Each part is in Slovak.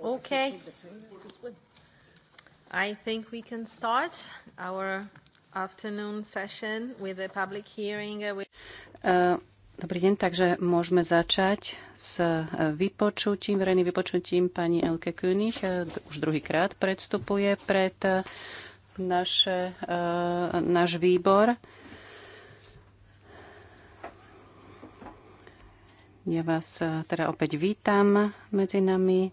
Okay. I think we can start our afternoon session with a public hearing. Uh, uh dobrý deň, takže môžeme začať s uh, vypočutím, verejným vypočutím pani Elke König. Uh, už druhýkrát predstupuje pred naše, uh, náš výbor. Ja vás eh, teda opäť vítam medzi nami. Eh,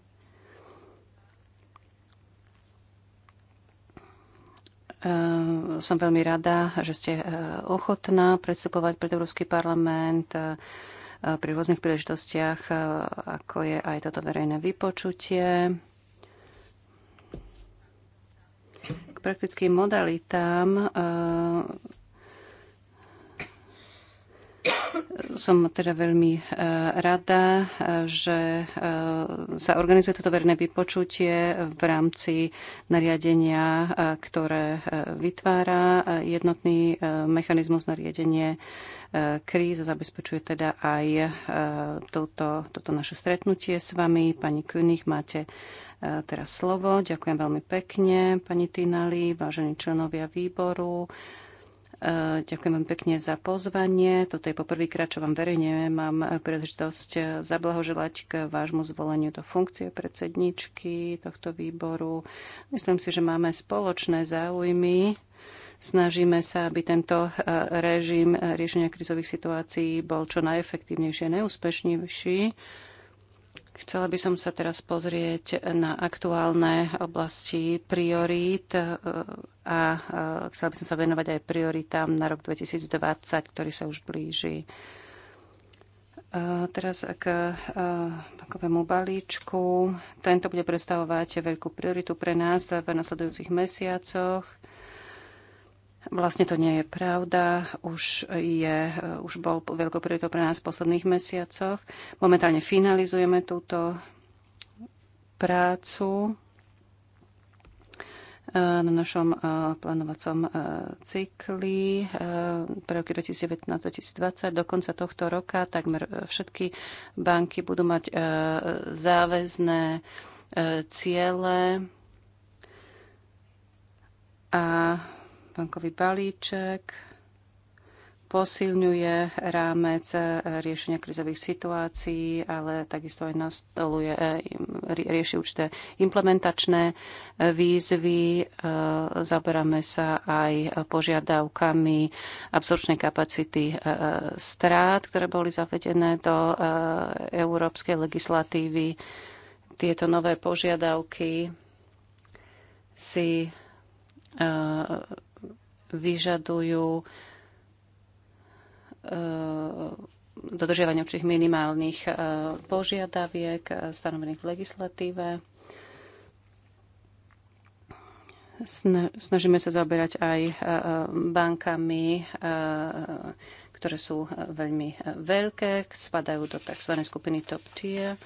som veľmi rada, že ste eh, ochotná predstupovať pred Európsky parlament pri rôznych príležitostiach, ako je aj toto verejné vypočutie. K praktickým modalitám Som teda veľmi e, rada, že e, sa organizuje toto verejné vypočutie v rámci nariadenia, e, ktoré vytvára jednotný mechanizmus nariadenie kríz a zabezpečuje teda aj toto, toto naše stretnutie s vami. Pani Kunich, máte teraz slovo. Ďakujem veľmi pekne, pani Tinali, vážení členovia výboru Eh, ďakujem vám pekne za pozvanie. Toto je poprvýkrát, čo vám verejne mám príležitosť zablahoželať k vášmu zvoleniu do funkcie predsedničky tohto výboru. Myslím si, že máme spoločné záujmy. Snažíme sa, aby tento eh, režim riešenia krizových situácií bol čo najefektívnejšie a neúspešnejší Chcela by som sa teraz pozrieť na aktuálne oblasti priorít e, a e, chcela by som sa venovať aj prioritám na rok 2020, ktorý sa už blíži. A e, teraz k pakovému balíčku. Tento bude predstavovať veľkú prioritu pre nás v nasledujúcich mesiacoch. Vlastne to nie je pravda, už, je, eh, už bol veľkou prioritou pre nás v posledných mesiacoch. Momentálne finalizujeme túto prácu eh, na našom eh, plánovacom cykli pre roky 2019-2020. Do konca tohto roka takmer všetky banky budú mať záväzné ciele a bankový balíček posilňuje rámec e, riešenia krizových situácií, ale takisto aj nastoluje, e, rieši určité implementačné e, výzvy. Zaberáme sa aj požiadavkami absorčnej kapacity strát, ktoré boli zavedené do európskej legislatívy. Tieto nové požiadavky si vyžadujú e, dodržiavanie určitých minimálnych e, požiadaviek e, stanovených v legislatíve. Snažíme sa zaoberať aj bankami, ktoré sú veľmi veľké, spadajú do tzv. skupiny top tier.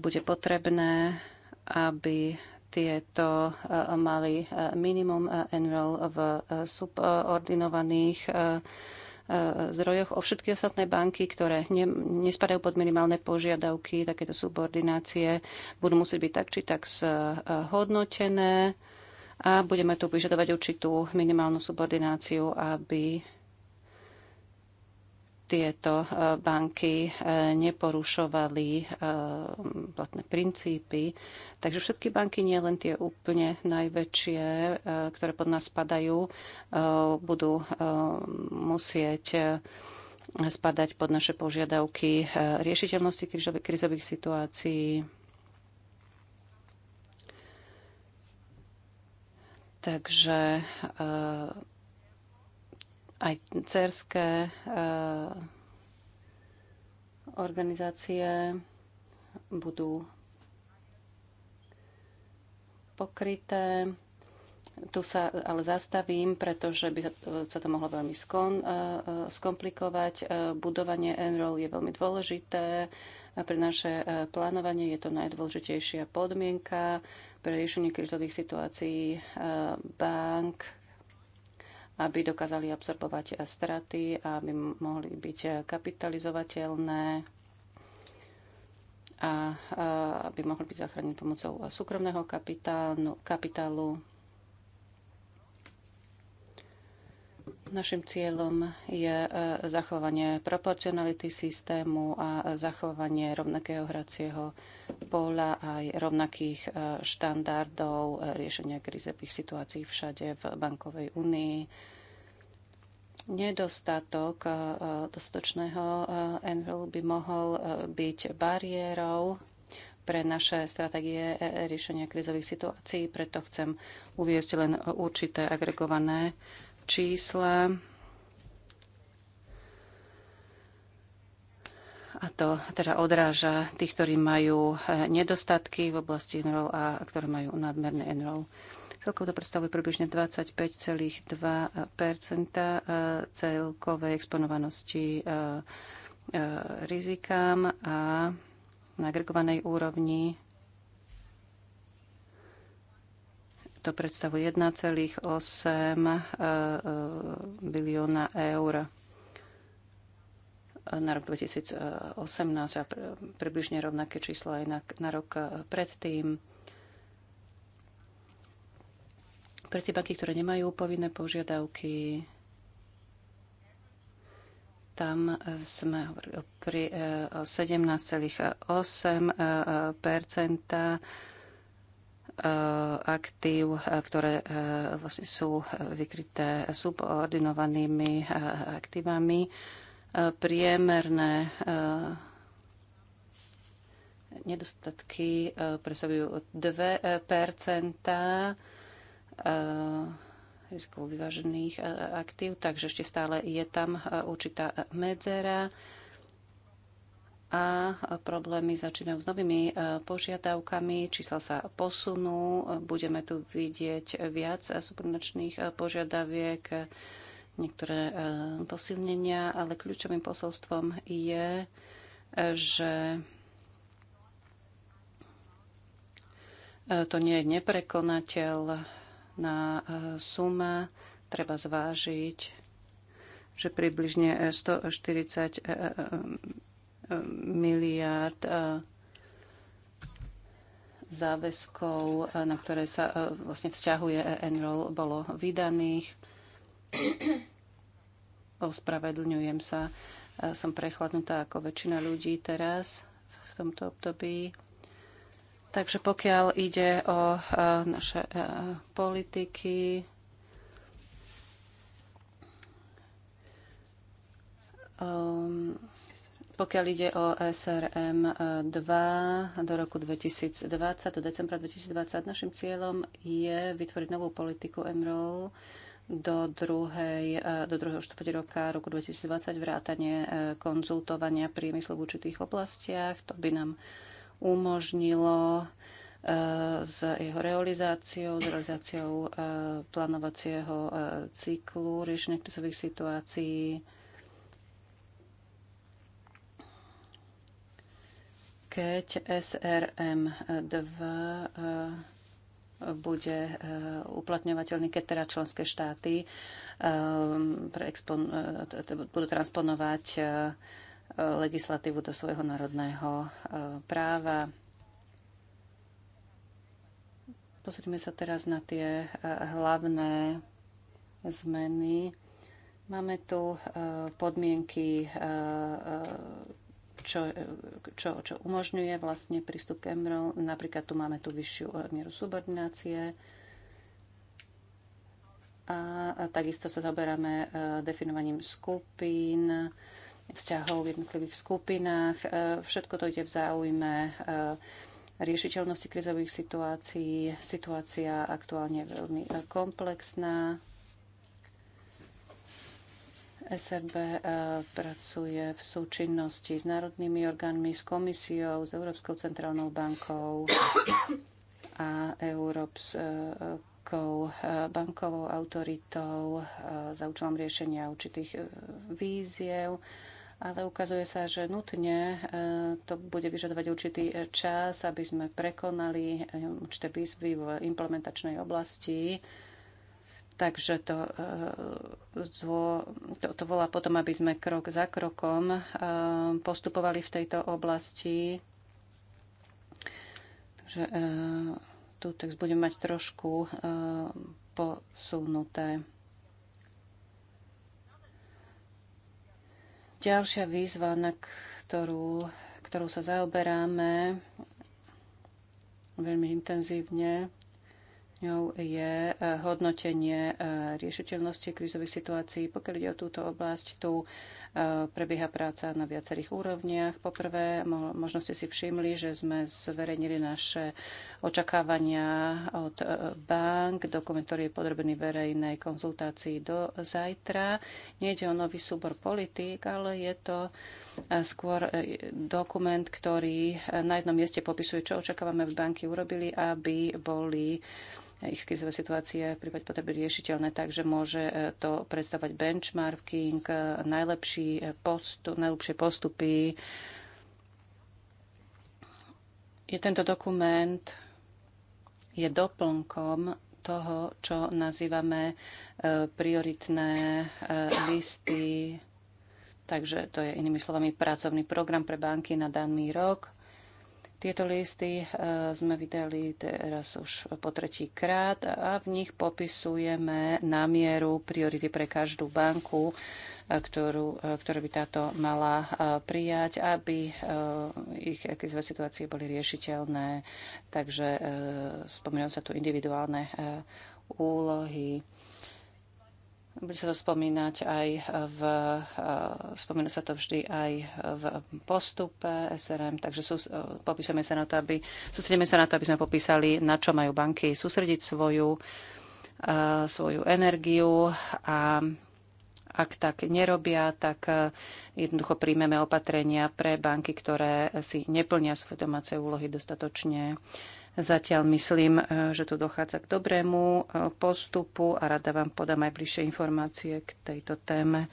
Bude potrebné, aby tieto e, mali e, minimum e, enroll v subordinovaných zdrojoch. O všetky ostatné banky, ktoré ne, nespadajú pod minimálne požiadavky takéto subordinácie, budú musieť byť tak či tak zhodnotené a budeme tu vyžadovať určitú minimálnu subordináciu, aby tieto e, banky e, neporušovali e, platné princípy. Takže všetky banky, nie len tie úplne najväčšie, ktoré pod nás spadajú, budú musieť spadať pod naše požiadavky riešiteľnosti krizových situácií. Takže aj cerské eh, organizácie budú pokryté. Tu sa ale zastavím, pretože by sa to mohlo veľmi skon, eh, eh, skomplikovať. Budovanie enroll je veľmi dôležité pre naše plánovanie. Je to najdôležitejšia podmienka pre riešenie krizových situácií bank, aby dokázali absorbovať straty, aby mohli byť kapitalizovateľné a aby mohli byť zachránené pomocou súkromného kapitálu, kapitálu Našim cieľom je e, zachovanie proporcionality systému a zachovanie rovnakého hracieho pola aj rovnakých e, štandardov e, riešenia krizových situácií všade v bankovej únii. Nedostatok dostatočného NRL by mohol byť bariérou pre naše stratégie riešenia krizových situácií, preto chcem uviezť len určité agregované čísle A to teda odráža tých, ktorí majú eh, nedostatky v oblasti enroll a ktorí majú nadmerné enroll. Celkovo to predstavuje približne 25,2 eh, celkovej exponovanosti eh, rizikám a na agregovanej úrovni To predstavuje 1,8 e, e, bilióna eur na rok 2018 a približne rovnaké číslo aj na, na rok e, predtým. Pre tie banky, ktoré nemajú povinné požiadavky, tam sme hovorili o 17,8 Eh, aktív, eh, ktoré eh, vlastne sú vykryté subordinovanými aktívami. Priemerné nedostatky presahujú 2 riskovo vyvážených aktív, takže ešte stále je tam určitá medzera a problémy začínajú s novými e, požiadavkami, čísla sa posunú, budeme tu vidieť viac supernočných e, požiadaviek, niektoré e, posilnenia, ale kľúčovým posolstvom je, že to nie je neprekonateľná suma, treba zvážiť, že približne 140 miliard eh, záväzkov, eh, na ktoré sa eh, vlastne vzťahuje Enroll, bolo vydaných. Ospravedlňujem sa. Som prechladnutá ako väčšina ľudí teraz v tomto období. Takže pokiaľ ide o naše politiky, um, pokiaľ ide o SRM 2 eh, do roku 2020, do decembra 2020, našim cieľom je vytvoriť novú politiku MROL do, druhej, eh, do druhého štvrť roka roku 2020 vrátanie eh, konzultovania priemyslu v určitých oblastiach. To by nám umožnilo s jeho realizáciou, s realizáciou plánovacieho cyklu riešenia krizových situácií, keď SRM2 e, bude e, uplatňovateľný, keď teda členské štáty e, budú transponovať legislatívu do svojho národného práva. Pozrime sa teraz na tie hlavné zmeny. Máme tu podmienky čo, čo, čo umožňuje vlastne prístup k MRO. Napríklad tu máme tú vyššiu mieru subordinácie a takisto sa zaoberáme e, definovaním skupín, vzťahov v jednotlivých skupinách. E, všetko to ide v záujme e, riešiteľnosti krizových situácií. Situácia aktuálne je veľmi komplexná SRB e, pracuje v súčinnosti s národnými orgánmi, s komisiou, s Európskou centrálnou bankou a Európskou e, bankovou autoritou e, za účelom riešenia určitých víziev. Ale ukazuje sa, že nutne to bude vyžadovať určitý čas, aby sme prekonali určité výzvy v implementačnej oblasti Takže to, eh, to, to volá potom, aby sme krok za krokom eh, postupovali v tejto oblasti. Takže eh, tu text budeme mať trošku posunuté. Ďalšia výzva, na ktorú, ktorú sa zaoberáme veľmi intenzívne, ňou je e, hodnotenie e, riešiteľnosti krízových situácií. Pokiaľ ide o túto oblasť, tu e, prebieha práca na viacerých úrovniach. Poprvé, možno ste si všimli, že sme zverejnili naše očakávania od bank, dokument, ktorý je podrobený verejnej konzultácii do zajtra. ide o nový súbor politík, ale je to skôr dokument, ktorý na jednom mieste popisuje, čo očakávame, aby banky urobili, aby boli ich krizové situácie v prípade potreby riešiteľné, takže môže e, to predstavať benchmarking, e, najlepší e, postup, najlepšie postupy. Je tento dokument je doplnkom toho, čo nazývame prioritné listy, takže to je inými slovami pracovný program pre banky na daný rok. Tieto listy e, sme vydali teraz už po tretí krát a v nich popisujeme namieru priority pre každú banku, e, ktorú, e, ktorú by táto mala prijať, aby ich akýsve situácie boli riešiteľné. Takže spomínam sa tu individuálne úlohy bude sa to spomínať aj v, eh, spomína sa to vždy aj v postupe SRM, takže sú, eh, popísame sa na to, aby, sústredíme sa na to, aby sme popísali, na čo majú banky sústrediť svoju, eh, svoju energiu a ak tak nerobia, tak jednoducho príjmeme opatrenia pre banky, ktoré si neplnia svoje domáce úlohy dostatočne Zatiaľ myslím, e, že tu dochádza k dobrému e, postupu a rada vám podám aj bližšie informácie k tejto téme.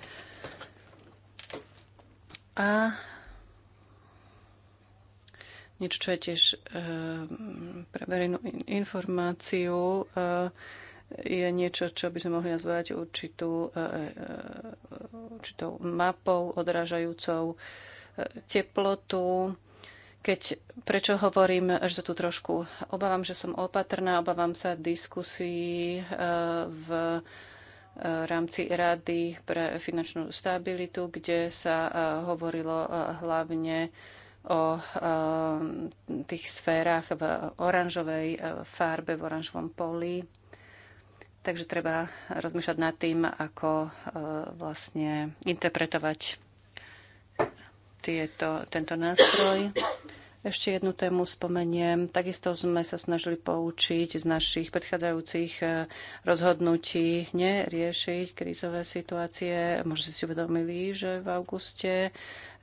A niečo, čo je tiež e, pre verejnú informáciu, je niečo, čo by sme mohli nazvať určitú, určitou mapou odrážajúcou teplotu keď, prečo hovorím, že sa tu trošku obávam, že som opatrná, obávam sa diskusí eh, v eh, rámci Rady pre finančnú stabilitu, kde sa eh, hovorilo hlavne o tých sférach v oranžovej farbe, v oranžovom poli. Takže treba rozmýšľať nad tým, ako vlastne interpretovať tieto, tento nástroj. Ešte jednu tému spomeniem. Takisto sme sa snažili poučiť z našich predchádzajúcich e, rozhodnutí neriešiť krízové situácie. Možno ste si uvedomili, že v auguste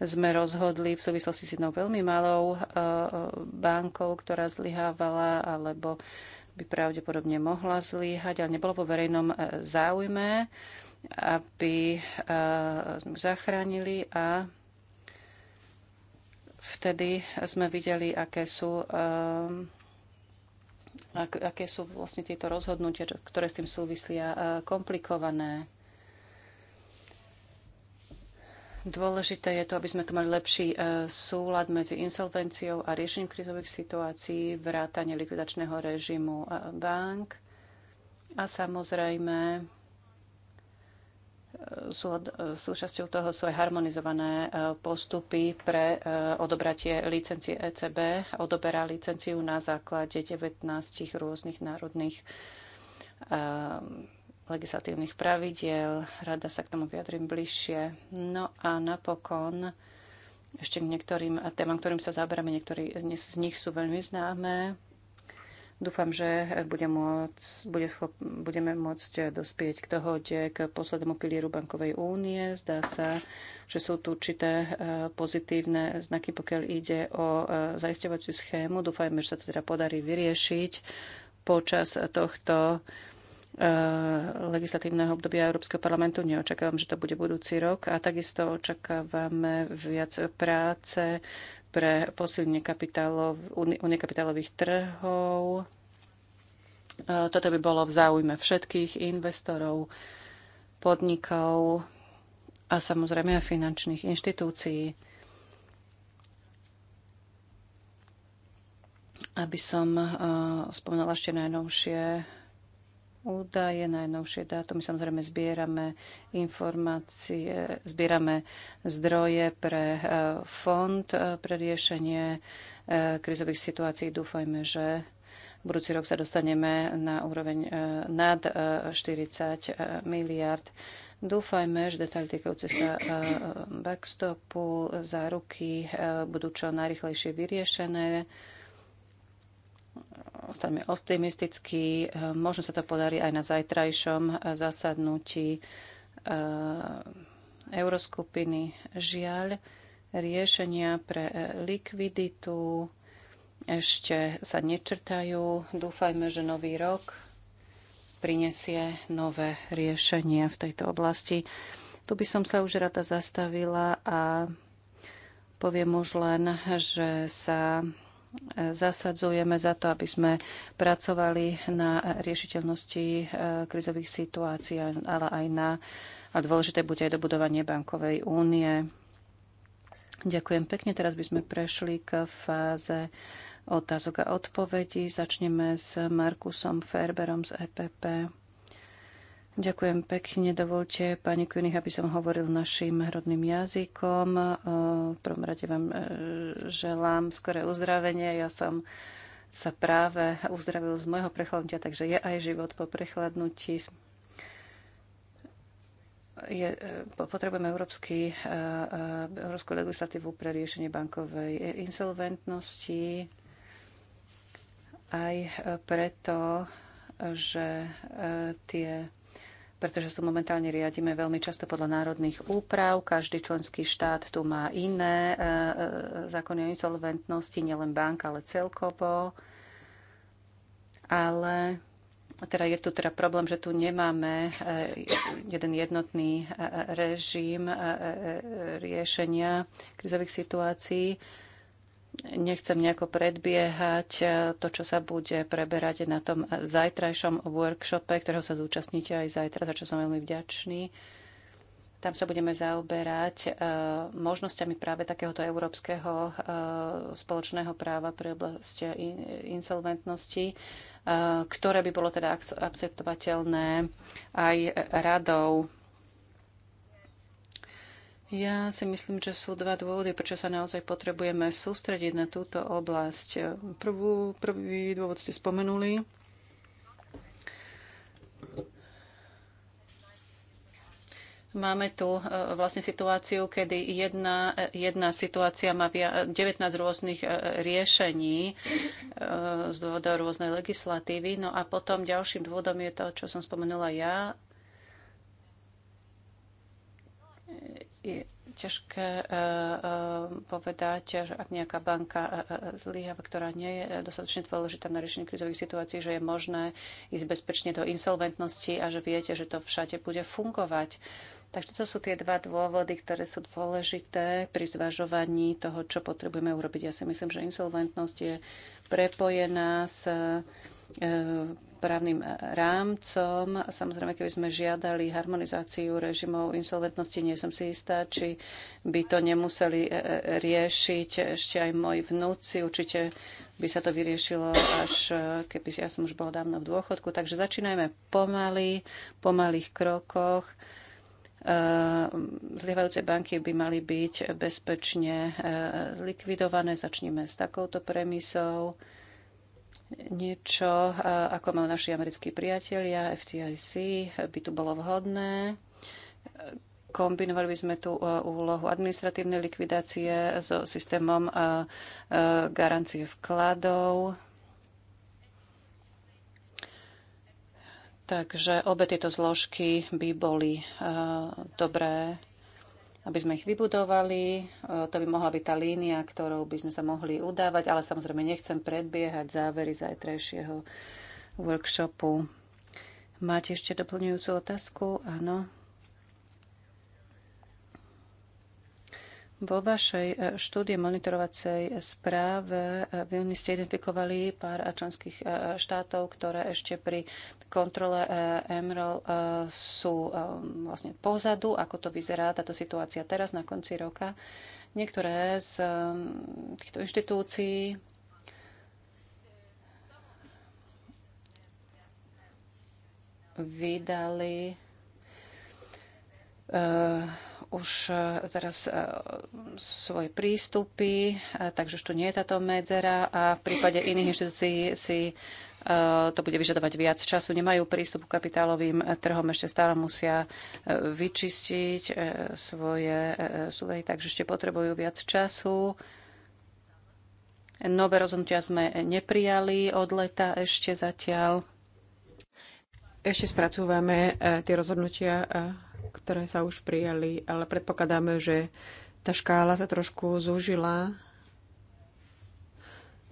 sme rozhodli v súvislosti s jednou veľmi malou e, e, bankou, ktorá zlyhávala alebo by pravdepodobne mohla zlyhať, ale nebolo po verejnom záujme, aby sme zachránili a vtedy sme videli, aké sú, uh, aké sú vlastne tieto rozhodnutia, ktoré s tým súvisia, komplikované. Dôležité je to, aby sme tu mali lepší e, súlad medzi insolvenciou a riešením krizových situácií, vrátanie likvidačného režimu e, bank a samozrejme sú e, súčasťou toho sú aj harmonizované e, postupy pre e, odobratie licencie ECB. Odoberá licenciu na základe 19 rôznych národných legislatívnych pravidiel. Rada sa k tomu vyjadrím bližšie. No a napokon ešte k niektorým témam, ktorým sa zaberáme. Niektorí z nich sú veľmi známe. Dúfam, že bude môcť, bude schop, budeme môcť dospieť k dohode k poslednému pilieru bankovej únie. Zdá sa, že sú tu určité e, pozitívne znaky, pokiaľ ide o e, zaisťovaciu schému. Dúfajme, že sa to teda podarí vyriešiť počas tohto e, legislatívneho obdobia Európskeho parlamentu. Neočakávam, že to bude budúci rok a takisto očakávame viac práce pre posilnenie kapitálov, unie kapitálových trhov. E, toto by bolo v záujme všetkých investorov, podnikov a samozrejme aj finančných inštitúcií. Aby som e, spomenula ešte najnovšie údaje, najnovšie dátumy. Samozrejme zbierame informácie, zbierame zdroje pre eh, fond eh, pre riešenie eh, krizových situácií. Dúfajme, že budúci rok sa dostaneme na úroveň nad 40 miliard. Dúfajme, že detaily týkajúce sa backstopu, záruky budú čo najrychlejšie vyriešené ostaňme optimistickí. Možno sa to podarí aj na zajtrajšom zasadnutí e, euroskupiny. Žiaľ, riešenia pre likviditu ešte sa nečrtajú. Dúfajme, že nový rok prinesie nové riešenia v tejto oblasti. Tu by som sa už rada zastavila a poviem už len, že sa zasadzujeme za to, aby sme pracovali na riešiteľnosti e, krizových situácií, ale aj na, a dôležité bude aj dobudovanie bankovej únie. Ďakujem pekne. Teraz by sme prešli k fáze otázok a odpovedí. Začneme s Markusom Ferberom z EPP. Ďakujem pekne. Dovolte, pani Kunich, aby som hovoril našim rodným jazykom. E, v prvom rade vám e, želám skoré uzdravenie. Ja som sa práve uzdravil z môjho prechladnutia, takže je aj život po prechladnutí. Je, e, potrebujeme európsky, európsku legislatívu pre riešenie bankovej insolventnosti aj preto, že tie pretože tu momentálne riadíme veľmi často podľa národných úprav. Každý členský štát tu má iné e, e, zákony o insolventnosti, nielen banka, ale celkovo. Ale teda je tu teda problém, že tu nemáme e, jeden jednotný režim riešenia krizových situácií. Nechcem nejako predbiehať e, to, čo sa bude preberať na tom zajtrajšom workshope, ktorého sa zúčastníte aj zajtra, za čo som veľmi vďačný. Tam sa budeme zaoberať e, možnosťami práve takéhoto európskeho e, spoločného práva pre oblasti insolventnosti, ktoré by bolo teda akceptovateľné aj radou ja si myslím, že sú dva dôvody, prečo sa naozaj potrebujeme sústrediť na túto oblasť. Prvú, prvý dôvod ste spomenuli. Máme tu e, vlastne situáciu, kedy jedna, e, jedna situácia má 19 rôznych e, riešení z dôvodov rôznej legislatívy. No a potom ďalším dôvodom je to, čo som spomenula ja, je ťažké e, e, povedať, že ak nejaká banka e, zlyháva, ktorá nie je dostatočne dôležitá na riešenie krizových situácií, že je možné ísť bezpečne do insolventnosti a že viete, že to všade bude fungovať. Takže to sú tie dva dôvody, ktoré sú dôležité pri zvažovaní toho, čo potrebujeme urobiť. Ja si myslím, že insolventnosť je prepojená s právnym eh, rámcom. Samozrejme, keby sme žiadali harmonizáciu režimov insolventnosti, nie som si istá, či by to nemuseli eh, eh, riešiť ešte aj moji vnúci. Určite by sa to vyriešilo, až keby ja som už bola dávno v dôchodku. Takže začínajme pomaly, pomalých krokoch. Zlievajúce banky by mali byť bezpečne zlikvidované. Začníme s takouto premisou niečo, ako majú naši americkí priatelia, FTIC, by tu bolo vhodné. Kombinovali by sme tú úlohu administratívnej likvidácie so systémom garancie vkladov. Takže obe tieto zložky by boli dobré aby sme ich vybudovali. E, to by mohla byť tá línia, ktorou by sme sa mohli udávať, ale samozrejme nechcem predbiehať závery zajtrajšieho workshopu. Máte ešte doplňujúcu otázku? Áno. Vo vašej e, štúdie monitorovacej správe e, v júni ste identifikovali pár e, členských štátov, ktoré ešte pri kontrole EMRL sú vlastne pozadu, ako to vyzerá táto situácia teraz na konci roka. Niektoré z týchto inštitúcií vydali už e, teraz e, svoje prístupy, e, takže už tu nie je táto medzera a v prípade iných inštitúcií si to bude vyžadovať viac času. Nemajú prístup k kapitálovým trhom, ešte stále musia vyčistiť svoje súvehy, takže ešte potrebujú viac času. Nové rozhodnutia sme neprijali od leta ešte zatiaľ. Ešte spracúvame e, tie rozhodnutia, e, ktoré sa už prijali, ale predpokladáme, že tá škála sa trošku zúžila.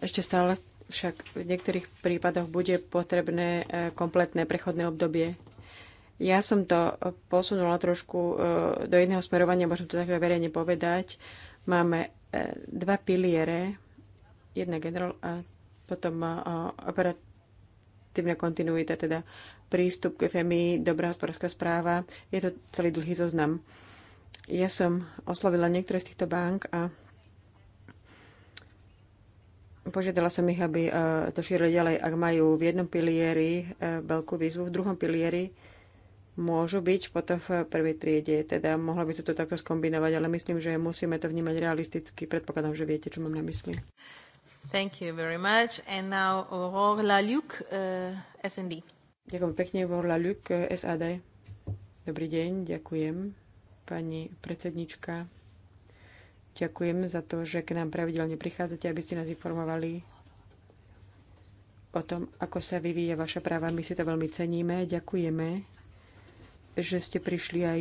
Ešte stále však v niektorých prípadoch bude potrebné e, kompletné prechodné obdobie. Ja som to posunula trošku do iného smerovania, môžem to tak verejne povedať. Máme dva piliere, jedna generál a potom operatívna kontinuita, teda prístup k FMI, dobrá hospodárska správa. Je to celý dlhý zoznam. Ja som oslovila niektoré z týchto bank a požiadala som ich, aby e, to šírili ďalej. Ak majú v jednom pilieri e, veľkú výzvu, v druhom pilieri môžu byť potom v prvej triede. Teda mohlo by sa to takto skombinovať, ale myslím, že musíme to vnímať realisticky. Predpokladám, že viete, čo mám na mysli. Thank you very much. And now Aurore Laluc, uh, e, SND. Ďakujem pekne, volá Ľuk, SAD. Dobrý deň, ďakujem, pani predsednička. Ďakujem za to, že k nám pravidelne prichádzate, aby ste nás informovali o tom, ako sa vyvíja vaša práva. My si to veľmi ceníme. Ďakujeme, že ste prišli aj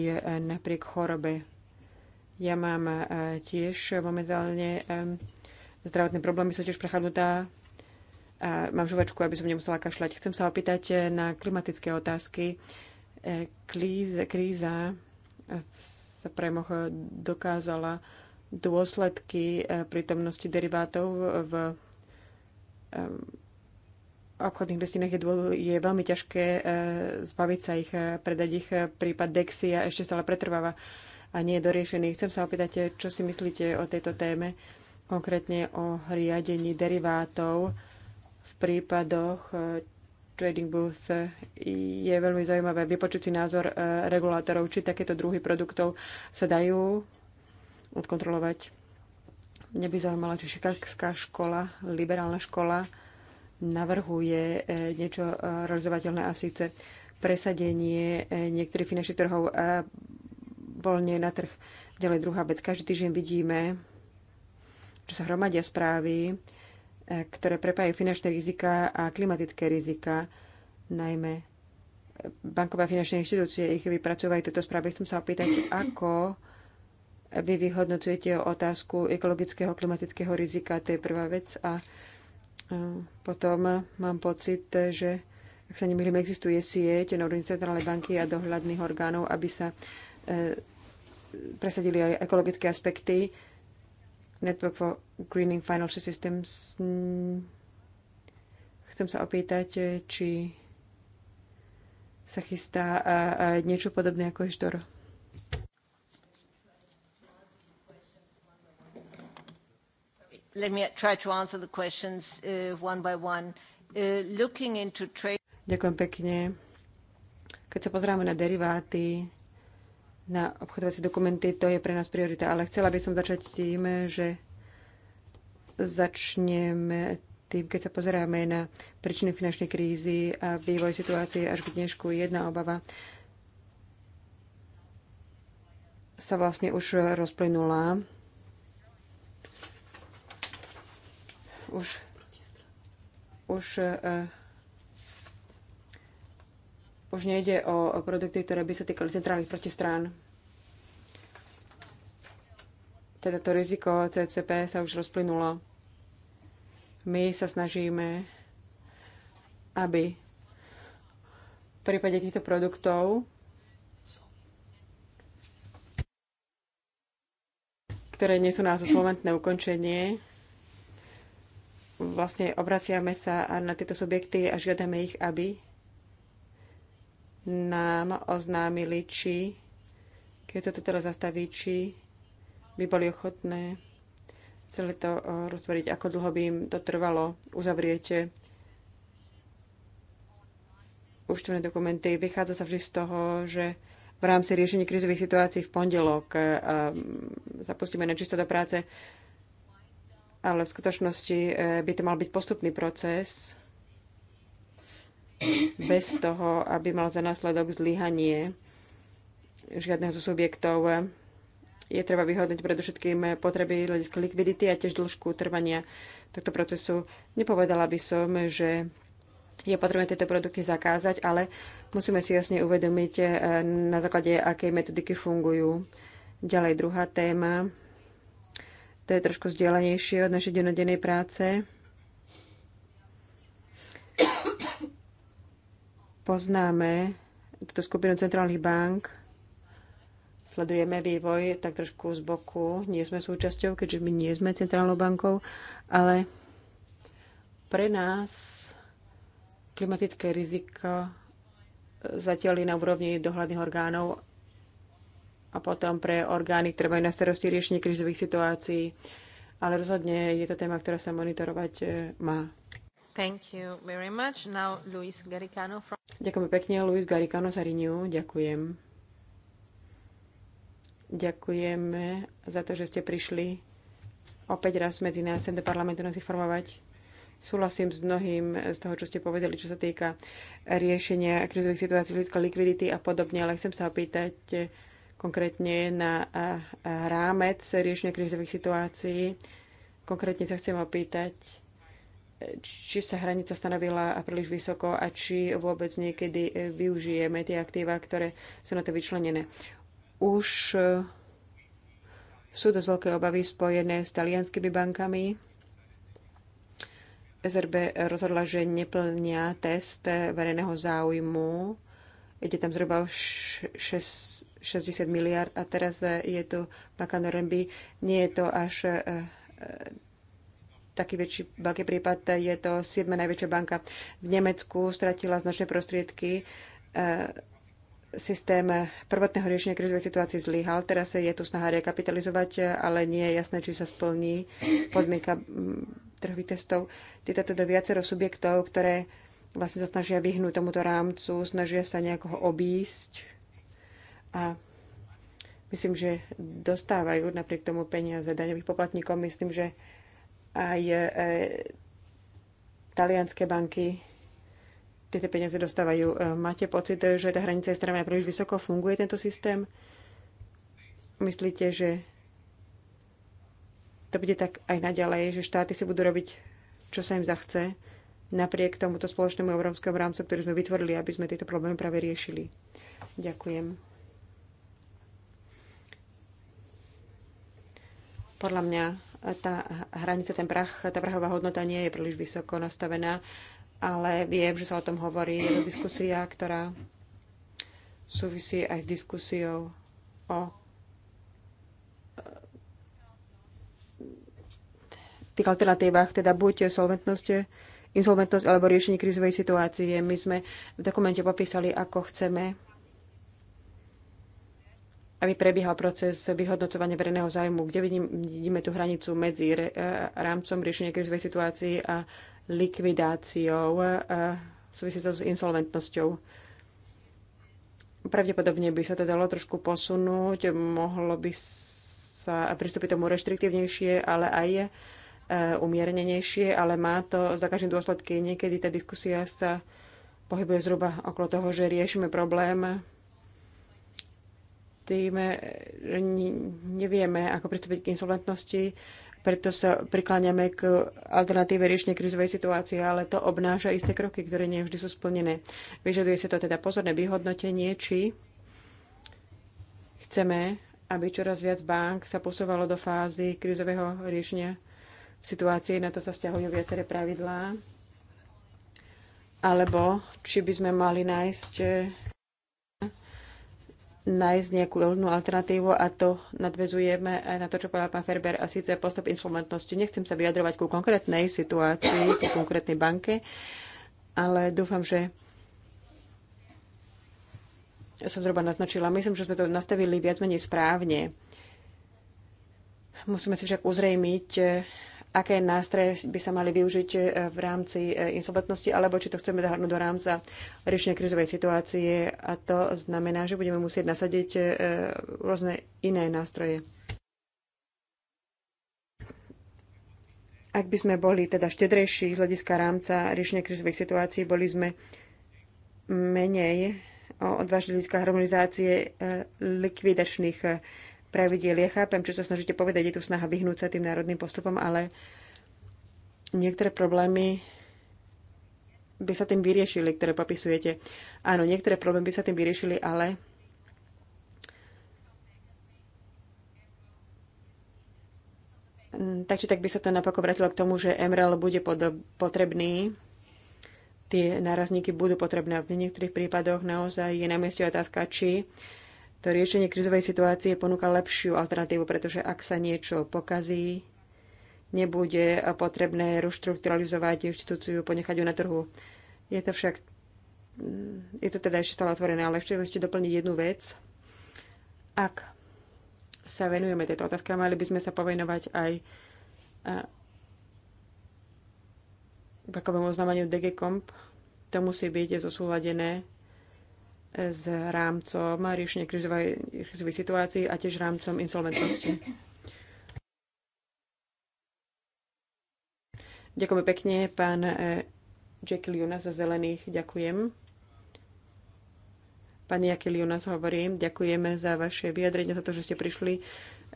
napriek chorobe. Ja mám eh, tiež momentálne eh, zdravotné problémy, som tiež prechádnutá a mám žuvačku, aby som nemusela kašľať. Chcem sa opýtať eh, na klimatické otázky. Eh, klíze, kríza eh, sa premoch dokázala dôsledky prítomnosti derivátov v obchodných listinách je, je veľmi ťažké zbaviť sa ich, predať ich. Prípad Dexia ešte stále pretrváva a nie je doriešený. Chcem sa opýtať, čo si myslíte o tejto téme, konkrétne o riadení derivátov prípadoch e, Trading Booth e, je veľmi zaujímavé vypočuť si názor e, regulátorov, či takéto druhy produktov sa dajú odkontrolovať. Mne by zaujímala, či šikákská škola, liberálna škola navrhuje niečo realizovateľné a síce presadenie niektorých finančných trhov voľne na trh. Ďalej druhá vec. Každý týždeň vidíme, že sa hromadia správy E, ktoré prepájajú finančné rizika a klimatické rizika, najmä banková a finančné inštitúcie ich vypracúvajú túto správu. Chcem sa opýtať, ako vy vyhodnocujete otázku ekologického, klimatického rizika, to je prvá vec. A e, potom mám pocit, že ak sa nemýlim, existuje sieť Národnej centrálnej banky a dohľadných orgánov, aby sa e, presadili aj ekologické aspekty Network for Greening Financial Systems. Chcem sa opýtať, či sa chystá niečo podobné ako Eštoro. Let me try to answer the questions uh, one by one. Uh, looking into trade... Ďakujem pekne. Keď sa pozrieme na deriváty, na obchodovacie dokumenty, to je pre nás priorita. Ale chcela by som začať tým, že začneme tým, keď sa pozeráme na príčiny finančnej krízy a vývoj situácie až k dnešku. Jedna obava sa vlastne už rozplynula. Už, už uh, už nejde o produkty, ktoré by sa týkali centrálnych protistrán. Teda to riziko CCP sa už rozplynulo. My sa snažíme, aby v prípade týchto produktov ktoré nie sú na solventné ukončenie. Vlastne obraciame sa na tieto subjekty a žiadame ich, aby nám oznámili, či, keď sa to teraz zastaví, či by boli ochotné celé to eh, roztvoriť, ako dlho by im to trvalo, uzavriete účtovné dokumenty. Vychádza sa vždy z toho, že v rámci riešenia krizových situácií v pondelok eh, eh, zapustíme nečisto do práce, ale v skutočnosti by to mal byť postupný proces, bez toho, aby mal za následok zlyhanie žiadneho zo subjektov. Je treba vyhodnúť predovšetkým potreby hľadiska likvidity a tiež dĺžku trvania tohto procesu. Nepovedala by som, že je potrebné tieto produkty zakázať, ale musíme si jasne uvedomiť, eh, na základe akej metodiky fungujú. Ďalej druhá téma, to je trošku vzdialenejšie od našej denodenej práce poznáme túto skupinu centrálnych bank, sledujeme vývoj tak trošku z boku, nie sme súčasťou, keďže my nie sme centrálnou bankou, ale pre nás klimatické riziko zatiaľ je na úrovni dohľadných orgánov a potom pre orgány, ktoré majú na starosti riešenie krizových situácií. Ale rozhodne je to téma, ktorá sa monitorovať e, má. Thank you very much. Now Luis Garicano from... Ďakujem pekne, Luis Garicano z Riniu. Ďakujem. Ďakujeme za to, že ste prišli opäť raz medzi nás sem do parlamentu nás informovať. Súhlasím s mnohým z toho, čo ste povedali, čo sa týka riešenia krizových situácií, hľadiska likvidity a podobne, ale chcem sa opýtať konkrétne na rámec riešenia krizových situácií. Konkrétne sa chcem opýtať, či sa hranica stanovila príliš vysoko a či vôbec niekedy e, využijeme tie aktíva, ktoré sú na to vyčlenené. Už e, sú dosť veľké obavy spojené s talianskými bankami. SRB rozhodla, že neplnia test verejného záujmu. Ide tam zhruba už 60 miliard a teraz e, je tu na Norenby. Nie je to až taký väčší, veľký prípad je to 7. najväčšia banka v Nemecku, stratila značné prostriedky. E, systém prvotného riešenia krizovej situácie zlyhal. Teraz je tu snaha rekapitalizovať, ale nie je jasné, či sa splní podmienka trhových testov. Týta teda viacero subjektov, ktoré vlastne sa snažia vyhnúť tomuto rámcu, snažia sa nejako ho obísť a myslím, že dostávajú napriek tomu peniaze daňových poplatníkov. Myslím, že aj e, talianské banky tieto peniaze dostávajú. E, máte pocit, že tá hranica je stanovená príliš vysoko? Funguje tento systém? Myslíte, že to bude tak aj naďalej, že štáty si budú robiť, čo sa im zachce, napriek tomuto spoločnému európskemu rámcu, ktorý sme vytvorili, aby sme tieto problémy práve riešili. Ďakujem. Podľa mňa tá hranica, ten prach, tá prahová hodnota nie je príliš vysoko nastavená, ale viem, že sa o tom hovorí. Je to diskusia, ktorá súvisí aj s diskusiou o eh, tých alternatívach, teda buď solventnosť, insolventnosť alebo riešenie krízovej situácie. My sme v dokumente popísali, ako chceme aby prebiehal proces vyhodnocovania verejného zájmu, kde vidím, vidíme tú hranicu medzi e, rámcom riešenia krizovej situácii a likvidáciou e, súvisí s insolventnosťou. Pravdepodobne by sa to dalo trošku posunúť, mohlo by sa pristúpiť tomu reštriktívnejšie, ale aj e, umiernenejšie, ale má to za každým dôsledky. Niekedy tá diskusia sa pohybuje zhruba okolo toho, že riešime problém, tým e, nevieme, ako pristúpiť k insolventnosti, preto sa prikláňame k alternatíve riešenia krizovej situácie, ale to obnáša isté kroky, ktoré nie vždy sú splnené. Vyžaduje sa to teda pozorné vyhodnotenie, či chceme, aby čoraz viac bank sa posúvalo do fázy krizového riešenia situácie, na to sa vzťahujú viaceré pravidlá, alebo či by sme mali nájsť e, nájsť nejakú ľudnú alternatívu a to nadvezujeme aj na to, čo povedal pán Ferber, a síce postup insolventnosti. Nechcem sa vyjadrovať ku konkrétnej situácii, ku konkrétnej banke, ale dúfam, že som zhruba naznačila. Myslím, že sme to nastavili viac menej správne. Musíme si však uzrejmiť, aké nástroje by sa mali využiť e, v rámci e, insolventnosti, alebo či to chceme zahrnúť do rámca riešenia krizovej situácie. A to znamená, že budeme musieť nasadiť e, rôzne iné nástroje. Ak by sme boli teda štedrejší z hľadiska rámca riešenia krizových situácií, boli sme menej odvážili z hľadiska harmonizácie likvidačných pravidel. Ja chápem, čo sa snažíte povedať, je tu snaha vyhnúť sa tým národným postupom, ale niektoré problémy by sa tým vyriešili, ktoré popisujete. Áno, niektoré problémy by sa tým vyriešili, ale mm, tak tak by sa to napokon vrátilo k tomu, že MRL bude potrebný, tie nárazníky budú potrebné. V niektorých prípadoch naozaj je na mieste otázka, či uh, to riešenie krizovej situácie ponúka lepšiu alternatívu, pretože ak sa niečo pokazí, nebude potrebné reštrukturalizovať inštitúciu, ponechať ju na trhu. Je to však, mm, je to teda ešte stále otvorené, ale ešte ešte doplniť jednu vec. Ak sa venujeme tejto otázke, mali by sme sa povenovať aj takovému oznámeniu DG Comp. To musí byť zosúladené s rámcom riešenia krizových situácií a tiež rámcom insolventnosti. Ďakujem pekne, pán Jekyll Jonas za zelených. Ďakujem. Pani Jakil Jonas hovorí, ďakujeme za vaše vyjadrenie, za to, že ste prišli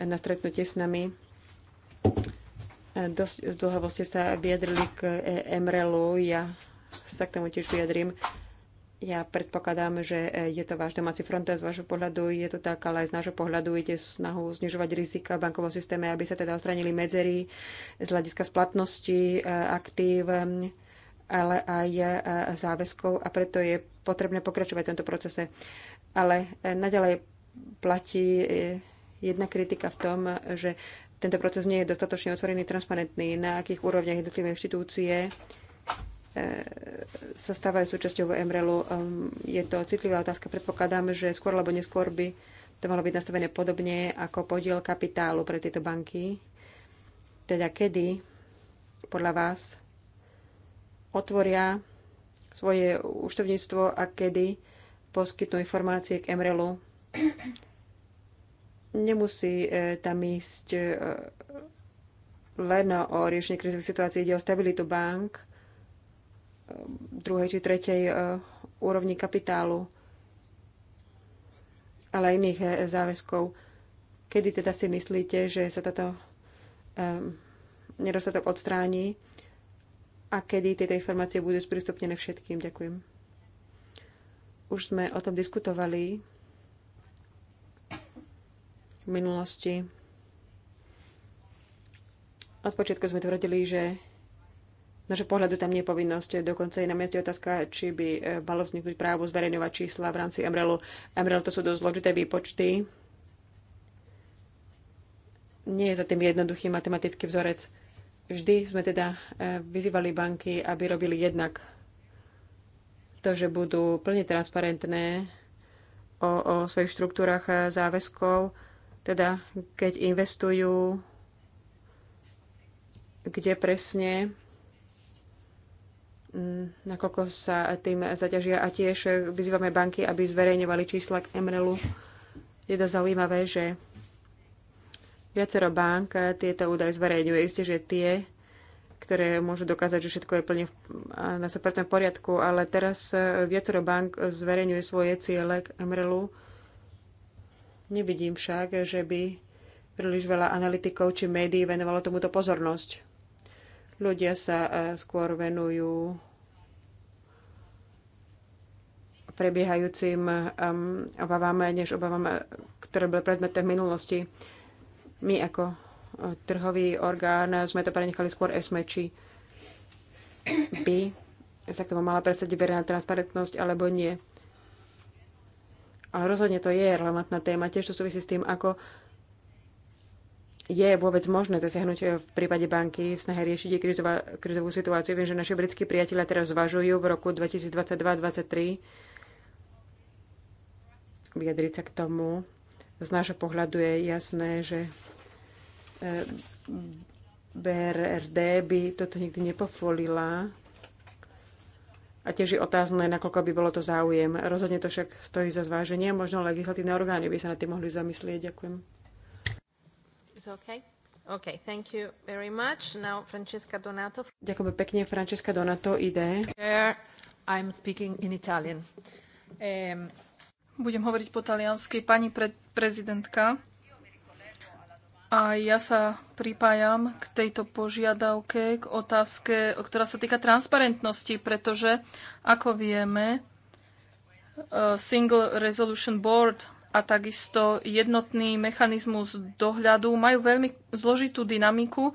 na stretnutie s nami. E, dosť zdlhavo ste sa vyjadrili k e, MRL-u, ja sa k tomu tiež vyjadrím. Ja predpokladám, že e, je to váš domáci front z vášho pohľadu, je to tak, ale aj z nášho pohľadu ide snahu znižovať rizika v bankovom systéme, aby sa teda ostranili medzery z hľadiska splatnosti e, aktív, ale aj e, záväzkov a preto je potrebné pokračovať v tomto procese. Ale naďalej platí jedna kritika v tom, že tento proces nie je dostatočne otvorený, transparentný, na akých úrovniach jednotlivé inštitúcie E, sa stávajú súčasťou MRL-u. E, je to citlivá otázka. Predpokladám, že skôr alebo neskôr by to malo byť nastavené podobne ako podiel kapitálu pre tieto banky. Teda kedy podľa vás otvoria svoje účtovníctvo a kedy poskytnú informácie k MRL-u. Nemusí e, tam ísť len o riešenie krizových situácií, ide o stabilitu bank druhej či tretej e, úrovni kapitálu, ale aj iných e, záväzkov. Kedy teda si myslíte, že sa táto e, nedostatok odstráni a kedy tieto informácie budú sprístupnené všetkým? Ďakujem. Už sme o tom diskutovali v minulosti. Od počiatku sme tvrdili, že našho pohľadu tam nie je povinnosť. Dokonca je na mieste otázka, či by e, malo vzniknúť právo zverejňovať čísla v rámci mrl MRL to sú dosť zložité výpočty. Nie je za tým jednoduchý matematický vzorec. Vždy sme teda e, vyzývali banky, aby robili jednak to, že budú plne transparentné o, o svojich štruktúrach záväzkov, teda keď investujú, kde presne Mm, nakoľko sa tým zaťažia. A tiež vyzývame banky, aby zverejňovali čísla k MRELu. Je to zaujímavé, že viacero bank tieto údaje zverejňuje. Isté, že tie, ktoré môžu dokázať, že všetko je plne na 100% v poriadku, ale teraz eh, viacero bank zverejňuje svoje ciele k MRELu. Nevidím však, že by príliš veľa analytikov či médií venovalo tomuto pozornosť. Ľudia sa e, skôr venujú prebiehajúcim obavám, než obavám, e, ktoré boli predmetom v minulosti. My ako e, trhový orgán sme to prenechali skôr SME, či by sa k tomu mala predsadiť verejná transparentnosť alebo nie. Ale rozhodne to je relevantná téma, tiež to súvisí s tým, ako je vôbec možné zasiahnuť eh, v prípade banky v snahe riešiť krizová, krizovú situáciu. Viem, že naši britskí priatelia teraz zvažujú v roku 2022-2023 vyjadriť sa k tomu. Z nášho pohľadu je jasné, že eh, BRD by toto nikdy nepovolila. A tiež je otázne, nakoľko by bolo to záujem. Rozhodne to však stojí za zváženie. Možno legislatívne orgány by sa na tým mohli zamyslieť. Ďakujem. Is okay? Okay, thank you very much. Now Francesca Donato. Ďakujem pekne, Francesca Donato, ID. I'm speaking in Italian. Um, budem hovoriť po taliansky. Pani pre- prezidentka, a ja sa pripájam k tejto požiadavke, k otázke, ktorá sa týka transparentnosti, pretože, ako vieme, eh, Single Resolution Board a takisto jednotný mechanizmus dohľadu majú veľmi zložitú dynamiku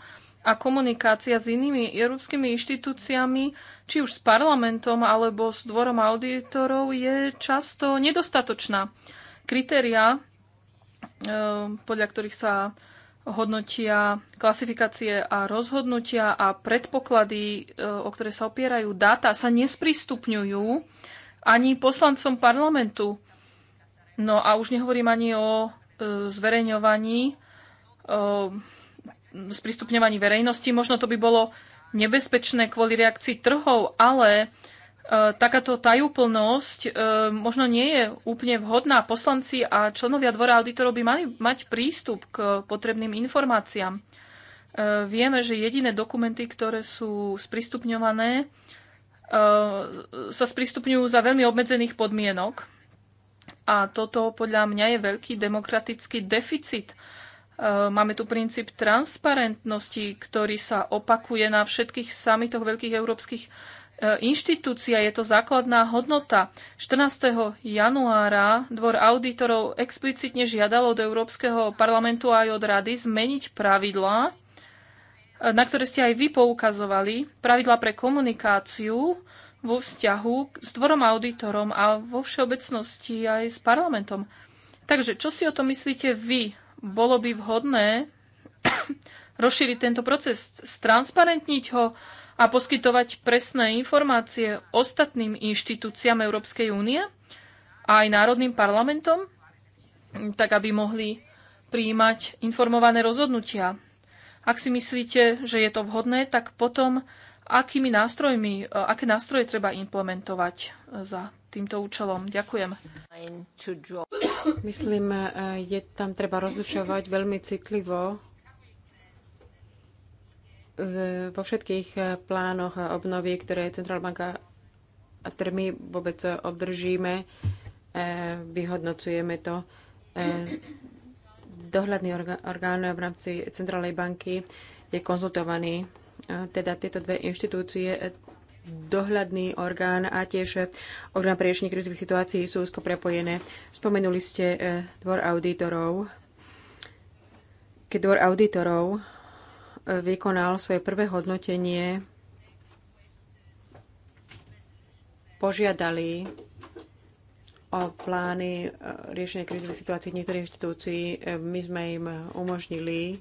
a komunikácia s inými európskymi inštitúciami, či už s parlamentom alebo s dvorom auditorov, je často nedostatočná. Kritéria, e, podľa ktorých sa hodnotia klasifikácie a rozhodnutia a predpoklady, e, o ktoré sa opierajú dáta, sa nesprístupňujú ani poslancom parlamentu. No a už nehovorím ani o e, zverejňovaní, e, sprístupňovaní verejnosti. Možno to by bolo nebezpečné kvôli reakcii trhov, ale e, takáto tajúplnosť e, možno nie je úplne vhodná. Poslanci a členovia dvora auditorov by mali mať prístup k potrebným informáciám. E, vieme, že jediné dokumenty, ktoré sú sprístupňované, e, sa sprístupňujú za veľmi obmedzených podmienok. A toto podľa mňa je veľký demokratický deficit. E, máme tu princíp transparentnosti, ktorý sa opakuje na všetkých samitoch veľkých európskych e, inštitúcií. Je to základná hodnota. 14. januára dvor auditorov explicitne žiadalo od Európskeho parlamentu aj od rady zmeniť pravidlá, e, na ktoré ste aj vy poukazovali, pravidlá pre komunikáciu vo vzťahu s dvorom auditorom a vo všeobecnosti aj s parlamentom. Takže čo si o tom myslíte vy? Bolo by vhodné rozšíriť tento proces, stransparentniť ho a poskytovať presné informácie ostatným inštitúciám Európskej únie a aj národným parlamentom, tak aby mohli prijímať informované rozhodnutia. Ak si myslíte, že je to vhodné, tak potom akými nástrojmi, e, aké nástroje treba implementovať e, za týmto účelom. Ďakujem. Myslím, e, je tam treba rozlišovať veľmi citlivo vo všetkých plánoch obnovy, ktoré Centrál banka a ktoré my vôbec obdržíme, vyhodnocujeme to. Dohľadný orgán v rámci Centrálnej banky je konzultovaný teda tieto dve inštitúcie, e, dohľadný orgán a tiež e, orgán pre riešenie krizových situácií sú úzko prepojené. Spomenuli ste e, dvor auditorov. Keď dvor auditorov vykonal svoje prvé hodnotenie, požiadali o plány riešenia krizových situácií v niektorých inštitúcií. My sme im umožnili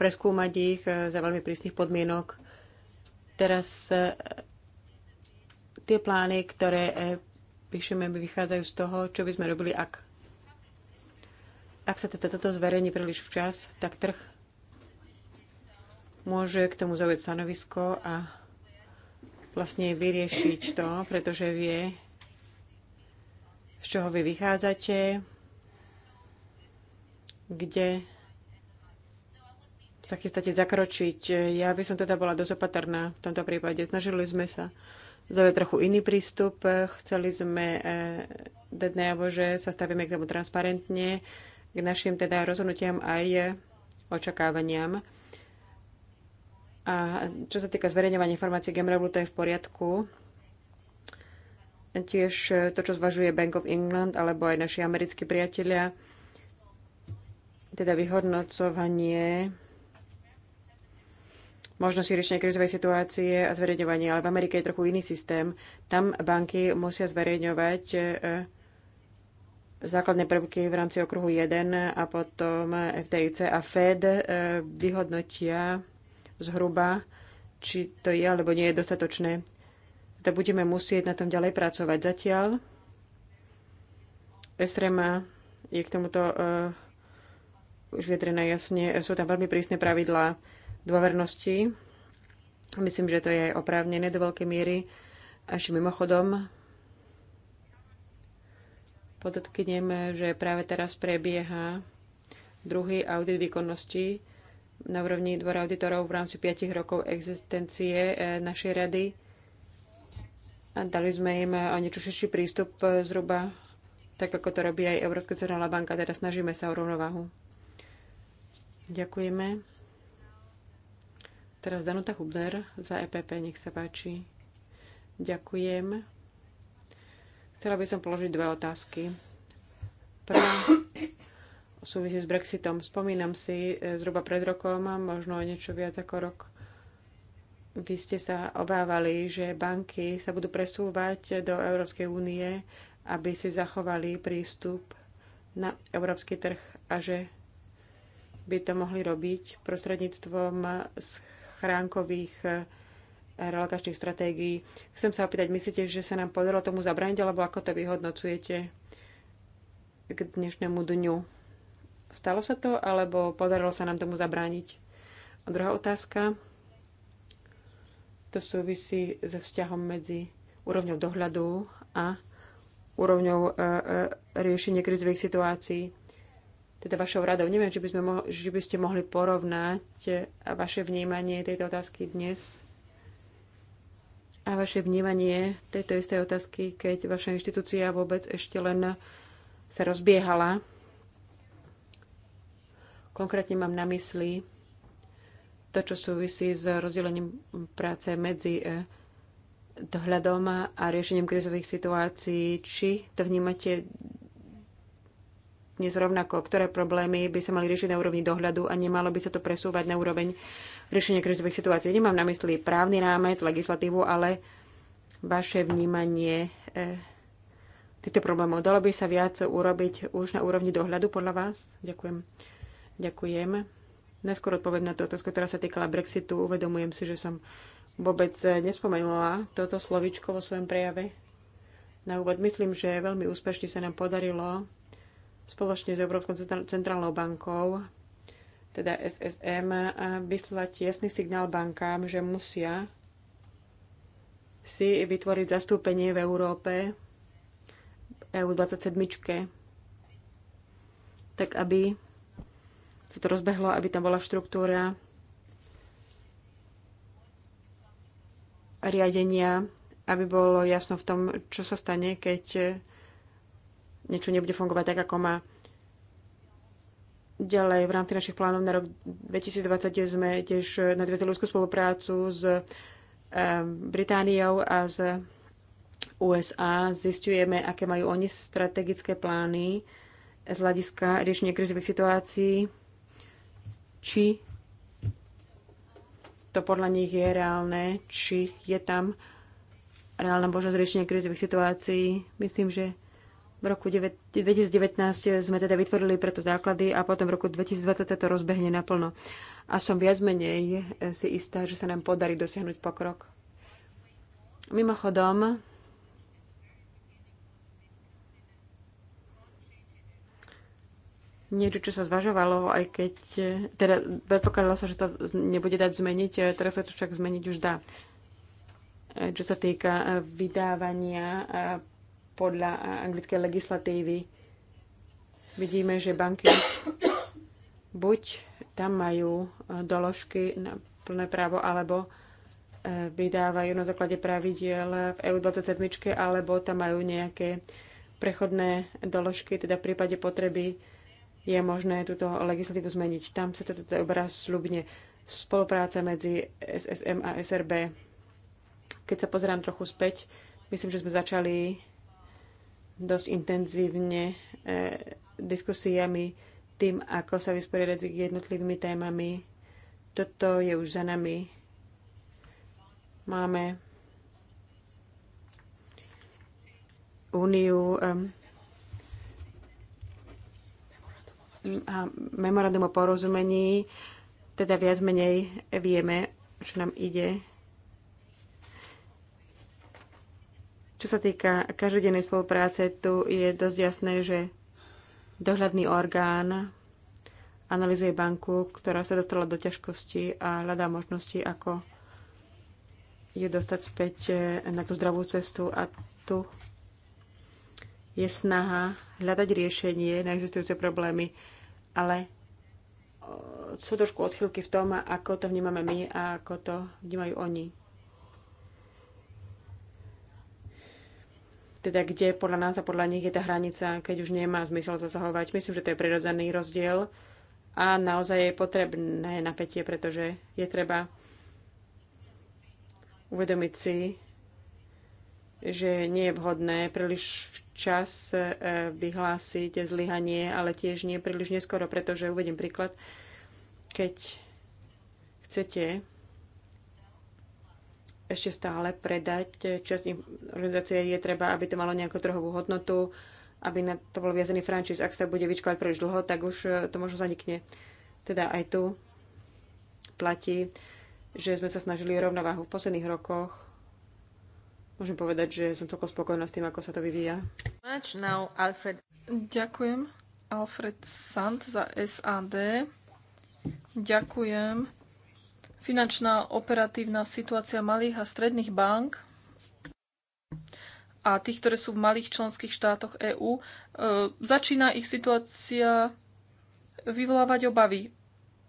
preskúmať ich e, za veľmi prísnych podmienok. Teraz e, tie plány, ktoré e, píšeme, vychádzajú z toho, čo by sme robili, ak, ak sa teda toto zverejní príliš včas, tak trh môže k tomu zaujať stanovisko a vlastne vyriešiť to, pretože vie, z čoho vy vychádzate, kde sa chystáte zakročiť. Ja by som teda bola dosť opatrná v tomto prípade. Snažili sme sa zaujať trochu iný prístup. Chceli sme eh, dať najavo, že sa stavíme k tomu transparentne, k našim teda rozhodnutiam aj očakávaniam. A čo sa týka zverejňovania informácií Gemrevlu, to je v poriadku. Tiež eh, to, čo zvažuje Bank of England alebo aj naši americkí priatelia, teda vyhodnocovanie možnosti riešenia krizovej situácie a zverejňovanie, ale v Amerike je trochu iný systém. Tam banky musia zverejňovať e, základné prvky v rámci okruhu 1 a potom FTIC a Fed e, vyhodnotia zhruba, či to je alebo nie je dostatočné. To budeme musieť na tom ďalej pracovať. Zatiaľ SREMA je k tomuto e, už vyjadrené jasne. Sú tam veľmi prísne pravidlá dôvernosti. Myslím, že to je oprávnené do veľkej miery. Až mimochodom, podotknem, že práve teraz prebieha druhý audit výkonnosti na úrovni dvora auditorov v rámci 5 rokov existencie eh, našej rady. A dali sme im eh, o niečo širší prístup eh, zhruba tak, ako to robí aj Európska centrálna banka. Teda snažíme sa o rovnováhu. Ďakujeme. Teraz Danuta Hubner za EPP, nech sa páči. Ďakujem. Chcela by som položiť dve otázky. Prvá súvisí s Brexitom. Spomínam si, e, zhruba pred rokom, možno niečo viac ako rok, vy ste sa obávali, že banky sa budú presúvať do Európskej únie, aby si zachovali prístup na európsky trh a že by to mohli robiť prostredníctvom chránkových eh, relokačných stratégií. Chcem sa opýtať, myslíte, že sa nám podarilo tomu zabrániť, alebo ako to vyhodnocujete k dnešnému dňu? Stalo sa to, alebo podarilo sa nám tomu zabrániť? A druhá otázka, to súvisí so vzťahom medzi úrovňou dohľadu a úrovňou eh, eh, riešenia krizových situácií teda vašou radou. Neviem, či by, sme mohli, či by ste mohli porovnať eh, vaše vnímanie tejto otázky dnes a vaše vnímanie tejto istej otázky, keď vaša inštitúcia vôbec ešte len sa rozbiehala. Konkrétne mám na mysli to, čo súvisí s rozdelením práce medzi eh, dohľadom a riešením krizových situácií. Či to vnímate dnes rovnako, ktoré problémy by sa mali riešiť na úrovni dohľadu a nemalo by sa to presúvať na úroveň riešenia krizových situácií. Nemám na mysli právny rámec, legislatívu, ale vaše vnímanie e, týchto problémov. Dalo by sa viac urobiť už na úrovni dohľadu podľa vás? Ďakujem. Ďakujem. Neskôr odpoviem na tú otázku, ktorá sa týkala Brexitu. Uvedomujem si, že som vôbec nespomenula toto slovičko vo svojom prejave. Na úvod myslím, že veľmi úspešne sa nám podarilo spoločne s Európskou centrálnou bankou, teda SSM, vyslať jasný signál bankám, že musia si vytvoriť zastúpenie v Európe, EU27, tak aby sa to rozbehlo, aby tam bola štruktúra riadenia, aby bolo jasno v tom, čo sa stane, keď niečo nebude fungovať tak, ako má. Ďalej, v rámci našich plánov na rok 2020 sme tiež nadviazali úzkú spoluprácu s Britániou a s USA. Zistujeme, aké majú oni strategické plány z hľadiska riešenia krizových situácií, či to podľa nich je reálne, či je tam reálna možnosť riešenia krizových situácií. Myslím, že v roku 2019 sme teda vytvorili preto základy a potom v roku 2020 to rozbehne naplno. A som viac menej eh, si istá, že sa nám podarí dosiahnuť pokrok. Mimochodom, niečo, čo sa zvažovalo, aj keď, eh, teda predpokladalo sa, že to nebude dať zmeniť, eh, teraz sa to však zmeniť už dá. Čo sa týka vydávania podľa anglickej legislatívy. Vidíme, že banky buď tam majú e, doložky na plné právo, alebo e, vydávajú na základe pravidiel v EU27, alebo tam majú nejaké prechodné doložky, teda v prípade potreby je možné túto legislatívu zmeniť. Tam sa teda obrá slubne spolupráca medzi SSM a SRB. Keď sa pozerám trochu späť, myslím, že sme začali dosť intenzívne e, diskusiami tým, ako sa vysporiadať s jednotlivými témami. Toto je už za nami. Máme úniu a memorandum o porozumení, teda viac menej vieme, čo nám ide. Čo sa týka každodennej spolupráce, tu je dosť jasné, že dohľadný orgán analizuje banku, ktorá sa dostala do ťažkosti a hľadá možnosti, ako ju dostať späť eh, na tú zdravú cestu a tu je snaha hľadať riešenie na existujúce problémy, ale eh, sú trošku odchylky v tom, ako to vnímame my a ako to vnímajú oni. teda kde podľa nás a podľa nich je tá hranica, keď už nemá zmysel zasahovať. Myslím, že to je prirodzený rozdiel a naozaj je potrebné napätie, pretože je treba uvedomiť si, že nie je vhodné príliš včas e, vyhlásiť zlyhanie, ale tiež nie príliš neskoro, pretože uvedím príklad, keď chcete ešte stále predať e, časť organizácie, je treba, aby to malo nejakú trhovú hodnotu, aby na to bol viazený frančíz. Ak sa bude vyčkovať príliš dlho, tak už e, to možno zanikne. Teda aj tu platí, že sme sa snažili rovnováhu v posledných rokoch. Môžem povedať, že som celkom spokojná s tým, ako sa to vyvíja. Now, Alfred. Ďakujem, Alfred Sant za SAD. Ďakujem finančná operatívna situácia malých a stredných bank a tých, ktoré sú v malých členských štátoch EÚ, e, začína ich situácia vyvolávať obavy.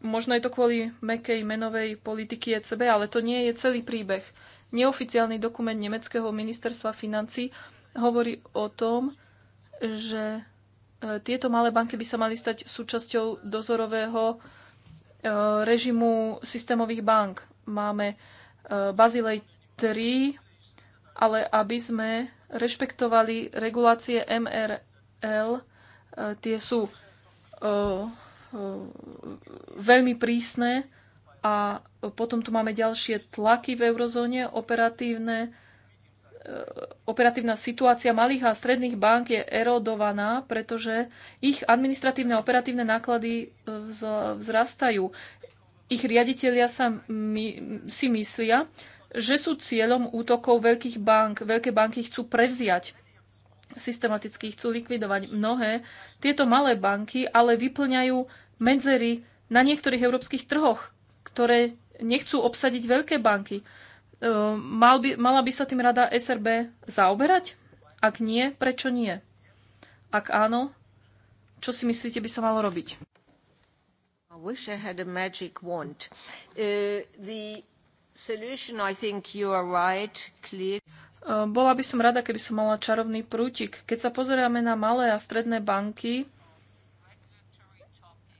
Možno je to kvôli mekej menovej politiky ECB, ale to nie je celý príbeh. Neoficiálny dokument nemeckého ministerstva financí hovorí o tom, že e, tieto malé banky by sa mali stať súčasťou dozorového Eh, režimu systémových bank. Máme eh, Bazilej 3, ale aby sme rešpektovali regulácie MRL, eh, tie sú veľmi prísne a potom tu máme ďalšie tlaky v eurozóne, operatívne E, operatívna situácia malých a stredných bank je erodovaná, pretože ich administratívne a operatívne náklady e, vzrastajú. Ich riaditeľia sa my, si myslia, že sú cieľom útokov veľkých bank. Veľké banky chcú prevziať systematicky chcú likvidovať mnohé tieto malé banky, ale vyplňajú medzery na niektorých európskych trhoch, ktoré nechcú obsadiť veľké banky. Ehm, mal by, mala by sa tým rada SRB zaoberať? Ak nie, prečo nie? Ak áno, čo si myslíte by sa malo robiť? I wish I had a magic wand. Uh, the solution, I think you are right, clear. Ehm, bola by som rada, keby som mala čarovný prútik. Keď sa pozeráme na malé a stredné banky,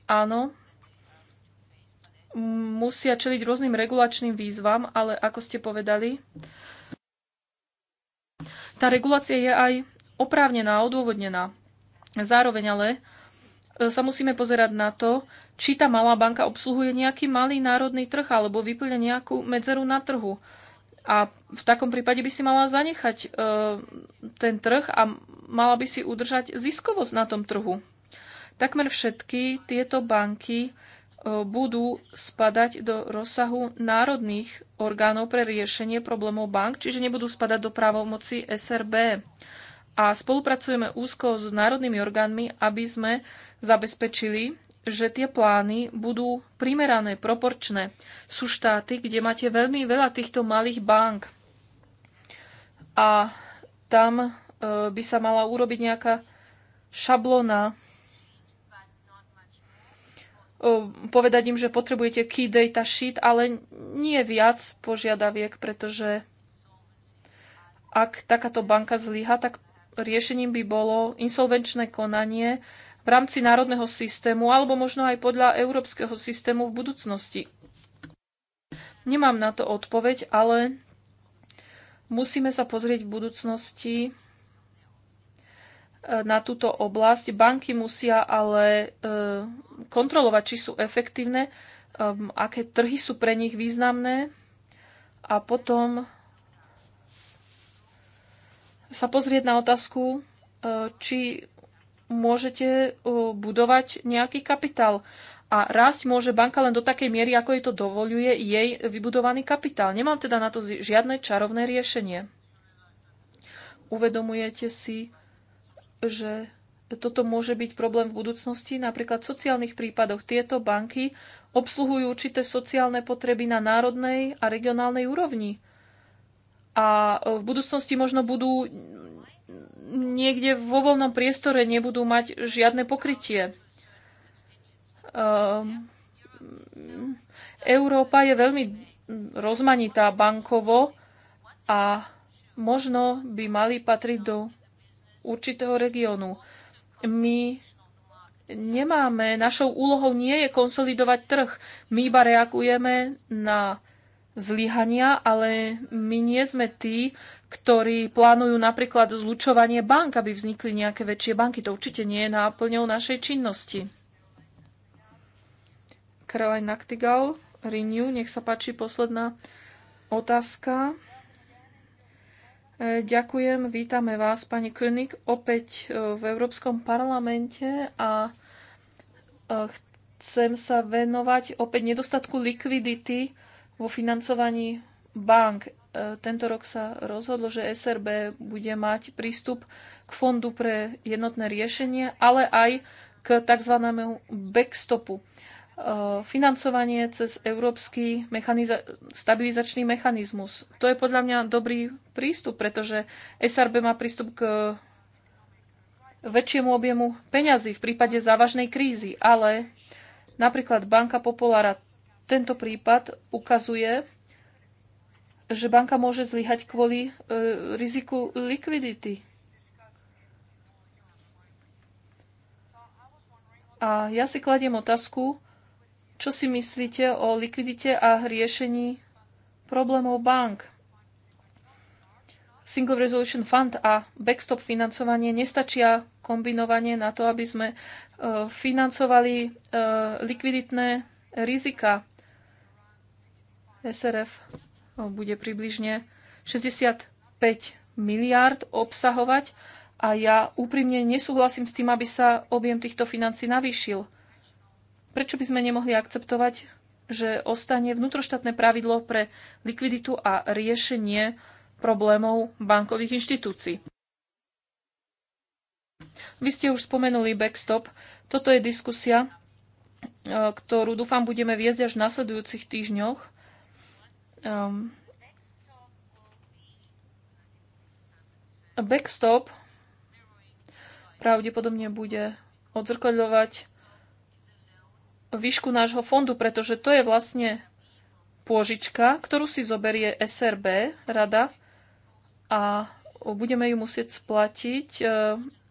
áno, musia čeliť rôznym regulačným výzvam, ale ako ste povedali, tá regulácia je aj oprávnená a odôvodnená. Zároveň ale e, sa musíme pozerať na to, či tá malá banka obsluhuje nejaký malý národný trh alebo vyplňa nejakú medzeru na trhu. A v takom prípade by si mala zanechať e, ten trh a mala by si udržať ziskovosť na tom trhu. Takmer všetky tieto banky budú spadať do rozsahu národných orgánov pre riešenie problémov bank, čiže nebudú spadať do právomoci SRB. A spolupracujeme úzko s národnými orgánmi, aby sme zabezpečili, že tie plány budú primerané, proporčné. Sú štáty, kde máte veľmi veľa týchto malých bank. A tam e, by sa mala urobiť nejaká šablona Ehm, povedať im, že potrebujete key data sheet, ale nie viac požiadaviek, pretože ak takáto banka zlyha, tak riešením by bolo insolvenčné konanie v rámci národného systému alebo možno aj podľa európskeho systému v budúcnosti. Nemám na to odpoveď, ale musíme sa pozrieť v budúcnosti E, na túto oblasť. Banky musia ale e, kontrolovať, či sú efektívne, e, aké trhy sú pre nich významné a potom sa pozrieť na otázku, či môžete budovať nejaký kapitál. A rásť môže banka len do takej miery, ako jej to dovoluje jej vybudovaný kapitál. Nemám teda na to žiadne čarovné riešenie. Uvedomujete si, že toto môže byť problém v budúcnosti. Napríklad v sociálnych prípadoch tieto banky obsluhujú určité sociálne potreby na národnej a regionálnej úrovni. A e, v budúcnosti možno budú niekde vo voľnom priestore nebudú mať žiadne pokrytie. Ehm, Európa je veľmi rozmanitá bankovo a možno by mali patriť do určitého regiónu. My nemáme, našou úlohou nie je konsolidovať trh. My iba reagujeme na zlyhania, ale my nie sme tí, ktorí plánujú napríklad zlučovanie bank, aby vznikli nejaké väčšie banky. To určite nie je náplňou našej činnosti. Caroline Naktigal, Renew, nech sa páči posledná otázka. E, ďakujem, vítame vás, pani König, opäť e, v Európskom parlamente a e, chcem sa venovať opäť nedostatku likvidity vo financovaní bank. Tento rok sa rozhodlo, že SRB bude mať prístup k fondu pre jednotné riešenie, ale aj k tzv. backstopu. Eh, financovanie cez Európsky mechaniza- stabilizačný mechanizmus. To je podľa mňa dobrý prístup, pretože SRB má prístup k väčšiemu objemu peňazí v prípade závažnej krízy, ale napríklad Banka Populára tento prípad ukazuje, že banka môže zlyhať kvôli e, riziku likvidity. A ja si kladiem otázku, čo si myslíte o likvidite a riešení problémov bank? Single Resolution Fund a backstop financovanie nestačia kombinovanie na to, aby sme e, financovali e, likviditné rizika. SRF e, bude približne 65 miliárd obsahovať a ja úprimne nesúhlasím s tým, aby sa objem týchto financí navýšil. Prečo by sme nemohli akceptovať, že ostane vnútroštátne pravidlo pre likviditu a riešenie problémov bankových inštitúcií? Vy ste už spomenuli backstop. Toto je diskusia, e, ktorú dúfam budeme viesť až v nasledujúcich týždňoch. Ehm, backstop pravdepodobne bude odzrkadľovať výšku nášho fondu, pretože to je vlastne pôžička, ktorú si zoberie SRB, rada, a budeme ju musieť splatiť e,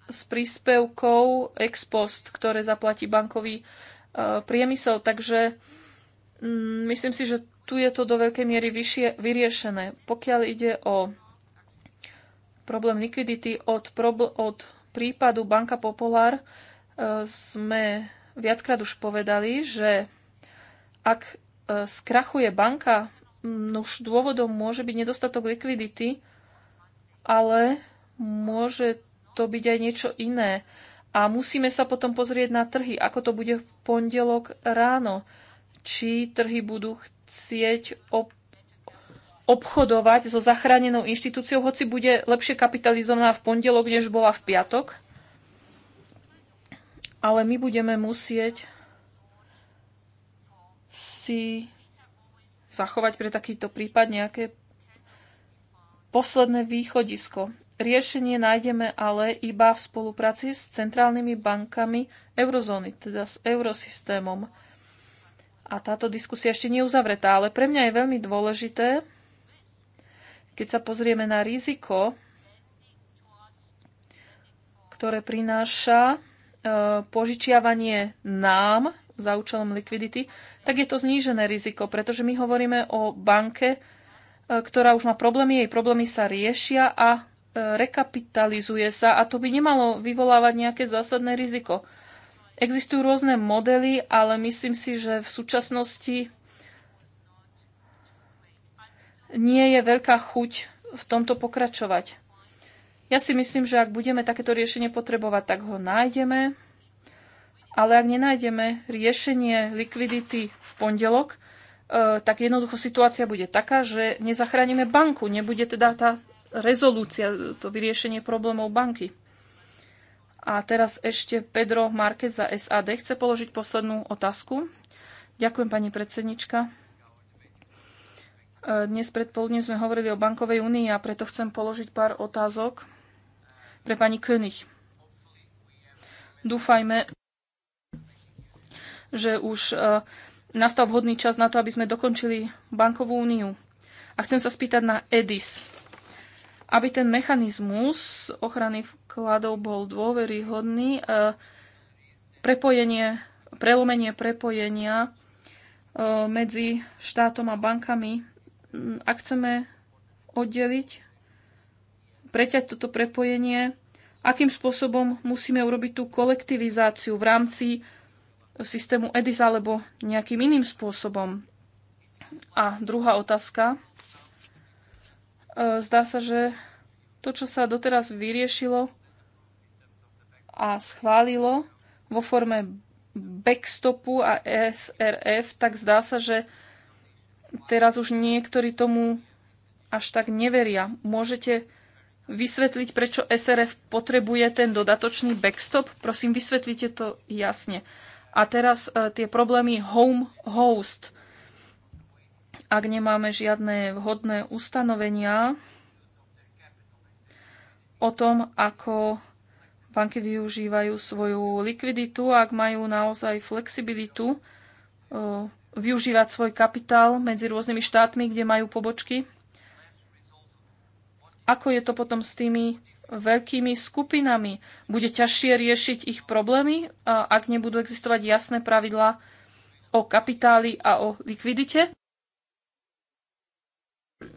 s príspevkou ex post, ktoré zaplatí bankový e, priemysel. Takže mm, myslím si, že tu je to do veľkej miery vyšie, vyriešené. Pokiaľ ide o problém likvidity od, probl- od prípadu Banka Popular, e, sme viackrát už povedali, že ak e, skrachuje banka, už dôvodom môže byť nedostatok likvidity, ale môže to byť aj niečo iné. A musíme sa potom pozrieť na trhy, ako to bude v pondelok ráno. Či trhy budú chcieť ob- obchodovať so zachránenou inštitúciou, hoci bude lepšie kapitalizovaná v pondelok, než bola v piatok ale my budeme musieť si zachovať pre takýto prípad nejaké posledné východisko. Riešenie nájdeme ale iba v spolupráci s centrálnymi bankami eurozóny, teda s eurosystémom. A táto diskusia ešte nie je uzavretá, ale pre mňa je veľmi dôležité, keď sa pozrieme na riziko, ktoré prináša E, požičiavanie nám za účelom likvidity, tak je to znížené riziko, pretože my hovoríme o banke, e, ktorá už má problémy, jej problémy sa riešia a e, rekapitalizuje sa a to by nemalo vyvolávať nejaké zásadné riziko. Existujú rôzne modely, ale myslím si, že v súčasnosti nie je veľká chuť v tomto pokračovať. Ja si myslím, že ak budeme takéto riešenie potrebovať, tak ho nájdeme. Ale ak nenájdeme riešenie likvidity v pondelok, e, tak jednoducho situácia bude taká, že nezachránime banku. Nebude teda tá rezolúcia, to vyriešenie problémov banky. A teraz ešte Pedro Márquez za SAD chce položiť poslednú otázku. Ďakujem, pani predsednička. E, dnes predpoludne sme hovorili o bankovej únii a preto chcem položiť pár otázok pre pani König. Dúfajme, že už e, nastal vhodný čas na to, aby sme dokončili bankovú úniu. A chcem sa spýtať na EDIS. Aby ten mechanizmus ochrany vkladov bol dôveryhodný, e, prepojenie, prelomenie prepojenia e, medzi štátom a bankami, ak chceme oddeliť preťať toto prepojenie, akým spôsobom musíme urobiť tú kolektivizáciu v rámci systému EDIS alebo nejakým iným spôsobom. A druhá otázka. E, zdá sa, že to, čo sa doteraz vyriešilo a schválilo vo forme backstopu a SRF, tak zdá sa, že teraz už niektorí tomu až tak neveria. Môžete vysvetliť, prečo SRF potrebuje ten dodatočný backstop? Prosím, vysvetlite to jasne. A teraz e, tie problémy home host. Ak nemáme žiadne vhodné ustanovenia o tom, ako banky využívajú svoju likviditu, ak majú naozaj flexibilitu e, využívať svoj kapitál medzi rôznymi štátmi, kde majú pobočky, ako je to potom s tými veľkými skupinami? Bude ťažšie riešiť ich problémy, ak nebudú existovať jasné pravidlá o kapitáli a o likvidite?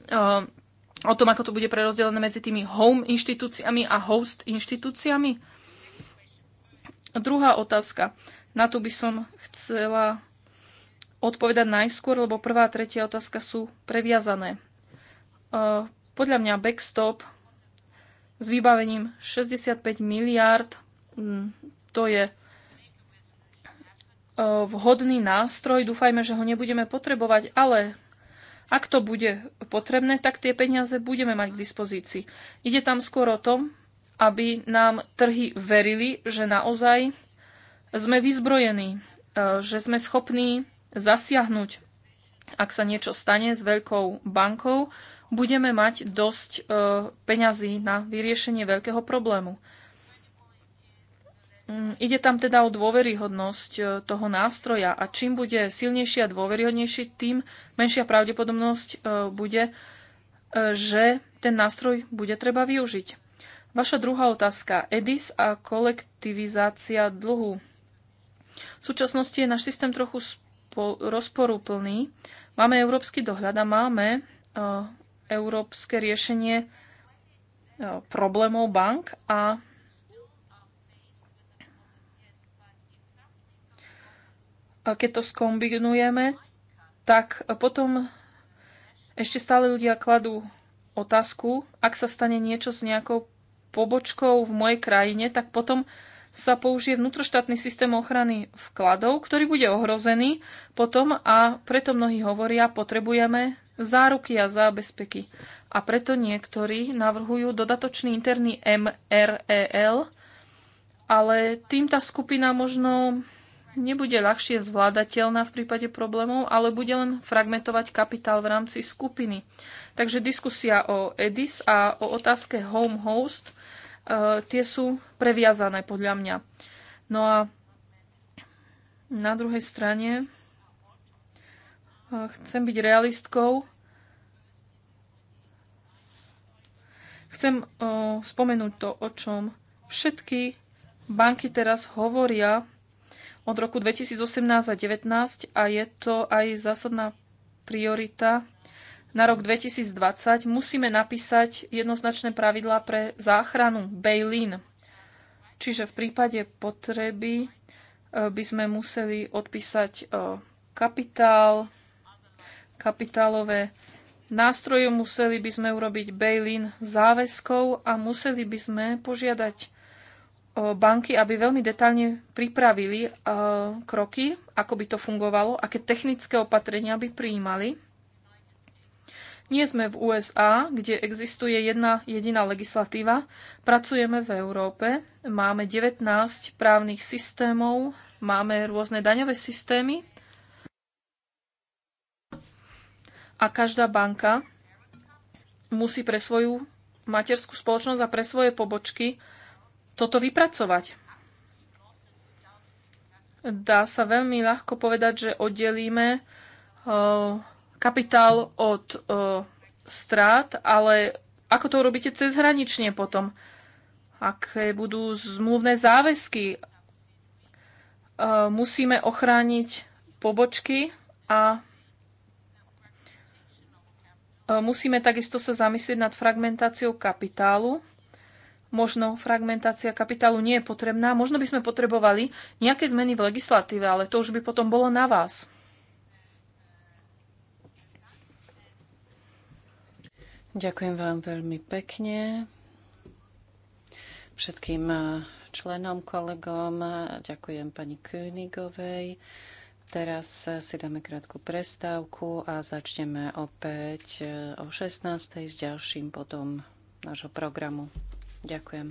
Ehm, o tom, ako to bude prerozdelené medzi tými home inštitúciami a host inštitúciami? Druhá otázka. Na to by som chcela odpovedať najskôr, lebo prvá a tretia otázka sú previazané. Ehm, podľa mňa backstop s vybavením 65 miliard, mm, to je e, vhodný nástroj. Dúfajme, že ho nebudeme potrebovať, ale ak to bude potrebné, tak tie peniaze budeme mať k dispozícii. Ide tam skôr o tom, aby nám trhy verili, že naozaj sme vyzbrojení, e, že sme schopní zasiahnuť, ak sa niečo stane s veľkou bankou, budeme mať dosť e, peňazí na vyriešenie veľkého problému. Mm, ide tam teda o dôveryhodnosť e, toho nástroja a čím bude silnejší a dôveryhodnejší, tým menšia pravdepodobnosť e, bude, že ten nástroj bude treba využiť. Vaša druhá otázka. EDIS a kolektivizácia dlhu. V súčasnosti je náš systém trochu rozporúplný. Máme európsky dohľad a máme európske riešenie e, problémov bank a keď to skombinujeme, tak potom ešte stále ľudia kladú otázku, ak sa stane niečo s nejakou pobočkou v mojej krajine, tak potom sa použije vnútroštátny systém ochrany vkladov, ktorý bude ohrozený potom a preto mnohí hovoria, potrebujeme záruky a zábezpeky. A preto niektorí navrhujú dodatočný interný MREL, ale tým tá skupina možno nebude ľahšie zvládateľná v prípade problémov, ale bude len fragmentovať kapitál v rámci skupiny. Takže diskusia o EDIS a o otázke home host, e, tie sú previazané podľa mňa. No a na druhej strane Chcem byť realistkou. Chcem spomenúť to, o čom všetky banky teraz hovoria od roku 2018 a 2019 a je to aj zásadná priorita na rok 2020. Musíme napísať jednoznačné pravidlá pre záchranu bail-in. Čiže v prípade potreby e, by sme museli odpísať e, kapitál, kapitálové nástroje, museli by sme urobiť bail-in záväzkov a museli by sme požiadať banky, aby veľmi detálne pripravili e, kroky, ako by to fungovalo, aké technické opatrenia by prijímali. Nie sme v USA, kde existuje jedna jediná legislatíva. Pracujeme v Európe, máme 19 právnych systémov, máme rôzne daňové systémy a každá banka musí pre svoju materskú spoločnosť a pre svoje pobočky toto vypracovať. Dá sa veľmi ľahko povedať, že oddelíme eh, kapitál od eh, strát, ale ako to urobíte cezhranične potom? Aké budú zmluvné záväzky? Eh, musíme ochrániť pobočky a E, musíme takisto sa zamyslieť nad fragmentáciou kapitálu. Možno fragmentácia kapitálu nie je potrebná. Možno by sme potrebovali nejaké zmeny v legislatíve, ale to už by potom bolo na vás. Ďakujem vám veľmi pekne všetkým e, členom, kolegom. E, ďakujem pani Königovej Teraz si dáme krátku prestávku a začneme opäť o 16.00 s ďalším potom nášho programu. Ďakujem.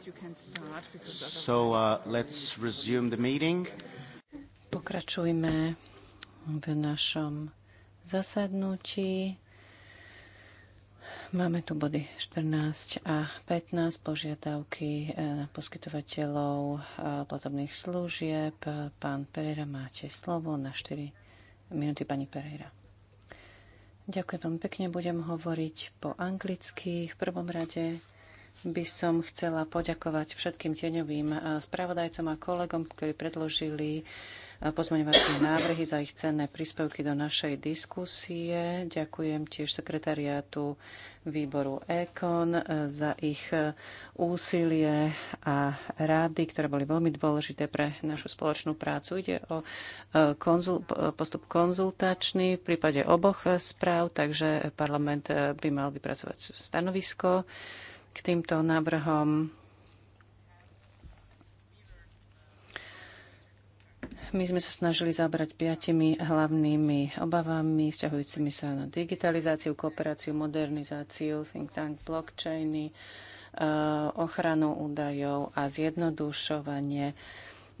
think you can start So uh, let's resume the meeting. Pokračujme v našom zasadnutí. Máme tu body 14 a 15 požiadavky e, poskytovateľov e, platobných služieb. Pán Pereira, máte slovo na 4 minúty, pani Pereira. Ďakujem veľmi pekne, budem hovoriť po anglicky v prvom rade by som chcela poďakovať všetkým tieňovým eh, spravodajcom a kolegom, ktorí predložili eh, pozmeňovacie návrhy za ich cenné príspevky do našej diskusie. Ďakujem tiež sekretariátu výboru EKON eh, za ich úsilie a rady, ktoré boli veľmi dôležité pre našu spoločnú prácu. Ide o konzul, postup konzultačný v prípade oboch správ, takže parlament by mal vypracovať stanovisko k týmto návrhom. My sme sa snažili zabrať piatimi hlavnými obavami, vzťahujúcimi sa na digitalizáciu, kooperáciu, modernizáciu, think tank, blockchainy, eh, ochranu údajov a zjednodušovanie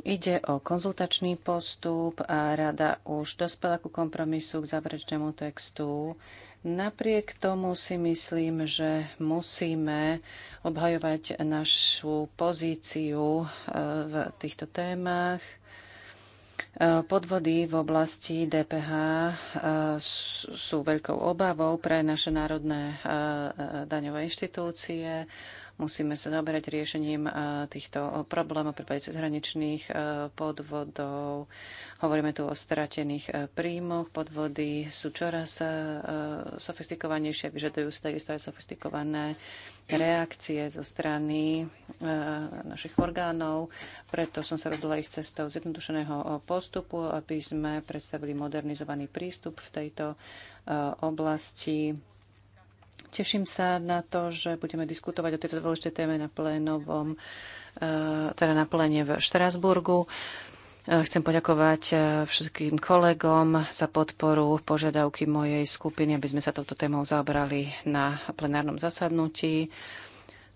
Ide o konzultačný postup a rada už dospela ku kompromisu k záverečnému textu. Napriek tomu si myslím, že musíme obhajovať našu pozíciu e, v týchto témach. E, podvody v oblasti DPH e, sú veľkou obavou pre naše národné daňové inštitúcie Musíme sa zaoberať riešením e, týchto problémov v prípade cezhraničných e, podvodov. Hovoríme tu o stratených e, príjmoch. Podvody sú čoraz sofistikovanejšie, vyžadujú sa takisto aj sofistikované reakcie zo strany našich orgánov. Preto som sa rozhodla ich cestou zjednodušeného postupu, aby sme predstavili modernizovaný prístup v tejto oblasti Teším sa na to, že budeme diskutovať o tejto dôležitej téme na plénovom, eh, teda na pléne v Štrasburgu. Eh, chcem poďakovať eh, všetkým kolegom za podporu požiadavky mojej skupiny, aby sme sa touto témou zaobrali na plenárnom zasadnutí.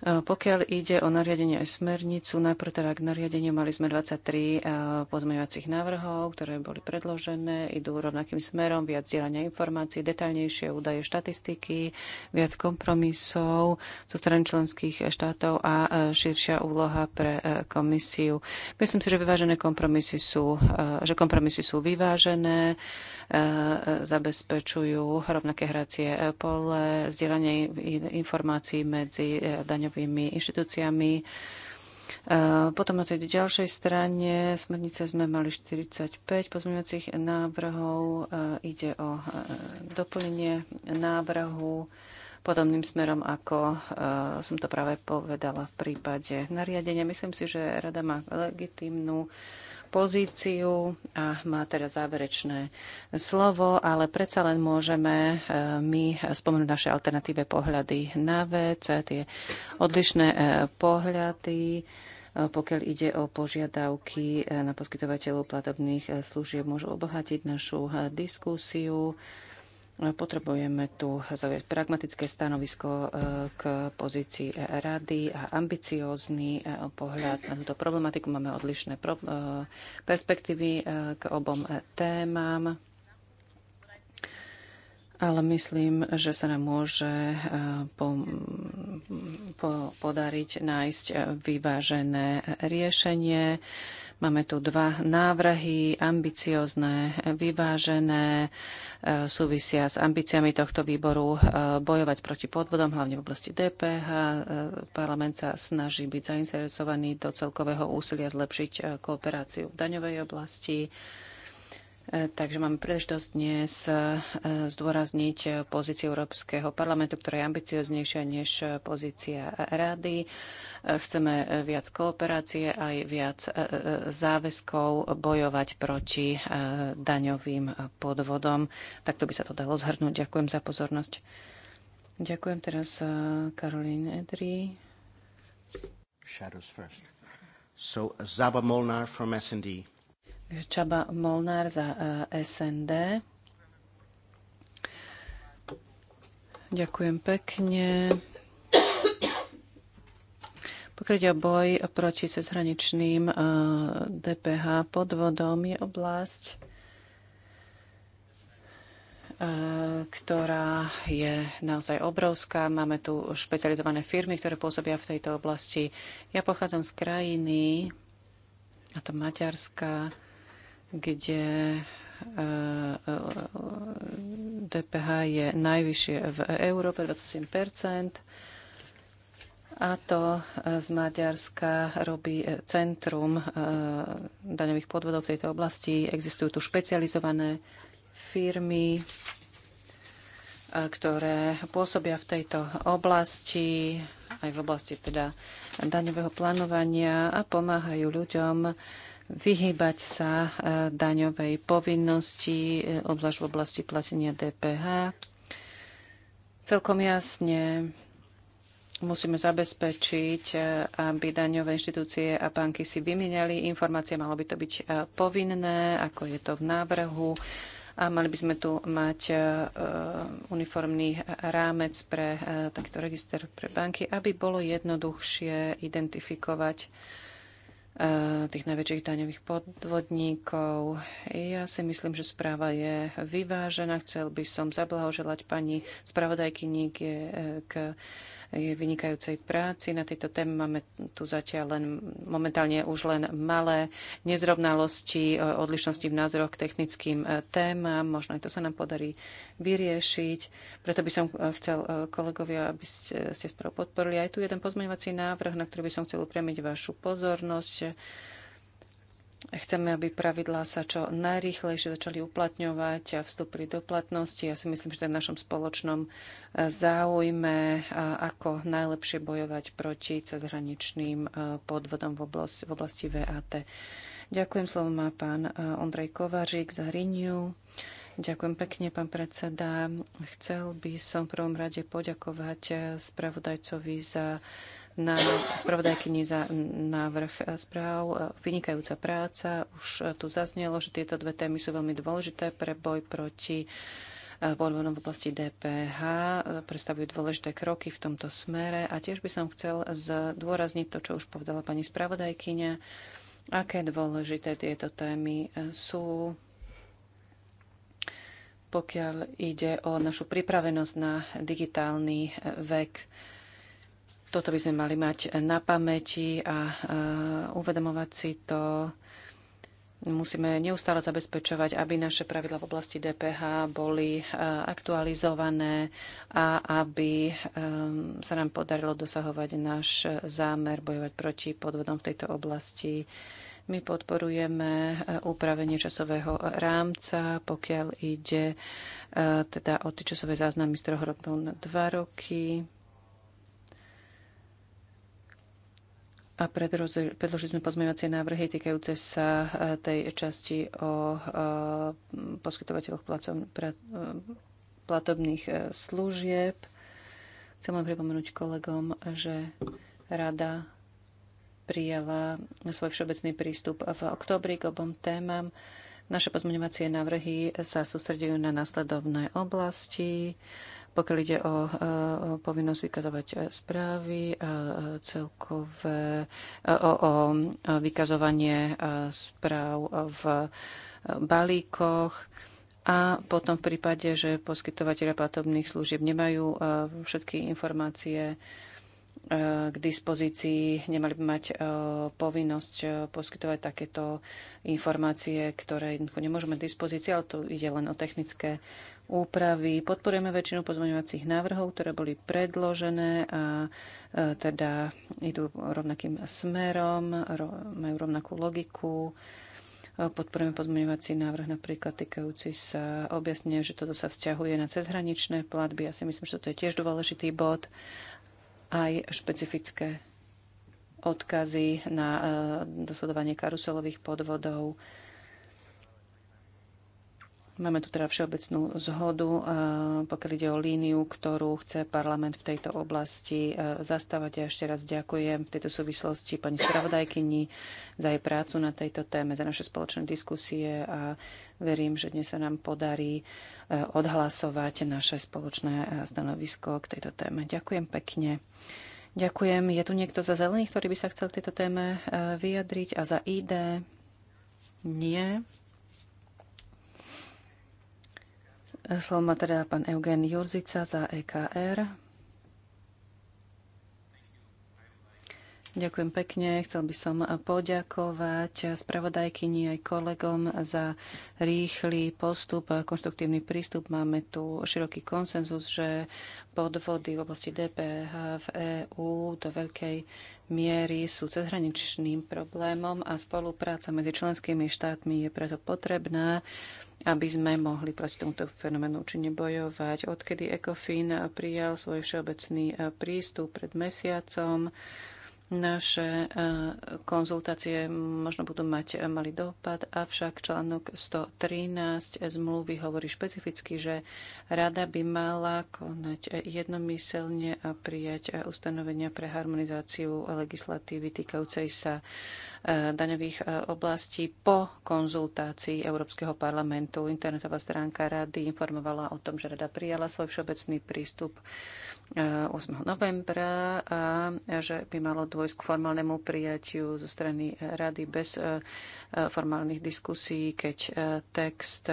E, pokiaľ ide o nariadenie aj smernicu, najprv teda k nariadeniu mali sme 23 e, pozmeňovacích návrhov, ktoré boli predložené, idú rovnakým smerom, viac zdieľania informácií, detaľnejšie údaje štatistiky, viac kompromisov zo strany členských štátov a e, širšia úloha pre komisiu. Myslím si, že vyvážené kompromisy sú, že kompromisy sú vyvážené, zabezpečujú rovnaké hracie pole, zdieľanie informácií medzi daňovými daňovými inštitúciami. Potom na tej ďalšej strane smernice sme mali 45 pozmeňovacích návrhov. Ide o doplnenie návrhu podobným smerom, ako som to práve povedala v prípade nariadenia. Myslím si, že rada má legitímnu pozíciu a má teraz záverečné slovo, ale predsa len môžeme e, my spomenúť naše alternatíve pohľady na vec, tie odlišné e, pohľady e, pokiaľ ide o požiadavky na poskytovateľov platobných služieb, môžu obohatiť našu diskusiu. Potrebujeme tu zaujať pragmatické stanovisko e, k pozícii rady a ambiciózny e, pohľad na túto problematiku. Máme odlišné e, perspektívy k obom témam, ale myslím, že sa nám môže po, po, podariť nájsť vyvážené riešenie Máme tu dva návrhy, ambiciozne, vyvážené, e, súvisia s ambíciami tohto výboru e, bojovať proti podvodom, hlavne v oblasti DPH. E, parlament sa snaží byť zainteresovaný do celkového úsilia zlepšiť kooperáciu v daňovej oblasti E, takže máme príležitosť dnes e, zdôrazniť pozíciu Európskeho parlamentu, ktorá je ambicioznejšia než pozícia rady. E, chceme viac kooperácie, aj viac záväzkov bojovať proti daňovým podvodom. Takto by sa to dalo zhrnúť. Ďakujem za pozornosť. Ďakujem teraz Karolín Edry. Shadows first. So Zaba Molnar from S&D. Čaba Molnár za e, SND. Ďakujem pekne. Pokrytia boj proti cezhraničným e, DPH podvodom, je oblasť, e, ktorá je naozaj obrovská. Máme tu špecializované firmy, ktoré pôsobia v tejto oblasti. Ja pochádzam z krajiny, a to Maďarska, kde e, e, DPH je najvyššie v Európe, 27 a to e, z Maďarska robí centrum daňových podvodov v tejto oblasti. Existujú tu špecializované firmy, ktoré pôsobia v tejto oblasti, aj v oblasti teda daňového plánovania a pomáhajú ľuďom vyhybať sa e, daňovej povinnosti, e, obzvlášť v oblasti platenia DPH. Celkom jasne musíme zabezpečiť, e, aby daňové inštitúcie a banky si vymieniali informácie. Malo by to byť povinné, ako je to v návrhu. A mali by sme tu mať uniformný rámec pre takýto register pre banky, aby bolo jednoduchšie identifikovať E, tých najväčších daňových podvodníkov. Ja si myslím, že správa je vyvážená. Chcel by som zablahoželať pani spravodajkyni k e, jej vynikajúcej práci. Na tejto téme máme tu zatiaľ len momentálne už len malé nezrovnalosti, e, odlišnosti v názoroch k technickým e, témam. Možno aj to sa nám podarí vyriešiť. Preto by som e, chcel kolegovia, aby ste, ste podporili aj tu jeden pozmeňovací návrh, na ktorý by som chcel upriamiť vašu pozornosť Chceme, aby pravidlá sa čo najrýchlejšie začali uplatňovať a vstúpili do platnosti. Ja si myslím, že to je v našom spoločnom eh, záujme, eh, ako najlepšie bojovať proti cezhraničným eh, podvodom v oblasti, VAT. Ďakujem, slovo má pán Ondrej Kovařík za Riniu. Ďakujem pekne, pán predseda. Chcel by som v prvom rade poďakovať spravodajcovi za na spravodajkyni za návrh správ. Vynikajúca práca. Už tu zaznelo, že tieto dve témy sú veľmi dôležité pre boj proti eh, voľbom v oblasti DPH. Predstavujú dôležité kroky v tomto smere a tiež by som chcel zdôrazniť to, čo už povedala pani spravodajkyňa, aké dôležité tieto témy eh, sú pokiaľ ide o našu pripravenosť na digitálny eh, vek toto by sme mali mať na pamäti a e, uvedomovať si to. Musíme neustále zabezpečovať, aby naše pravidla v oblasti DPH boli e, aktualizované a aby e, sa nám podarilo dosahovať náš zámer bojovať proti podvodom v tejto oblasti. My podporujeme upravenie časového rámca, pokiaľ ide teda o tie časové záznamy z troch rokov na dva roky. a predložili sme pozmeňovacie návrhy týkajúce sa e, tej časti o e, poskytovateľoch e, platobných služieb. Chcem len pripomenúť kolegom, že rada prijala svoj všeobecný prístup v oktobri k obom témam. Naše pozmeňovacie návrhy sa sústredujú na následovné oblasti pokiaľ ide o e, povinnosť vykazovať e, správy, e, celkové, o, o vykazovanie správ v balíkoch a potom v prípade, že poskytovateľia platobných služieb nemajú všetky informácie k dispozícii, nemali by mať povinnosť poskytovať takéto informácie, ktoré nemôžeme k dispozícii, ale to ide len o technické úpravy. Podporujeme väčšinu pozmeňovacích návrhov, ktoré boli predložené a e, teda idú rovnakým smerom, majú rovnakú logiku. E, podporujeme pozmeňovací návrh napríklad týkajúci sa objasnenia, že toto sa vzťahuje na cezhraničné platby. Ja si myslím, že toto je tiež dôležitý bod. Aj špecifické odkazy na e, dosledovanie karuselových podvodov Máme tu teda všeobecnú zhodu, eh, pokiaľ ide o líniu, ktorú chce parlament v tejto oblasti eh, zastávať. Ja ešte raz ďakujem v tejto súvislosti pani spravodajkyni za jej prácu na tejto téme, za naše spoločné diskusie a verím, že dnes sa nám podarí eh, odhlasovať naše spoločné stanovisko k tejto téme. Ďakujem pekne. Ďakujem. Je tu niekto za zelených, ktorý by sa chcel k tejto téme vyjadriť a za ID? Nie. Slovo má teda pán Eugen Jurzica za EKR. Ďakujem pekne. Chcel by som poďakovať spravodajkyni aj kolegom za rýchly postup a konštruktívny prístup. Máme tu široký konsenzus, že podvody v oblasti DPH v EÚ do veľkej miery sú cezhraničným problémom a spolupráca medzi členskými štátmi je preto potrebná aby sme mohli proti tomuto fenoménu účinne bojovať. Odkedy ECOFIN prijal svoj všeobecný prístup pred mesiacom, naše e, konzultácie možno budú mať e, malý dopad, avšak článok 113 zmluvy hovorí špecificky, že rada by mala konať e, jednomyselne a prijať ustanovenia pre harmonizáciu legislatívy týkajúcej sa E, daňových e, oblastí po konzultácii Európskeho parlamentu. Internetová stránka rady informovala o tom, že rada prijala svoj všeobecný prístup 8. E, novembra a že by malo dôjsť k formálnemu prijatiu zo strany rady bez formálnych diskusí, keď text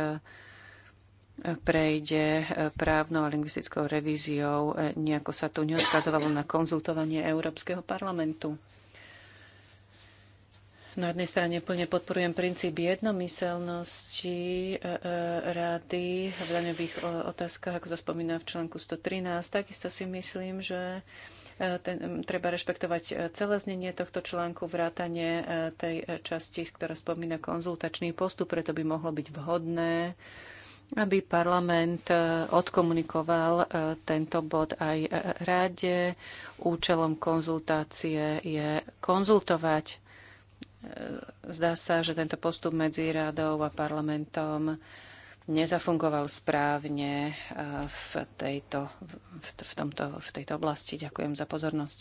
prejde právnou a lingvistickou revíziou. Nejako sa tu neodkazovalo na konzultovanie Európskeho parlamentu. Na jednej strane plne podporujem princíp jednomyselnosti e, e, rady v daňových e, otázkach, ako sa spomína v článku 113. Takisto si myslím, že ten, treba rešpektovať celé znenie tohto článku, vrátanie tej časti, ktorá spomína konzultačný postup, preto by mohlo byť vhodné, aby parlament odkomunikoval tento bod aj rade. Účelom konzultácie je konzultovať E, zdá sa, že tento postup medzi radou a parlamentom nezafungoval správne e, v tejto, v, tomto, v tejto oblasti. Ďakujem za pozornosť.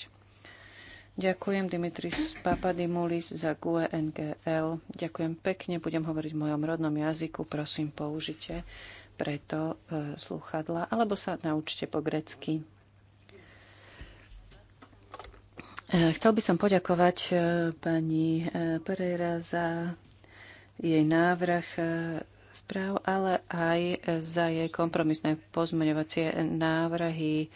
Ďakujem Dimitris Papadimulis za GUENGL. Ďakujem pekne, budem hovoriť v mojom rodnom jazyku, prosím použite preto e, slúchadla, alebo sa naučte po grecky. E, chcel by som poďakovať e, pani e, Pereira za jej návrh správ, ale aj za jej kompromisné pozmeňovacie návrhy,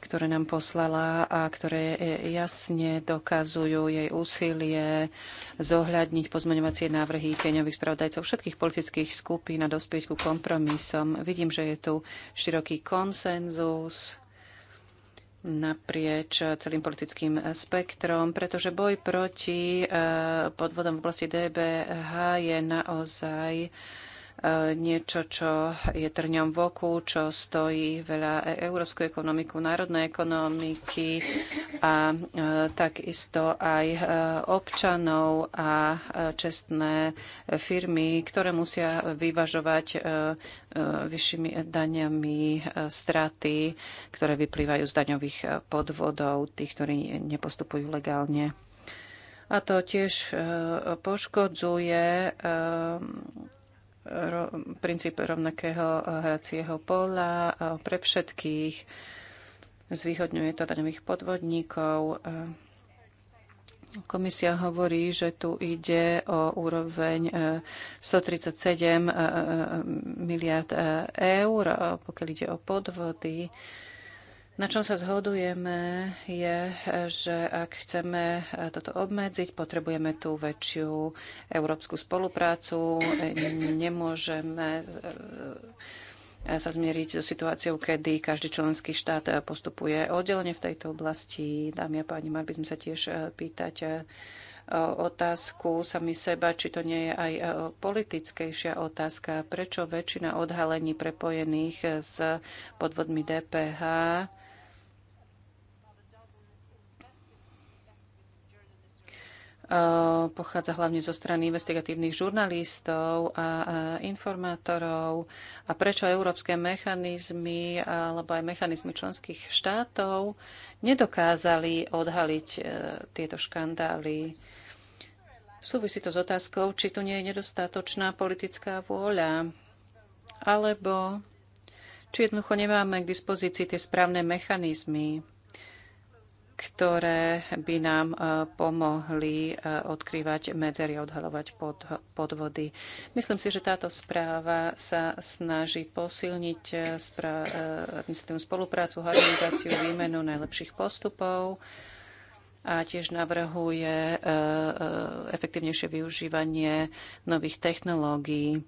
ktoré nám poslala a ktoré jasne dokazujú jej úsilie zohľadniť pozmeňovacie návrhy tieňových spravodajcov všetkých politických skupín a dospieť ku kompromisom. Vidím, že je tu široký konsenzus naprieč celým politickým spektrom, pretože boj proti eh, podvodom v oblasti DBH je naozaj niečo, čo je trňom v oku, čo stojí veľa e- európsku ekonomiku, národnej ekonomiky a e, takisto aj e, občanov a čestné firmy, ktoré musia vyvažovať vyššími daňami straty, ktoré vyplývajú z daňových podvodov tých, ktorí nepostupujú legálne a to tiež poškodzuje ro, princíp rovnakého eh, hracieho pola eh, pre všetkých. Zvýhodňuje to daňových podvodníkov. Eh, komisia hovorí, že tu ide o úroveň 137 miliard eur, pokiaľ ide o podvody. Na čom sa zhodujeme je, že ak chceme e, toto obmedziť, potrebujeme tú väčšiu európsku spoluprácu. E, nemôžeme e, sa zmieriť so situáciou, kedy každý členský štát postupuje oddelne v tejto oblasti. Dámy a páni, mali by sme sa tiež pýtať otázku sami seba, či to nie je aj politickejšia otázka. Prečo väčšina odhalení prepojených s podvodmi DPH Eh, pochádza hlavne zo strany investigatívnych žurnalistov a informátorov a prečo európske mechanizmy alebo aj mechanizmy členských štátov nedokázali odhaliť eh, tieto škandály. Súvisí to s otázkou, či tu nie je nedostatočná politická vôľa alebo či jednoducho nemáme k dispozícii tie správne mechanizmy ktoré by nám e, pomohli e, odkrývať medzery, odhalovať pod, podvody. Myslím si, že táto správa sa snaží posilniť e, administratívnu spoluprácu, harmonizáciu, výmenu najlepších postupov a tiež navrhuje efektívnejšie využívanie nových technológií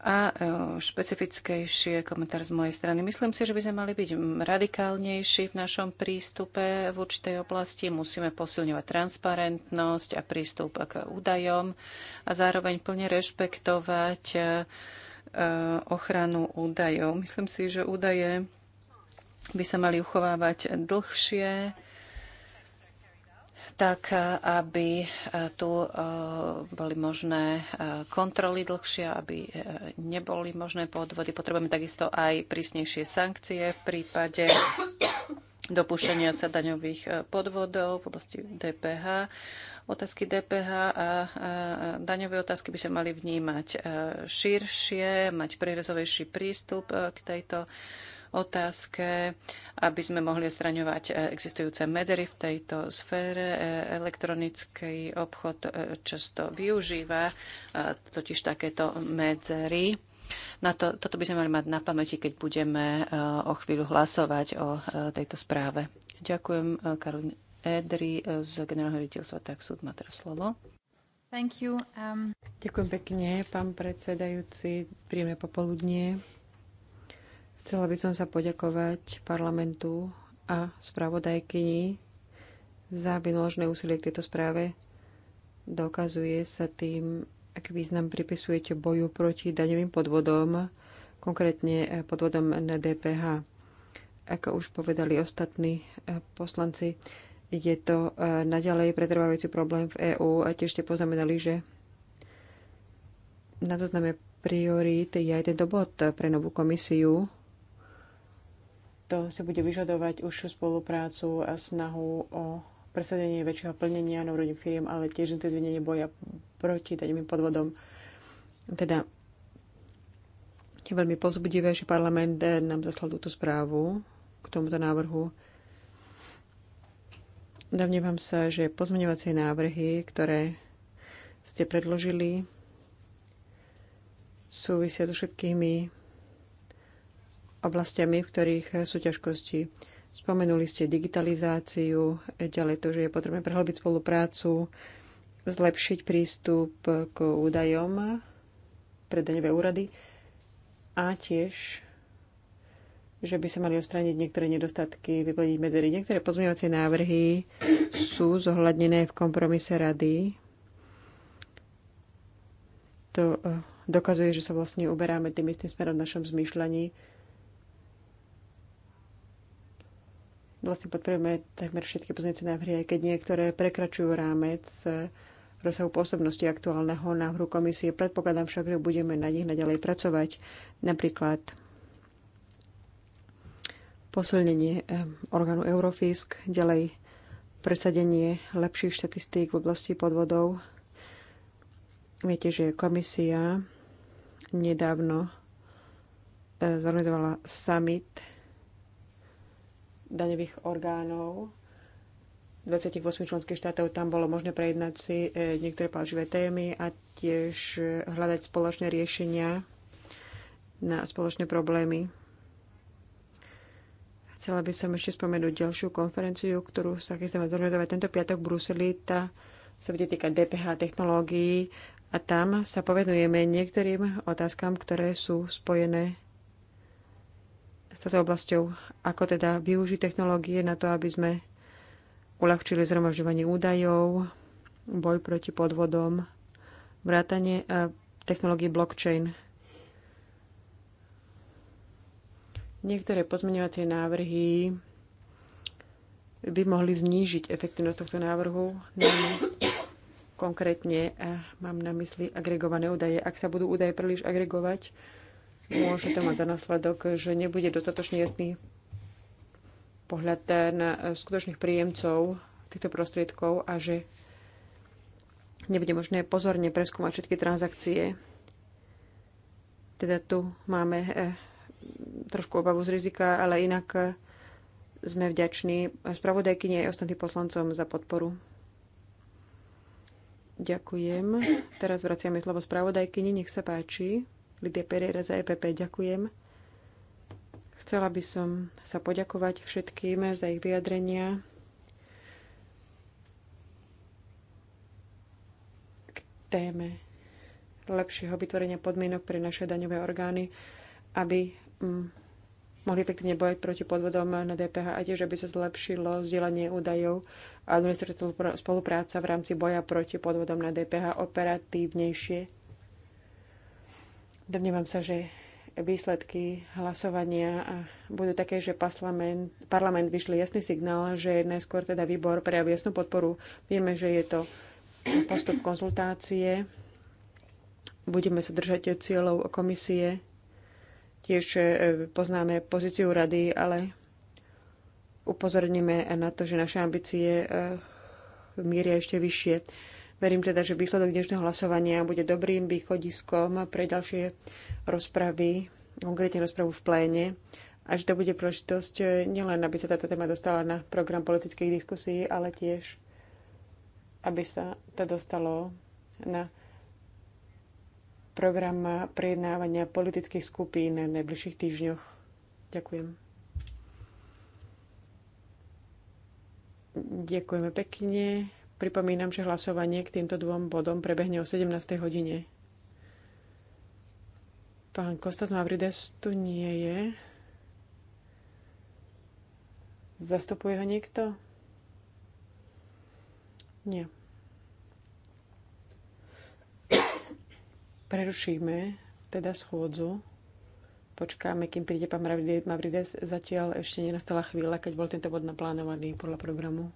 a e, špecifickejšie komentár z mojej strany. Myslím si, že by sme mali byť radikálnejší v našom prístupe v určitej oblasti. Musíme posilňovať transparentnosť a prístup k údajom a zároveň plne rešpektovať e, e, ochranu údajov. Myslím si, že údaje by sa mali uchovávať dlhšie tak aby e, tu e, boli možné e, kontroly dlhšie, aby neboli možné podvody. Potrebujeme takisto aj prísnejšie sankcie v prípade dopúšťania sa daňových podvodov v oblasti DPH. Otázky DPH a daňové otázky by sa mali vnímať širšie, mať prírezovejší prístup k tejto otázke, aby sme mohli straňovať eh, existujúce medzery v tejto sfére. Eh, elektronický obchod eh, často využíva totiž takéto medzery. Na to, toto by sme mali mať na pamäti, keď budeme o chvíľu hlasovať o tejto správe. Ďakujem, Karol Edry z generálneho riaditeľstva súd má teraz slovo. Thank you. Um... Ďakujem pekne, pán predsedajúci. Príjemné popoludnie. Chcela by som sa poďakovať parlamentu a spravodajkyni za vynaložené úsilie k tejto správe. Dokazuje sa tým, aký význam pripisujete boju proti daňovým podvodom, konkrétne podvodom na DPH. Ako už povedali ostatní eh, poslanci, je to eh, naďalej pretrvávajúci problém v EÚ a tiež ste poznamenali, že na zozname priorít je aj tento bod pre novú komisiu. To si bude vyžadovať užšiu spoluprácu a snahu o presadenie väčšieho plnenia na úrovni firiem, ale tiež intenzívnenie boja proti daňovým podvodom. Teda je veľmi povzbudivé, že parlament nám zaslal túto správu k tomuto návrhu. Domnievam sa, že pozmeňovacie návrhy, ktoré ste predložili, súvisia so všetkými oblastiami, v ktorých eh, sú ťažkosti. Spomenuli ste digitalizáciu, eh, ďalej to, že je potrebné prehlbiť spoluprácu, zlepšiť prístup eh, k údajom pre daňové úrady a tiež, že by sa mali ostrániť niektoré nedostatky, vyplniť medzery. Niektoré pozmeňovacie návrhy sú zohľadnené v kompromise rady. To dokazuje, že sa vlastne uberáme tým istým smerom v našom zmýšľaní vlastne podporujeme takmer všetky pozmeňujúce návrhy, aj keď niektoré prekračujú rámec eh, rozsahu pôsobnosti aktuálneho návrhu komisie. Predpokladám však, že budeme na nich naďalej pracovať. Napríklad posilnenie eh, orgánu Eurofisk, ďalej presadenie lepších štatistík v oblasti podvodov. Viete, že komisia nedávno eh, zorganizovala summit daňových orgánov 28 členských štátov. Tam bolo možné prejednať si e, niektoré palčivé témy a tiež e, hľadať spoločné riešenia na spoločné problémy. Chcela by som ešte spomenúť ďalšiu konferenciu, ktorú sa chystáme zorganizovať tento piatok v Bruseli. Tá sa bude týkať DPH technológií a tam sa povedujeme niektorým otázkam, ktoré sú spojené s touto oblasťou. Ako teda využiť technológie na to, aby sme uľahčili zhromažďovanie údajov, boj proti podvodom, vrátanie e, technológií blockchain. Niektoré pozmeňovacie návrhy by mohli znížiť efektivnosť tohto návrhu. Konkrétne e, mám na mysli agregované údaje. Ak sa budú údaje príliš agregovať, môže to mať za následok, že nebude dostatočne jasný pohľad na e, skutočných príjemcov týchto prostriedkov a že nebude možné pozorne preskúmať všetky transakcie. Teda tu máme e, trošku obavu z rizika, ale inak e, sme vďační spravodajkyni aj ostatným poslancom za podporu. Ďakujem. Teraz vraciame slovo spravodajkyni. Nech sa páči. Lidia Pereira za EPP. Ďakujem. Chcela by som sa poďakovať všetkým za ich vyjadrenia. K téme lepšieho vytvorenia podmienok pre naše daňové orgány, aby mm, mohli pekne bojať proti podvodom na DPH a tiež, aby sa zlepšilo zdieľanie údajov a administratívna spolupráca v rámci boja proti podvodom na DPH operatívnejšie Domnievam sa, že výsledky hlasovania budú také, že parlament, parlament vyšli jasný signál, že najskôr teda výbor prejaví jasnú podporu. Vieme, že je to postup konzultácie. Budeme sa držať cieľov komisie. Tiež e, poznáme pozíciu rady, ale upozorníme na to, že naše ambície e, mieria ešte vyššie. Verím teda, že výsledok dnešného hlasovania bude dobrým východiskom pre ďalšie rozpravy, konkrétne rozpravu v pléne, a že to bude príležitosť eh, nielen, aby sa táto téma dostala na program politických diskusí, ale tiež, aby sa to dostalo na program prejednávania politických skupín v najbližších týždňoch. Ďakujem. Ďakujeme pekne. Pripomínam, že hlasovanie k týmto dvom bodom prebehne o 17. hodine. Pán Kostas Mavrides tu nie je. Zastupuje ho niekto? Nie. Prerušíme teda schôdzu. Počkáme, kým príde pán Mavrides. Zatiaľ ešte nenastala chvíľa, keď bol tento bod naplánovaný podľa programu.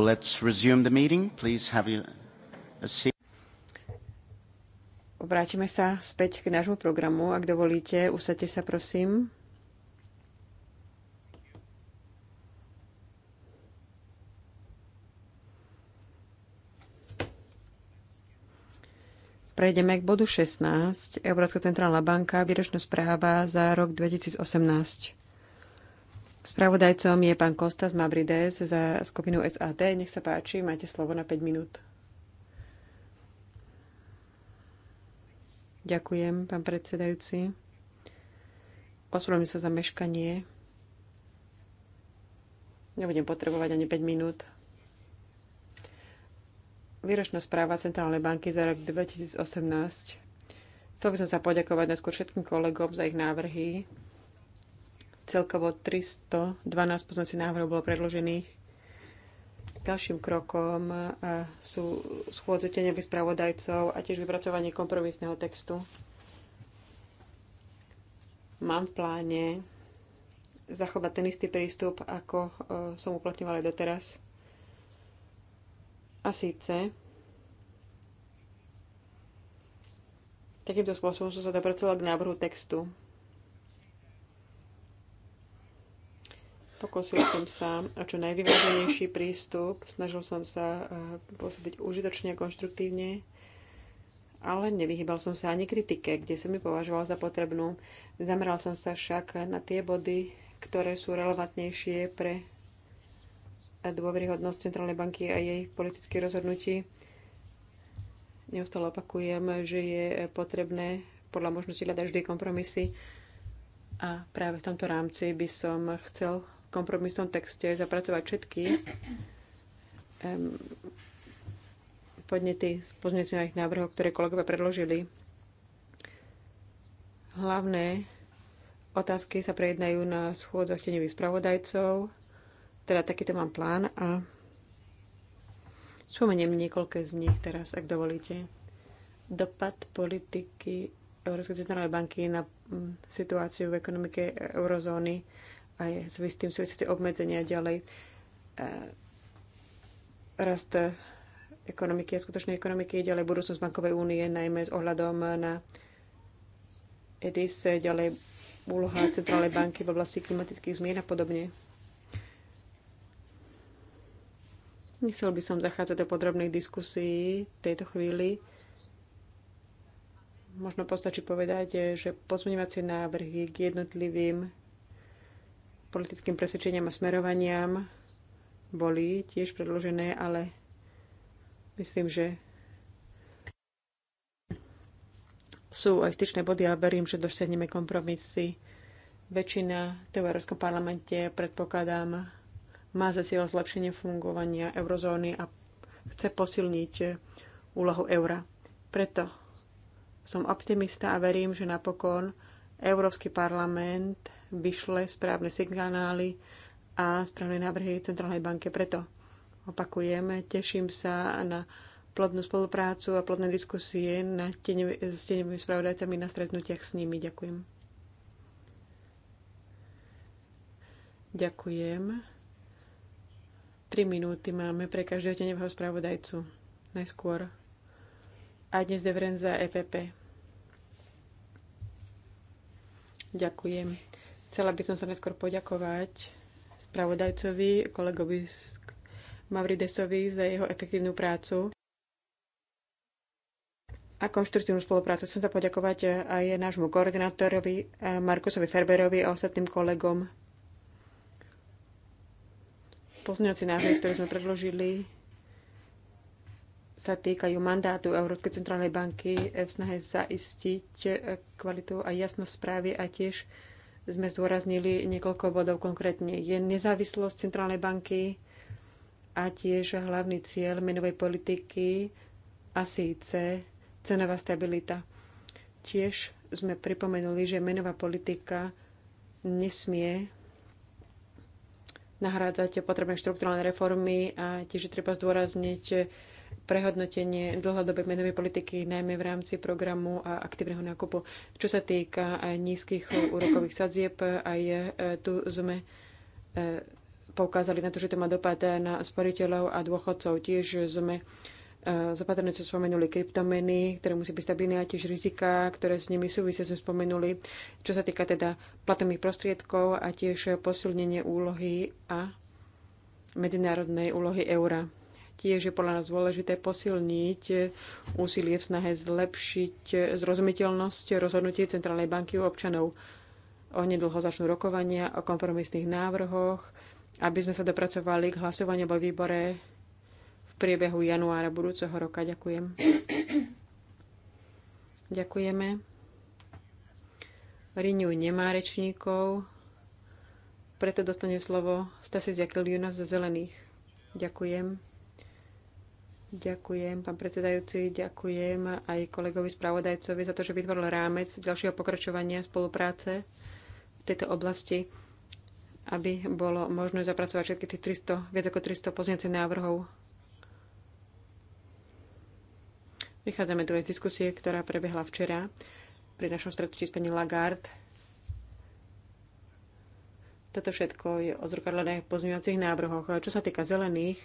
let's resume the meeting. Please have you a seat. Vrátime sa späť k nášmu programu. Ak dovolíte, usadte sa prosím. Prejdeme k bodu 16. Európska centrálna banka, výročná správa za rok 2018. Spravodajcom je pán Kostas Mabrides za skupinu SAD. Nech sa páči, máte slovo na 5 minút. Ďakujem, pán predsedajúci. Ospravedlňujem sa za meškanie. Nebudem potrebovať ani 5 minút. Výročná správa Centrálnej banky za rok 2018. Chcel by som sa poďakovať najskôr všetkým kolegom za ich návrhy, Celkovo 312 poznacích návrhov bolo predložených. Ďalším krokom e, sú schôdze tenevých spravodajcov a tiež vypracovanie kompromisného textu. Mám v pláne zachovať ten istý prístup, ako e, som uplatňovala aj doteraz. A síce takýmto spôsobom som sa dopracovala k návrhu textu, Pokosil som sa o čo najvyváženejší prístup, snažil som sa eh, pôsobiť užitočne a konštruktívne, ale nevyhýbal som sa ani kritike, kde som mi považoval za potrebnú. Zameral som sa však na tie body, ktoré sú relevantnejšie pre dôveryhodnosť Centrálnej banky a jej politické rozhodnutí. Neustále opakujem, že je potrebné podľa možnosti hľadať vždy kompromisy a práve v tomto rámci by som chcel kompromisnom texte zapracovať všetky um, podnety na ich návrhov, ktoré kolegovia predložili. Hlavné otázky sa prejednajú na schôdzoch tenových spravodajcov. Teda takýto mám plán a spomeniem niekoľké z nich teraz, ak dovolíte. Dopad politiky Európskej centrálnej banky na mm, situáciu v ekonomike eurozóny aj s tým súvisiace obmedzenia ďalej. E, rast ekonomiky a skutočnej ekonomiky, ďalej budúcnosť bankovej únie, najmä s ohľadom na EDIS, ďalej úloha centrálnej banky v oblasti klimatických zmien a podobne. Nechcel by som zachádzať do podrobných diskusí v tejto chvíli. Možno postačí povedať, že pozmeňovacie návrhy k jednotlivým politickým presvedčeniam a smerovaniam boli tiež predložené, ale myslím, že sú aj styčné body a verím, že dosiahneme kompromisy. Väčšina v Európskom parlamente, predpokladám, má za cieľ zlepšenie fungovania eurozóny a chce posilniť úlohu eura. Preto som optimista a verím, že napokon Európsky parlament vyšle správne signály a správne návrhy Centrálnej banke. Preto opakujeme, teším sa na plodnú spoluprácu a plodné diskusie na tieňovi, s tenevými spravodajcami na stretnutiach s nimi. Ďakujem. Ďakujem. Tri minúty máme pre každého tieňového spravodajcu. Najskôr. A dnes je za EPP. Ďakujem. Chcela by som sa neskôr poďakovať spravodajcovi, kolegovi Mavridesovi za jeho efektívnu prácu a konštruktívnu spoluprácu. Chcem sa poďakovať aj nášmu koordinátorovi eh, Markusovi Ferberovi a ostatným kolegom. Pozňovací návrhy, ktoré sme predložili, sa týkajú mandátu Európskej centrálnej banky eh, v snahe zaistiť eh, kvalitu a jasnosť správy a tiež sme zdôraznili niekoľko bodov konkrétne. Je nezávislosť centrálnej banky a tiež hlavný cieľ menovej politiky a síce cenová stabilita. Tiež sme pripomenuli, že menová politika nesmie nahrádzať potrebné štruktúrálne reformy a tiež treba zdôrazniť prehodnotenie dlhodobej menovej politiky, najmä v rámci programu a aktívneho nákupu. Čo sa týka aj eh, nízkych úrokových sadzieb, aj eh, tu sme eh, poukázali na to, že to má dopad na sporiteľov a dôchodcov. Tiež sme zapatrné, čo spomenuli kryptomeny, ktoré musí byť stabilné a tiež rizika, ktoré s nimi súvisia, sme spomenuli, čo sa týka teda platných prostriedkov a tiež posilnenie úlohy a medzinárodnej úlohy eura. Tiež je podľa nás dôležité posilniť úsilie v snahe zlepšiť zrozumiteľnosť rozhodnutí Centrálnej banky u občanov. Onedlho začnú rokovania o kompromisných návrhoch, aby sme sa dopracovali k hlasovaniu vo výbore v priebehu januára budúceho roka. Ďakujem. Ďakujeme. Riniu nemá rečníkov, preto dostane slovo Stasi Jakil Jonas ze Zelených. Ďakujem. Ďakujem, pán predsedajúci, ďakujem aj kolegovi spravodajcovi za to, že vytvoril rámec ďalšieho pokračovania spolupráce v tejto oblasti, aby bolo možné zapracovať všetky tých 300, viac ako 300 pozniacich návrhov. Vychádzame tu aj z diskusie, ktorá prebehla včera pri našom stretnutí s pani Lagarde. Toto všetko je o zrkadlených pozmeňovacích návrhoch. Čo sa týka zelených,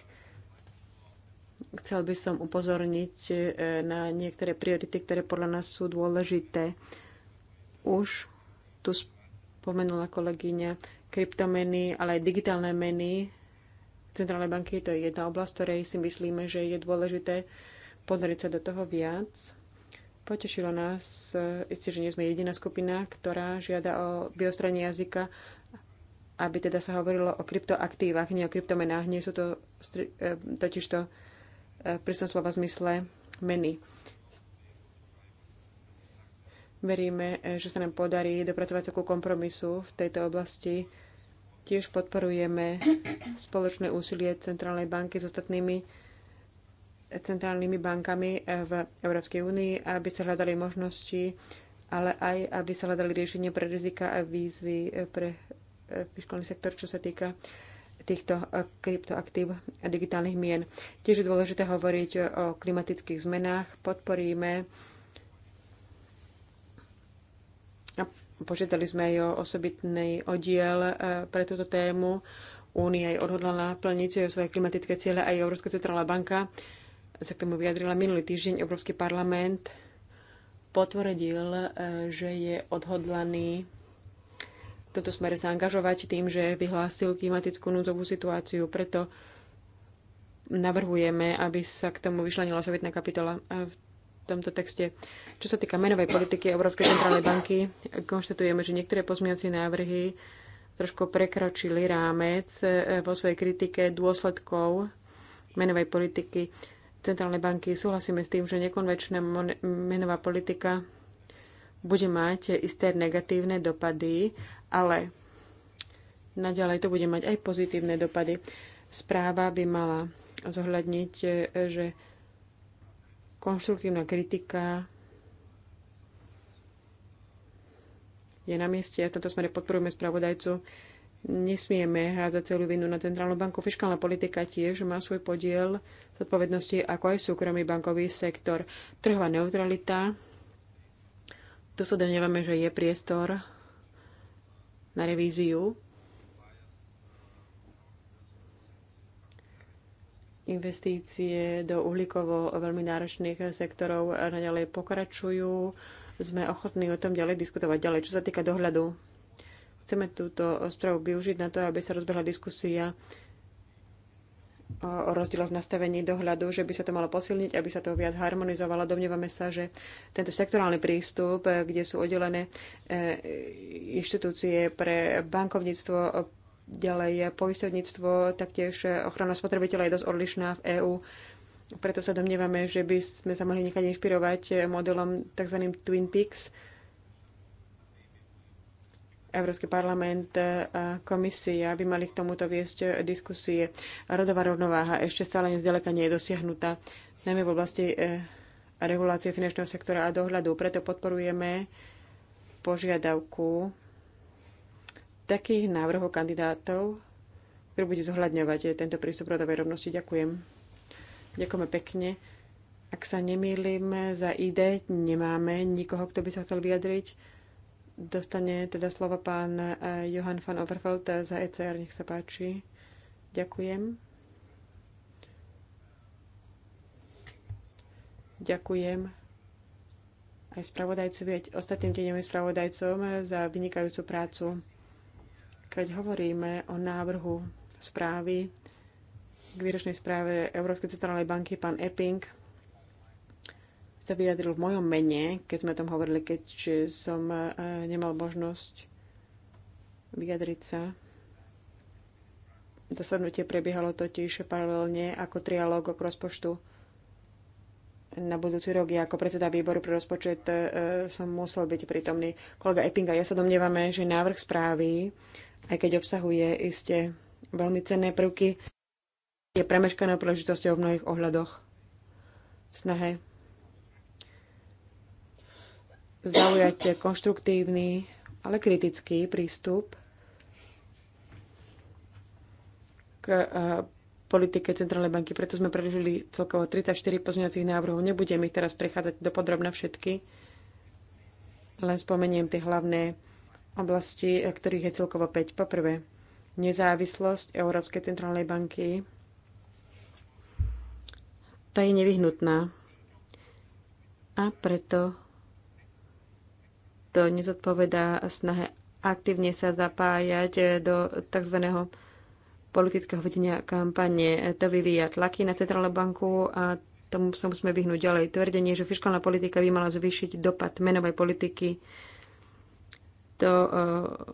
Chcel by som upozorniť e, na niektoré priority, ktoré podľa nás sú dôležité. Už tu spomenula kolegyňa kryptomeny, ale aj digitálne meny centrálnej banky, to je jedna oblasť, ktorej si myslíme, že je dôležité podariť sa do toho viac. Potešilo nás, e, isté, že nie sme jediná skupina, ktorá žiada o vyostranie jazyka, aby teda sa hovorilo o kryptoaktívach, nie o kryptomenách. Nie sú to e, totižto v prísnom slova zmysle meny. Veríme, že sa nám podarí dopracovať sa ku kompromisu v tejto oblasti. Tiež podporujeme spoločné úsilie Centrálnej banky s ostatnými centrálnymi bankami v Európskej únii, aby sa hľadali možnosti, ale aj aby sa hľadali riešenie pre rizika a výzvy pre výškolný eh, sektor, čo sa týka týchto eh, kryptoaktív a digitálnych mien. Tiež je dôležité hovoriť o klimatických zmenách. Podporíme a požiadali sme aj o osobitný oddiel eh, pre túto tému. Únia je odhodlala plniť svoje klimatické ciele aj Európska centrálna banka sa k tomu vyjadrila minulý týždeň. Európsky parlament potvrdil, eh, že je odhodlaný tomto smere zaangažovať tým, že vyhlásil klimatickú núdzovú situáciu. Preto navrhujeme, aby sa k tomu vyšlenila sovietná kapitola v tomto texte. Čo sa týka menovej politiky Európskej centrálnej banky, konštatujeme, že niektoré pozmiacie návrhy trošku prekročili rámec e, vo svojej kritike dôsledkov menovej politiky centrálnej banky. Súhlasíme s tým, že nekonvečná menová politika bude mať isté negatívne dopady ale naďalej to bude mať aj pozitívne dopady. Správa by mala zohľadniť, e, že konštruktívna kritika je na mieste a v tomto smere podporujeme spravodajcu. Nesmieme hádzať celú vinu na Centrálnu banku. Fiskálna politika tiež má svoj podiel zodpovednosti, ako aj súkromný bankový sektor. Trhová neutralita. Tu sa domnievame, že je priestor na revíziu investície do uhlíkovo veľmi náročných sektorov naďalej pokračujú. Sme ochotní o tom ďalej diskutovať ďalej. Čo sa týka dohľadu, chceme túto správu využiť na to, aby sa rozbehla diskusia o rozdieloch v nastavení dohľadu, že by sa to malo posilniť, aby sa to viac harmonizovalo. Domnievame sa, že tento sektorálny prístup, e, kde sú oddelené e, inštitúcie pre bankovníctvo, e, ďalej poistovníctvo, taktiež ochrana spotrebiteľa je dosť odlišná v EÚ. Preto sa domnievame, že by sme sa mohli nechať inšpirovať modelom tzv. Twin Peaks, Európsky parlament a komisia by mali k tomuto viesť diskusie. Rodová rovnováha ešte stále nezďaleka nie je dosiahnutá, najmä v oblasti eh, regulácie finančného sektora a dohľadu. Preto podporujeme požiadavku takých návrhov kandidátov, ktorý bude zohľadňovať tento prístup rodovej rovnosti. Ďakujem. Ďakujeme pekne. Ak sa nemýlim, za ID nemáme nikoho, kto by sa chcel vyjadriť. Dostane teda slovo pán e, Johan van Overfeld za ECR, nech sa páči. Ďakujem. Ďakujem aj spravodajcovi, aj ostatným deňovým spravodajcom e, za vynikajúcu prácu. Keď hovoríme o návrhu správy k výročnej správe Európskej centrálnej banky, pán Epping sa vyjadril v mojom mene, keď sme o tom hovorili, keď som e, nemal možnosť vyjadriť sa. Zasadnutie prebiehalo totiž paralelne ako trialóg k rozpočtu na budúci rok. Ja ako predseda výboru pre rozpočet e, som musel byť prítomný. Kolega Eppinga, ja sa domnievame, že návrh správy, aj keď obsahuje iste veľmi cenné prvky, je premeškanou príležitosťou v mnohých ohľadoch v snahe zaujať konštruktívny, ale kritický prístup k eh, politike Centrálnej banky. Preto sme prežili celkovo 34 pozmeňovacích návrhov. Nebudem ich teraz prechádzať do podrobna všetky. Len spomeniem tie hlavné oblasti, eh, ktorých je celkovo 5. Poprvé, nezávislosť Európskej centrálnej banky. Tá je nevyhnutná. A preto to nezodpovedá snahe aktívne sa zapájať do tzv. politického vedenia kampane. To vyvíja tlaky na Centrálnu banku a tomu sa musíme vyhnúť ďalej. Tvrdenie, že fiskálna politika by mala zvýšiť dopad menovej politiky, to uh,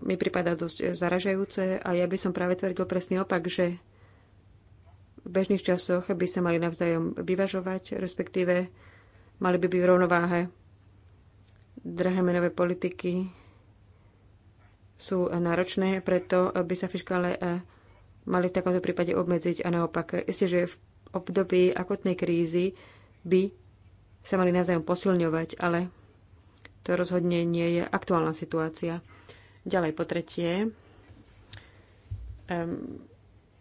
mi pripadá dosť eh, zaražajúce a ja by som práve tvrdil presný opak, že v bežných časoch by sa mali navzájom vyvažovať, respektíve mali by byť v rovnováhe drahé menové politiky sú náročné, preto by sa fiškále eh, mali v takomto prípade obmedziť a naopak. Isté, že v období akotnej krízy by sa mali navzájom posilňovať, ale to rozhodne nie je aktuálna situácia. Ďalej po tretie,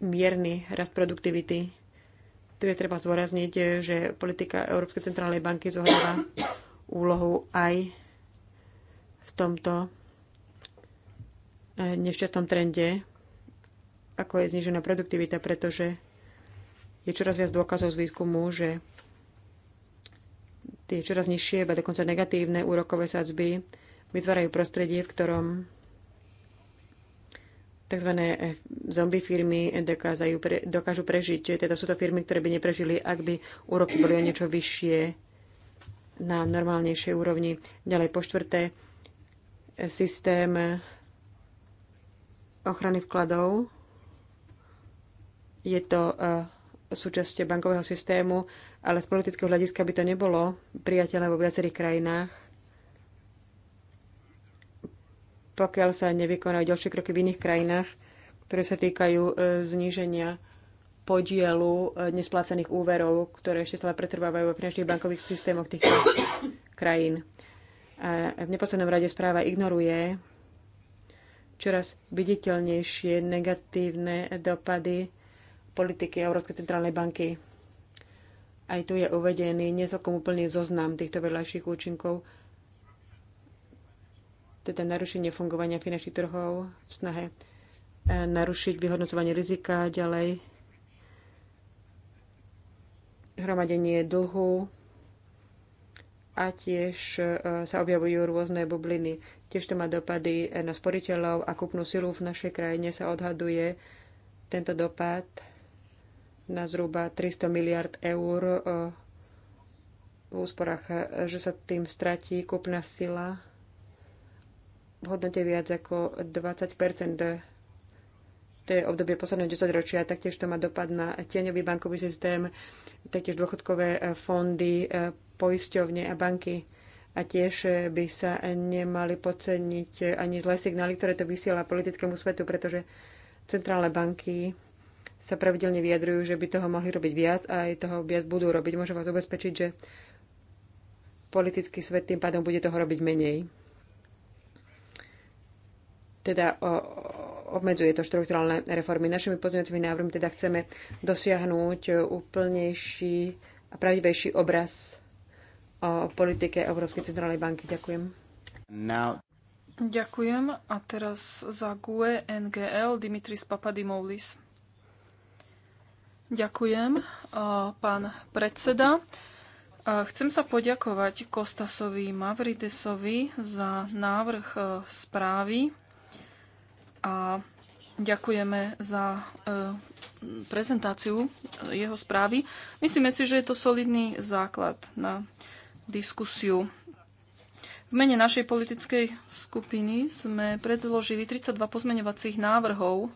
mierny rast produktivity. Tu je treba zdôrazniť, že politika Európskej centrálnej banky zohráva úlohu aj v tomto eh, nešťastnom trende, ako je znižená produktivita, pretože je čoraz viac dôkazov z výskumu, že tie čoraz nižšie, ba dokonca negatívne úrokové sadzby vytvárajú prostredie, v ktorom tzv. Eh, zombie firmy dokážu, pre, dokážu prežiť. Teda sú to firmy, ktoré by neprežili, ak by úroky boli o niečo vyššie na normálnejšej úrovni. Ďalej po štvrté, systém ochrany vkladov. Je to e, súčasť bankového systému, ale z politického hľadiska by to nebolo priateľné vo viacerých krajinách, pokiaľ sa nevykonajú ďalšie kroky v iných krajinách, ktoré sa týkajú e, zníženia podielu e, nesplácaných úverov, ktoré ešte stále pretrvávajú vo finančných bankových systémoch týchto krajín. A v neposlednom rade správa ignoruje čoraz viditeľnejšie negatívne dopady politiky Európskej centrálnej banky. Aj tu je uvedený necelkom úplný zoznam týchto vedľajších účinkov, teda narušenie fungovania finančných trhov v snahe e, narušiť vyhodnocovanie rizika, ďalej hromadenie dlhu, a tiež e, sa objavujú rôzne bubliny. Tiež to má dopady na sporiteľov a kúpnu silu v našej krajine sa odhaduje tento dopad na zhruba 300 miliard eur e, v úsporách, e, že sa tým stratí kúpna sila v hodnote viac ako 20 to je obdobie posledného 10 ročia, taktiež to má dopad na tieňový bankový systém, taktiež dôchodkové fondy, poisťovne a banky. A tiež eh, by sa nemali podceniť ani zlé signály, ktoré to vysiela politickému svetu, pretože centrálne banky sa pravidelne vyjadrujú, že by toho mohli robiť viac a aj toho viac budú robiť. Môžem vás ubezpečiť, že politický svet tým pádom bude toho robiť menej. Teda o, obmedzuje to štruktúralne reformy. Našimi pozmeňovacími návrhmi teda chceme dosiahnuť úplnejší a pravdivejší obraz o politike Európskej centrálnej banky. Ďakujem. Now. Ďakujem. A teraz za GUE NGL Dimitris Papadimoulis. Ďakujem, pán predseda. Chcem sa poďakovať Kostasovi Mavridesovi za návrh správy a ďakujeme za prezentáciu jeho správy. Myslíme si, že je to solidný základ na diskusiu. V mene našej politickej skupiny sme predložili 32 pozmeňovacích návrhov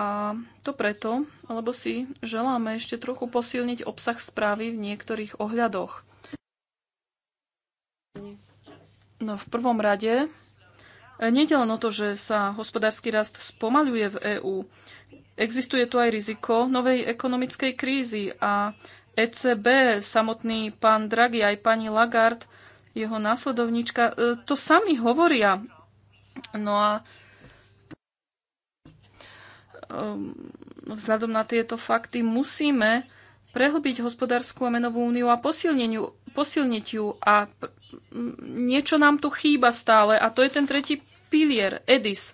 A to preto, lebo si želáme ešte trochu posilniť obsah správy v niektorých ohľadoch. No, v prvom rade e, nejde len o to, že sa hospodársky rast spomaľuje v EÚ. Existuje tu aj riziko novej ekonomickej krízy a ECB, samotný pán Draghi, aj pani Lagarde, jeho následovníčka, e, to sami hovoria. No a ehm, vzhľadom na tieto fakty musíme prehlbiť hospodárskú a menovú úniu a posilniť ju. A niečo nám tu chýba stále a to je ten tretí pilier, EDIS,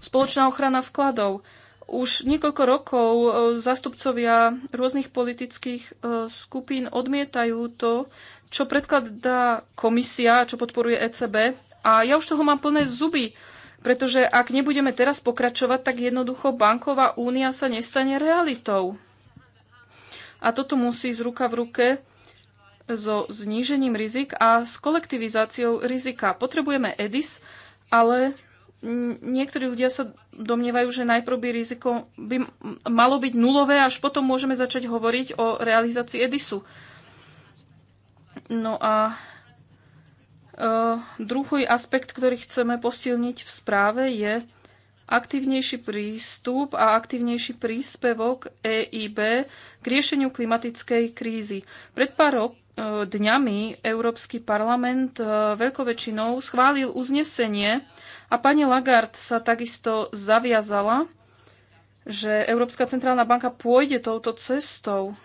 spoločná ochrana vkladov. Už niekoľko rokov e, zastupcovia rôznych politických e, skupín odmietajú to, čo predkladá komisia, čo podporuje ECB. A ja už toho mám plné zuby, pretože ak nebudeme teraz pokračovať, tak jednoducho banková únia sa nestane realitou. A toto musí z ruka v ruke so znížením rizik a s kolektivizáciou rizika. Potrebujeme EDIS, ale niektorí ľudia sa domnievajú, že najprv by riziko by malo byť nulové, až potom môžeme začať hovoriť o realizácii Edisu. No a e, druhý aspekt, ktorý chceme posilniť v správe, je aktívnejší prístup a aktívnejší príspevok EIB k riešeniu klimatickej krízy. Pred pár rok. E, dňami Európsky parlament e, veľkou väčšinou schválil uznesenie a pani Lagarde sa takisto zaviazala, že Európska centrálna banka pôjde touto cestou.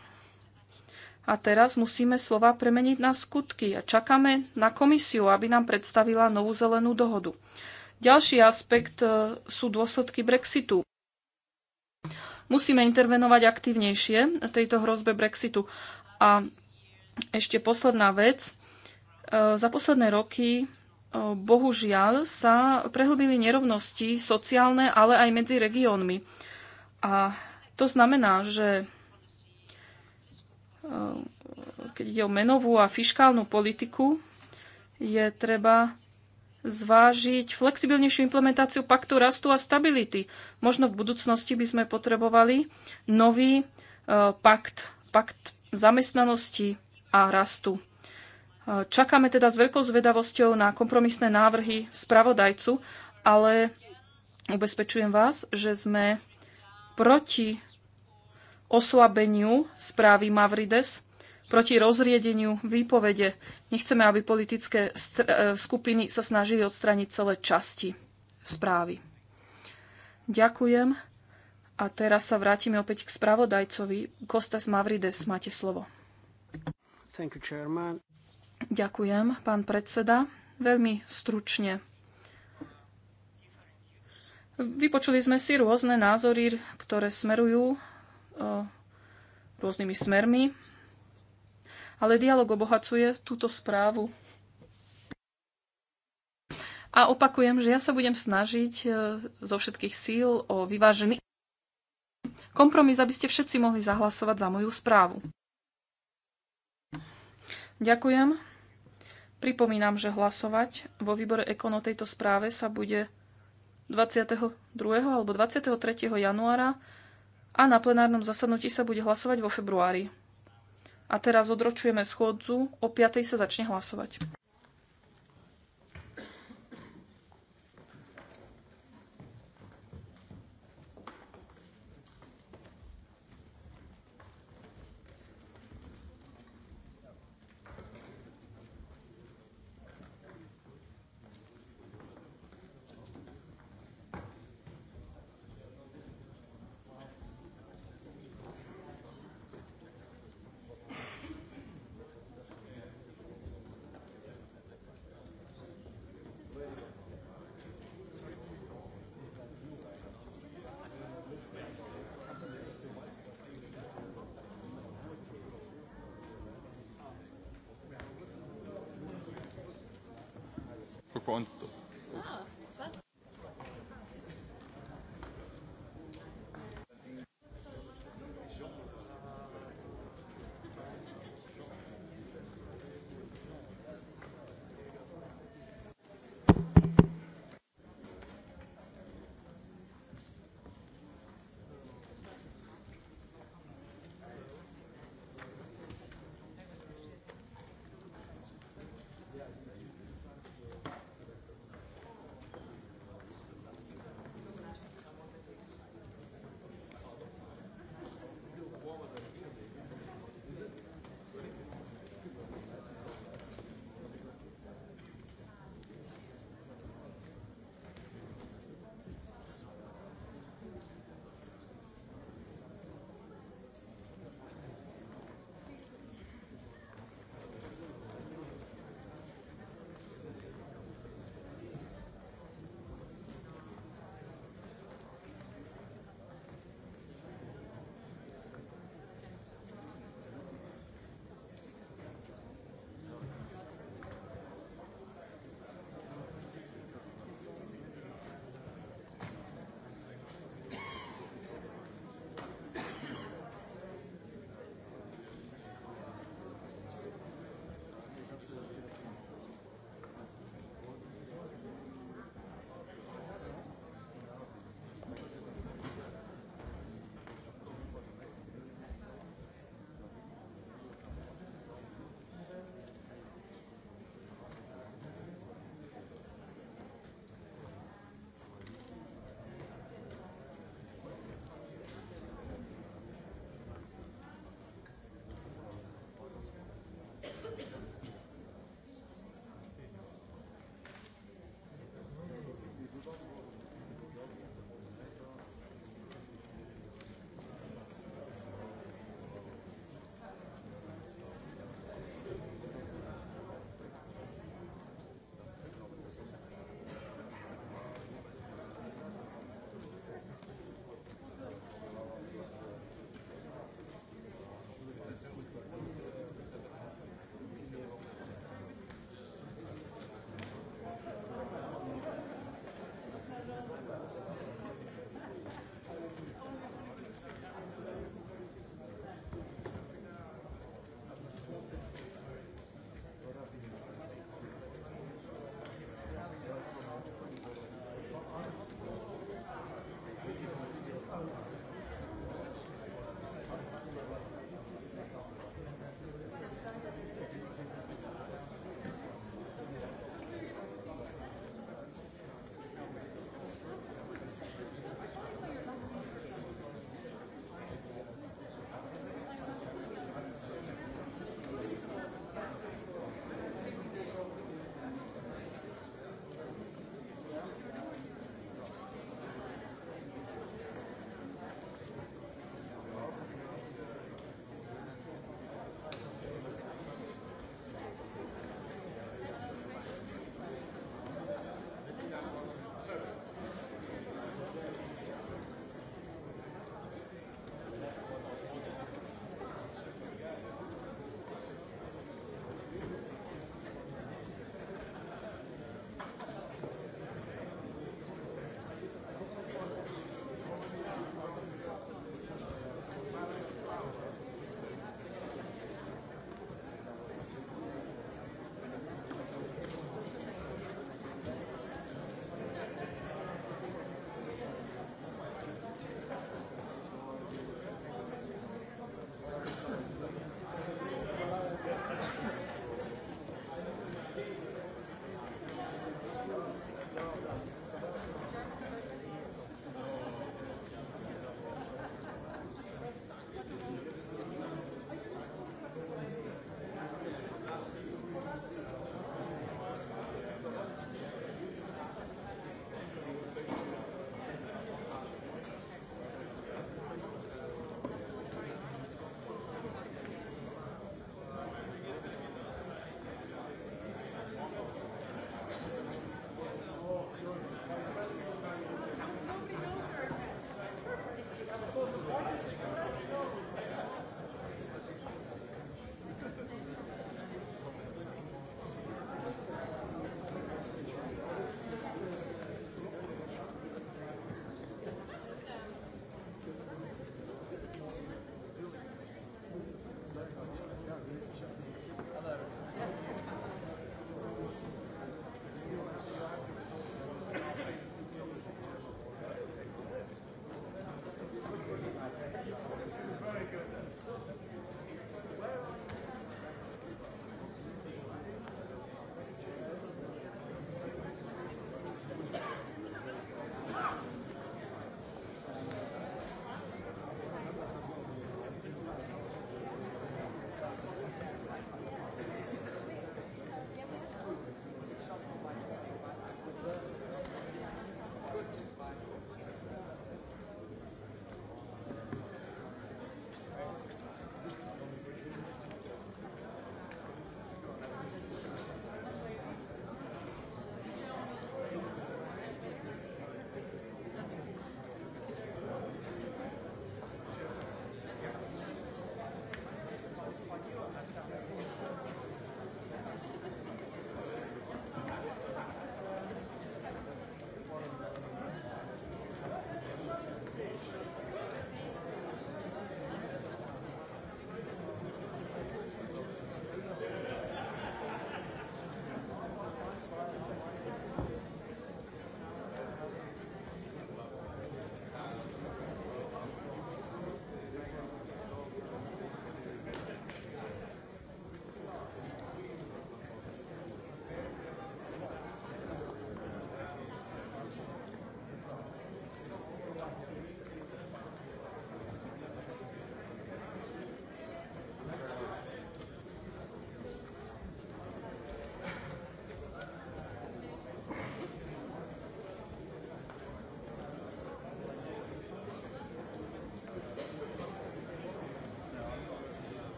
A teraz musíme slova premeniť na skutky a čakáme na komisiu, aby nám predstavila novú zelenú dohodu. Ďalší aspekt e, sú dôsledky Brexitu. Musíme intervenovať aktívnejšie tejto hrozbe Brexitu. A ešte posledná vec. E, za posledné roky e, bohužiaľ sa prehlbili nerovnosti sociálne, ale aj medzi regiónmi. A to znamená, že e, keď ide o menovú a fiškálnu politiku, je treba zvážiť flexibilnejšiu implementáciu paktu rastu a stability. Možno v budúcnosti by sme potrebovali nový pakt, pakt zamestnanosti, a rastu. E, čakáme teda s veľkou zvedavosťou na kompromisné návrhy spravodajcu, ale ubezpečujem vás, že sme proti oslabeniu správy Mavrides, proti rozriedeniu výpovede. Nechceme, aby politické e, skupiny sa snažili odstraniť celé časti správy. Ďakujem. A teraz sa vrátime opäť k spravodajcovi. Kostas Mavrides, máte slovo. Thank you, chairman. Ďakujem, pán predseda. Veľmi stručne. Vypočuli sme si rôzne názory, ktoré smerujú rôznymi smermi, ale dialog obohacuje túto správu. A opakujem, že ja sa budem snažiť e, zo všetkých síl o vyvážený kompromis, aby ste všetci mohli zahlasovať za moju správu. Ďakujem. Pripomínam, že hlasovať vo výbore ekono o tejto správe sa bude 22. alebo 23. januára a na plenárnom zasadnutí sa bude hlasovať vo februári. A teraz odročujeme schôdzu, o 5. sa začne hlasovať.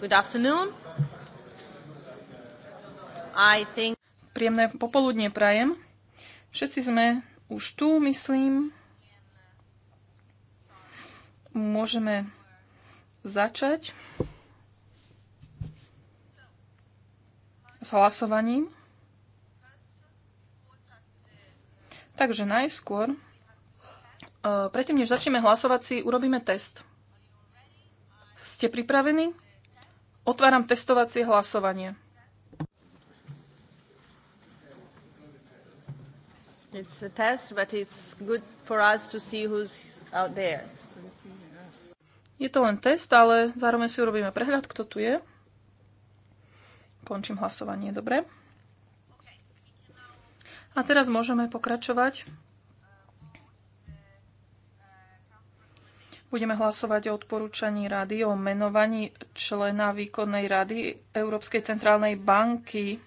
Good afternoon. I think... Príjemné popoludne prajem. Všetci sme už tu, myslím. Môžeme začať s hlasovaním. Takže najskôr Eh, predtým, než začneme hlasovať, si urobíme test. Ste pripravení? Otváram testovacie hlasovanie. It's a test, but it's good for us to see who's out there. Je to len test, ale zároveň si urobíme prehľad, kto tu je. Končím hlasovanie, dobre. A teraz môžeme pokračovať Budeme hlasovať o odporúčaní rady o menovaní člena výkonnej rady Európskej centrálnej banky.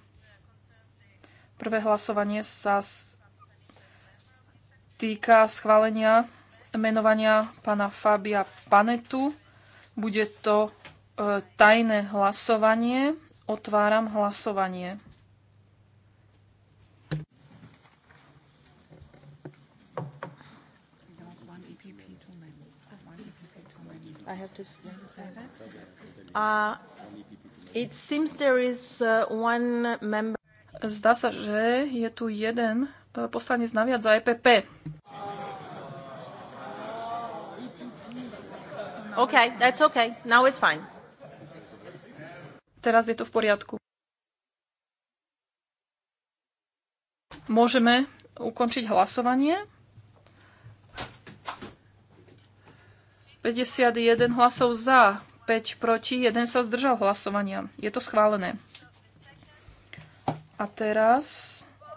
Prvé hlasovanie sa týka schválenia menovania pána Fabia Panetu. Bude to e, tajné hlasovanie. Otváram hlasovanie. I have to say that. Uh, it seems there is uh, one member. Zdá sa, že je tu jeden uh, poslanec naviac za EPP. OK, that's OK. Now it's fine. Teraz je to v poriadku. Môžeme ukončiť hlasovanie. 51 hlasov za, 5 proti, 1 sa zdržal hlasovania. Je to schválené. A teraz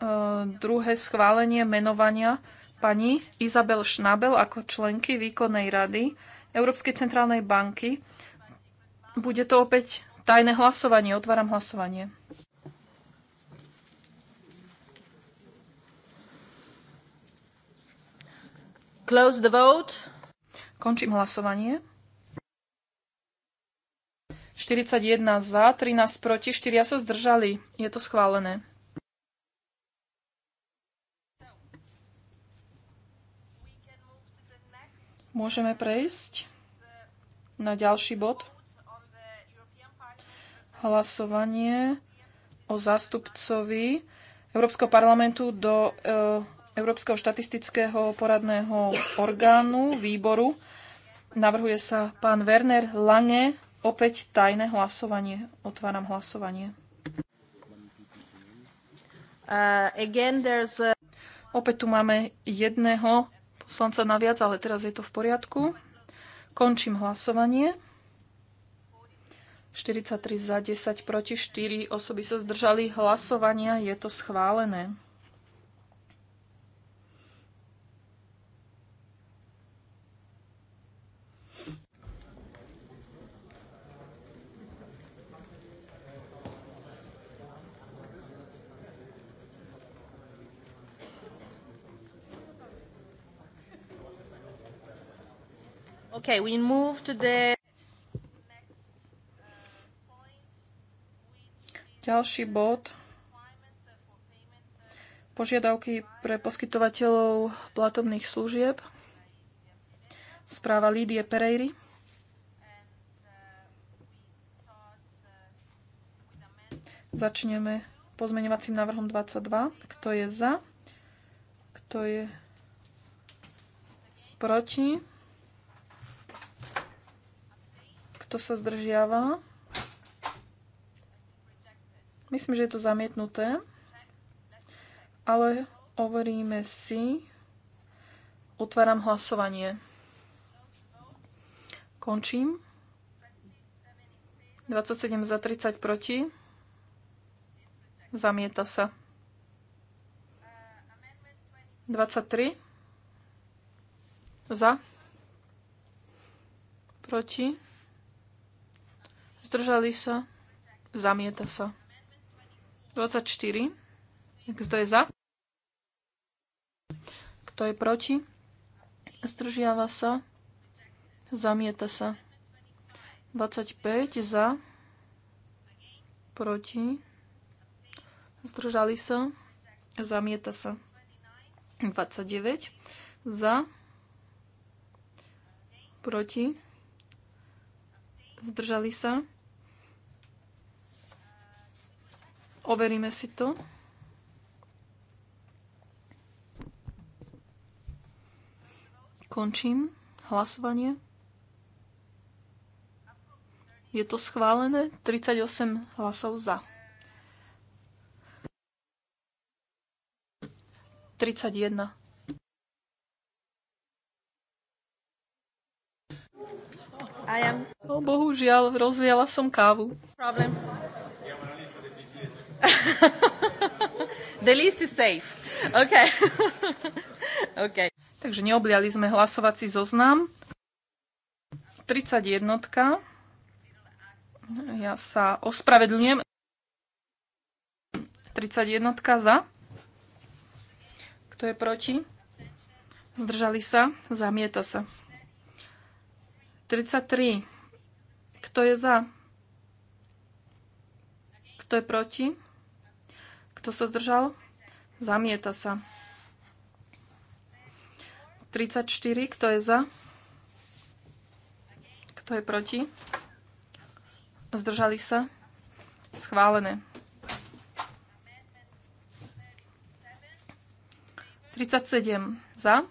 e, druhé schválenie menovania pani Izabel Šnabel ako členky výkonnej rady Európskej centrálnej banky. Bude to opäť tajné hlasovanie. Otváram hlasovanie. Close the vote. Končím hlasovanie. 41 za, 13 proti, 4 sa zdržali. Je to schválené. Môžeme prejsť na ďalší bod. Hlasovanie o zástupcovi Európskeho parlamentu do e, Európskeho štatistického poradného orgánu, výboru Navrhuje sa pán Werner Lange. Opäť tajné hlasovanie. Otváram hlasovanie. Uh, again, there's a... Opäť tu máme jedného poslanca naviac, ale teraz je to v poriadku. Končím hlasovanie. 43 za 10 proti 4 osoby sa zdržali hlasovania. Je to schválené. Okay, we move to the... Ďalší bod. Požiadavky pre poskytovateľov platobných služieb. Správa Lídie Perejry. Začneme pozmeňovacím návrhom 22. Kto je za? Kto je proti? To sa zdržiava? Myslím, že je to zamietnuté. Ale overíme si. Otváram hlasovanie. Končím. 27 za 30 proti. Zamieta sa. 23 za proti Zdržali sa? Zamieta sa. 24. Kto je za? Kto je proti? Zdržiava sa. Zamieta sa. 25 za. Proti. Zdržali sa. Zamieta sa. 29 za. Proti. Zdržali sa. Overíme si to. Končím hlasovanie. Je to schválené 38 hlasov za. 31. I am... No bohužiaľ, rozliala som kávu. Problem. The list is safe. OK. OK. Takže neobliali sme hlasovací zoznam. 31. Ja sa ospravedlňujem. 31 za. Kto je proti? Zdržali sa? Zamieta sa. 33. Kto je za? Kto je proti? Kto sa zdržal? Zamieta sa. 34. Kto je za? Kto je proti? Zdržali sa? Schválené. 37 za,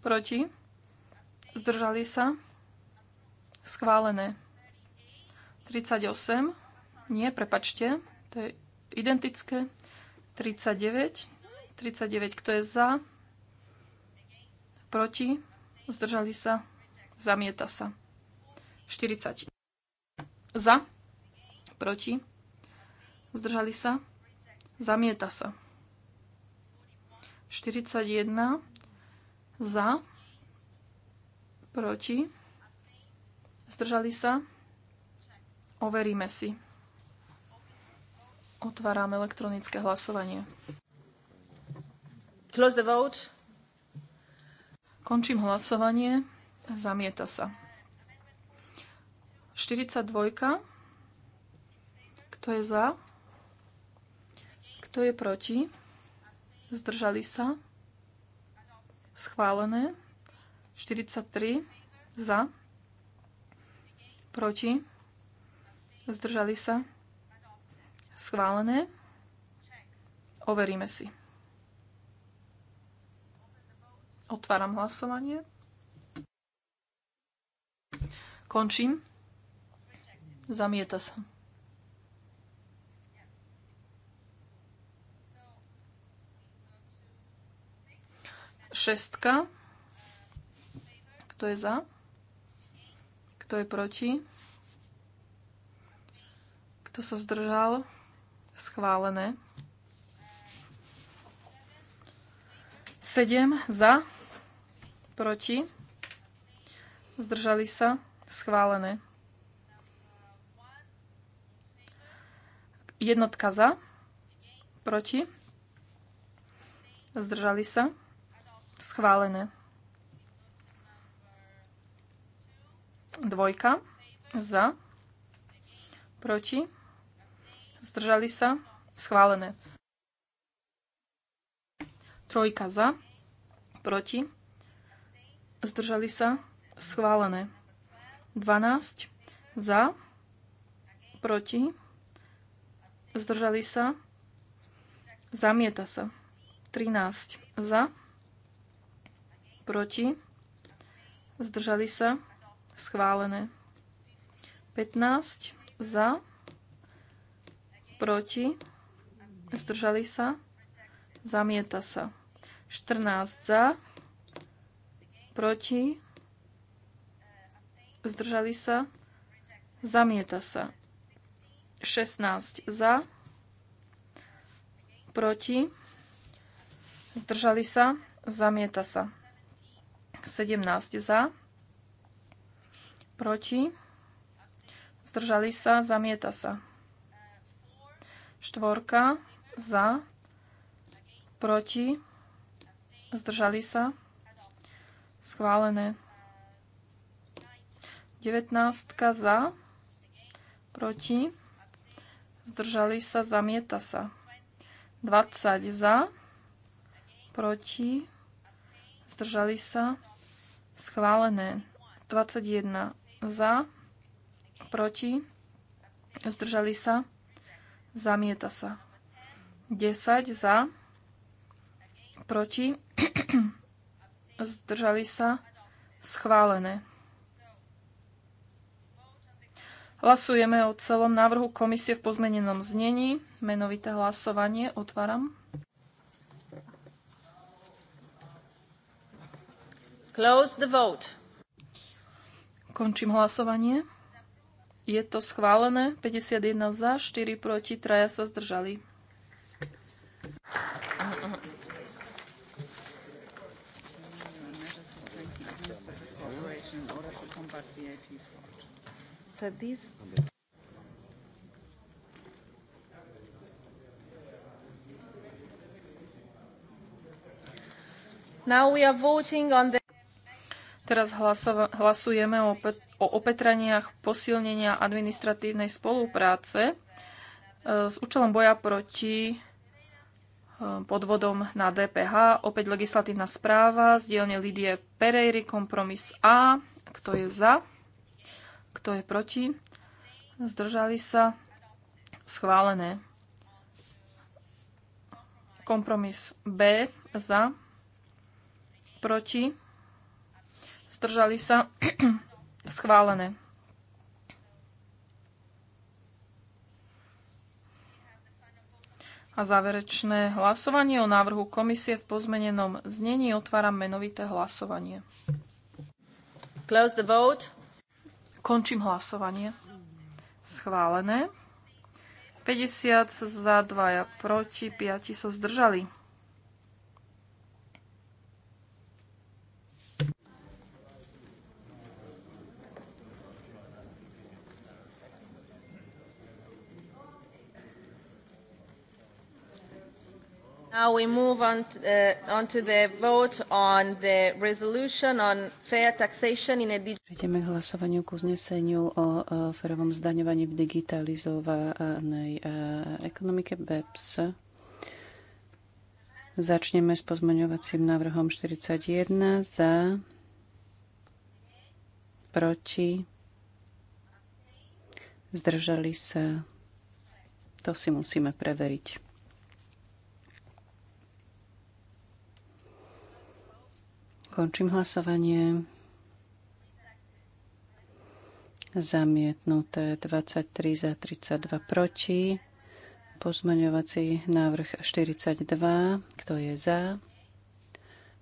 proti, zdržali sa, schválené. 38, nie, prepačte, to je identické. 39. 39, kto je za? Proti? Zdržali sa? Zamieta sa. 40. Za? Proti? Zdržali sa? Zamieta sa. 41. Za? Proti? Zdržali sa? Overíme si. Otváram elektronické hlasovanie. Close the vote. Končím hlasovanie. Zamieta sa. 42. Kto je za? Kto je proti? Zdržali sa? Schválené. 43. Za? Proti? Zdržali sa? Schválené. Overíme si. Otváram hlasovanie. Končím. Zamieta sa. Šestka. Kto je za? Kto je proti? Kto sa zdržal? Schválené. 7 za, proti, zdržali sa, schválené. Jednotka za, proti, zdržali sa, schválené. Dvojka za, proti, zdržali sa, schválené. Trojka za, proti, zdržali sa, schválené. 12 za, proti, zdržali sa, zamieta sa. 13 za, proti, zdržali sa, schválené. 15 za, proti, zdržali sa, zamieta sa. 14 za, proti, zdržali sa, zamieta sa. 16 za, proti, zdržali sa, zamieta sa. 17 za, proti, zdržali sa, zamieta sa. Štvorka za, proti, zdržali sa, schválené. 19 za, proti, zdržali sa, zamieta sa. 20 za, proti, zdržali sa, schválené. 21 za, proti, zdržali sa, schválené Zamieta sa. 10 za. Proti. Zdržali sa. Schválené. Hlasujeme o celom návrhu komisie v pozmenenom znení. Menovité hlasovanie otváram. Close the vote. Končím hlasovanie. Je to schválené. 51 za, 4 proti, 3 sa zdržali. Now we are voting on the... Teraz hlasujeme o o opetraniach posilnenia administratívnej spolupráce e, s účelom boja proti e, podvodom na DPH. Opäť legislatívna správa z dielne Lidie Perejry, kompromis A. Kto je za? Kto je proti? Zdržali sa? Schválené. Kompromis B. Za? Proti? Zdržali sa? Schválené. A záverečné hlasovanie o návrhu komisie v pozmenenom znení otváram menovité hlasovanie. Close the vote. Končím hlasovanie. Schválené. 50 za, 2 proti, 5 sa zdržali. Now we move on to, uh, on to the vote on the resolution on fair taxation in a digital... k hlasovaniu k uzneseniu o, o férovom zdaňovaní v digitalizovanej uh, ekonomike BEPS. Začneme s pozmeňovacím návrhom 41 za, proti, zdržali sa. To si musíme preveriť. Končím hlasovanie. Zamietnuté 23 za 32 proti. Pozmaňovací návrh 42. Kto je za?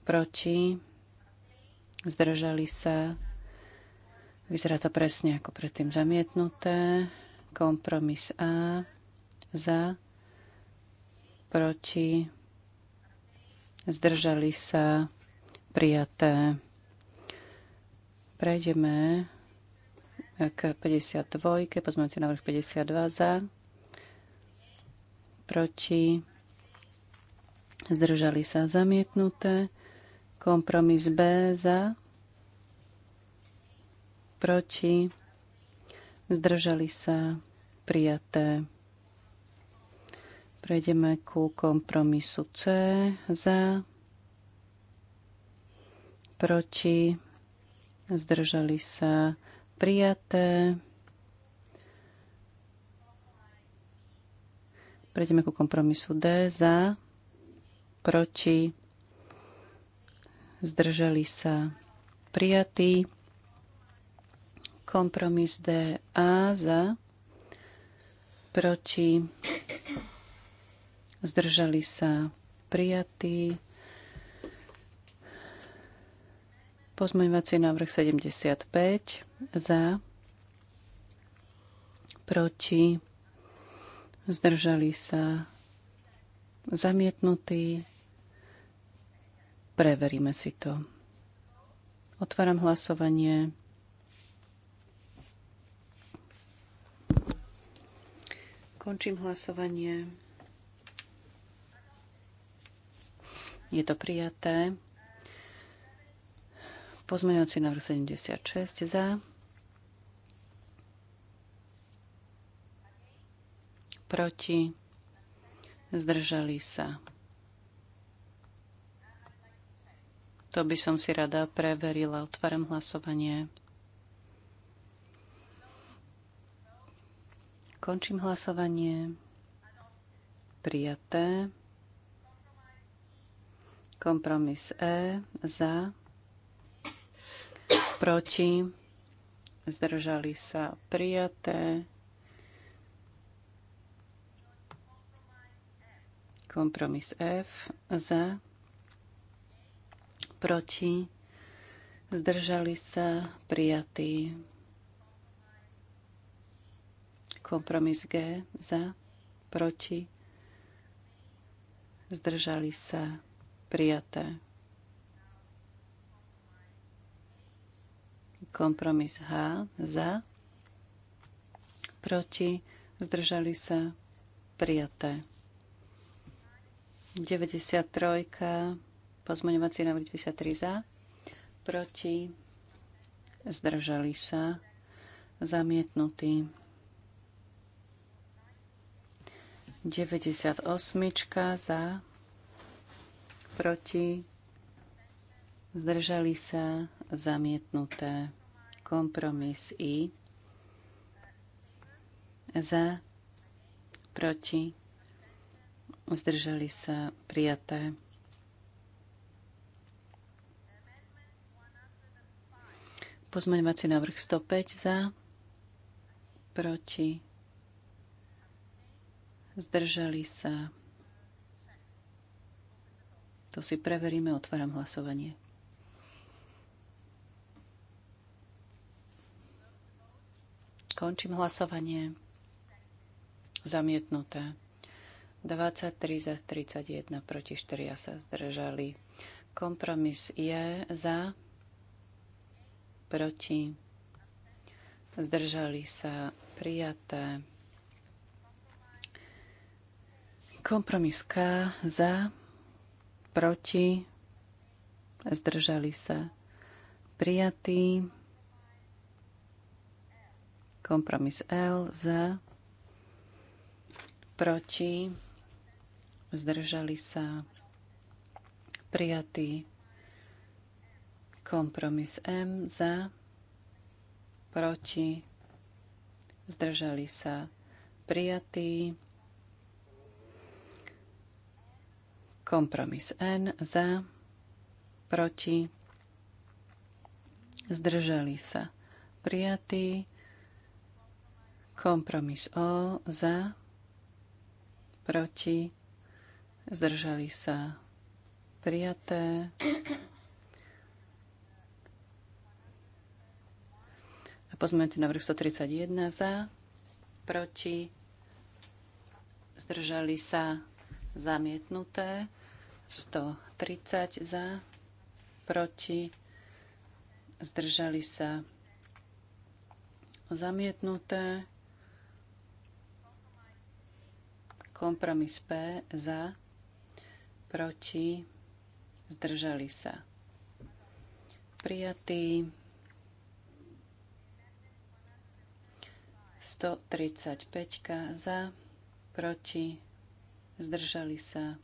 Proti? Zdržali sa? Vyzerá to presne ako predtým zamietnuté. Kompromis A. Za? Proti? Zdržali sa? prijaté. Prejdeme k 52, pozmeňujúci návrh 52 za, proti, zdržali sa zamietnuté, kompromis B za, proti, zdržali sa prijaté. Prejdeme ku kompromisu C za, proti, zdržali sa prijaté. Prejdeme ku kompromisu D za, proti, zdržali sa prijatí. Kompromis D A za, proti, zdržali sa prijatí. Pozmeňovací návrh 75 za, proti, zdržali sa, zamietnutí. Preveríme si to. Otváram hlasovanie. Končím hlasovanie. Je to prijaté. Pozmeňovací návrh 76 za. Proti. Zdržali sa. To by som si rada preverila. Otváram hlasovanie. Končím hlasovanie. Prijaté. Kompromis E za proti, zdržali sa prijaté. Kompromis F za, proti, zdržali sa prijatí. Kompromis G za, proti, zdržali sa prijaté. Kompromis H za, proti, zdržali sa, prijaté. 93. Pozmeňovací návrh 93 za, proti, zdržali sa, zamietnutý. 98 za, proti, zdržali sa, zamietnuté. Kompromis I. Za, proti, zdržali sa prijaté. Pozmeňovací návrh 105 za, proti, zdržali sa. To si preveríme, otváram hlasovanie. Končím hlasovanie. Zamietnuté. 23 za 31 proti 4 sa zdržali. Kompromis je za, proti, zdržali sa, prijaté. Kompromis K za, proti, zdržali sa, prijatý. Kompromis L za, proti, zdržali sa, prijatý. Kompromis M za, proti, zdržali sa, prijatý. Kompromis N za, proti, zdržali sa, prijatý. Kompromis O za, proti, zdržali sa prijaté. A pozmeňujúci návrh 131 za, proti, zdržali sa zamietnuté. 130 za, proti, zdržali sa zamietnuté. Kompromis P za, proti, zdržali sa. Prijatý 135 za, proti, zdržali sa.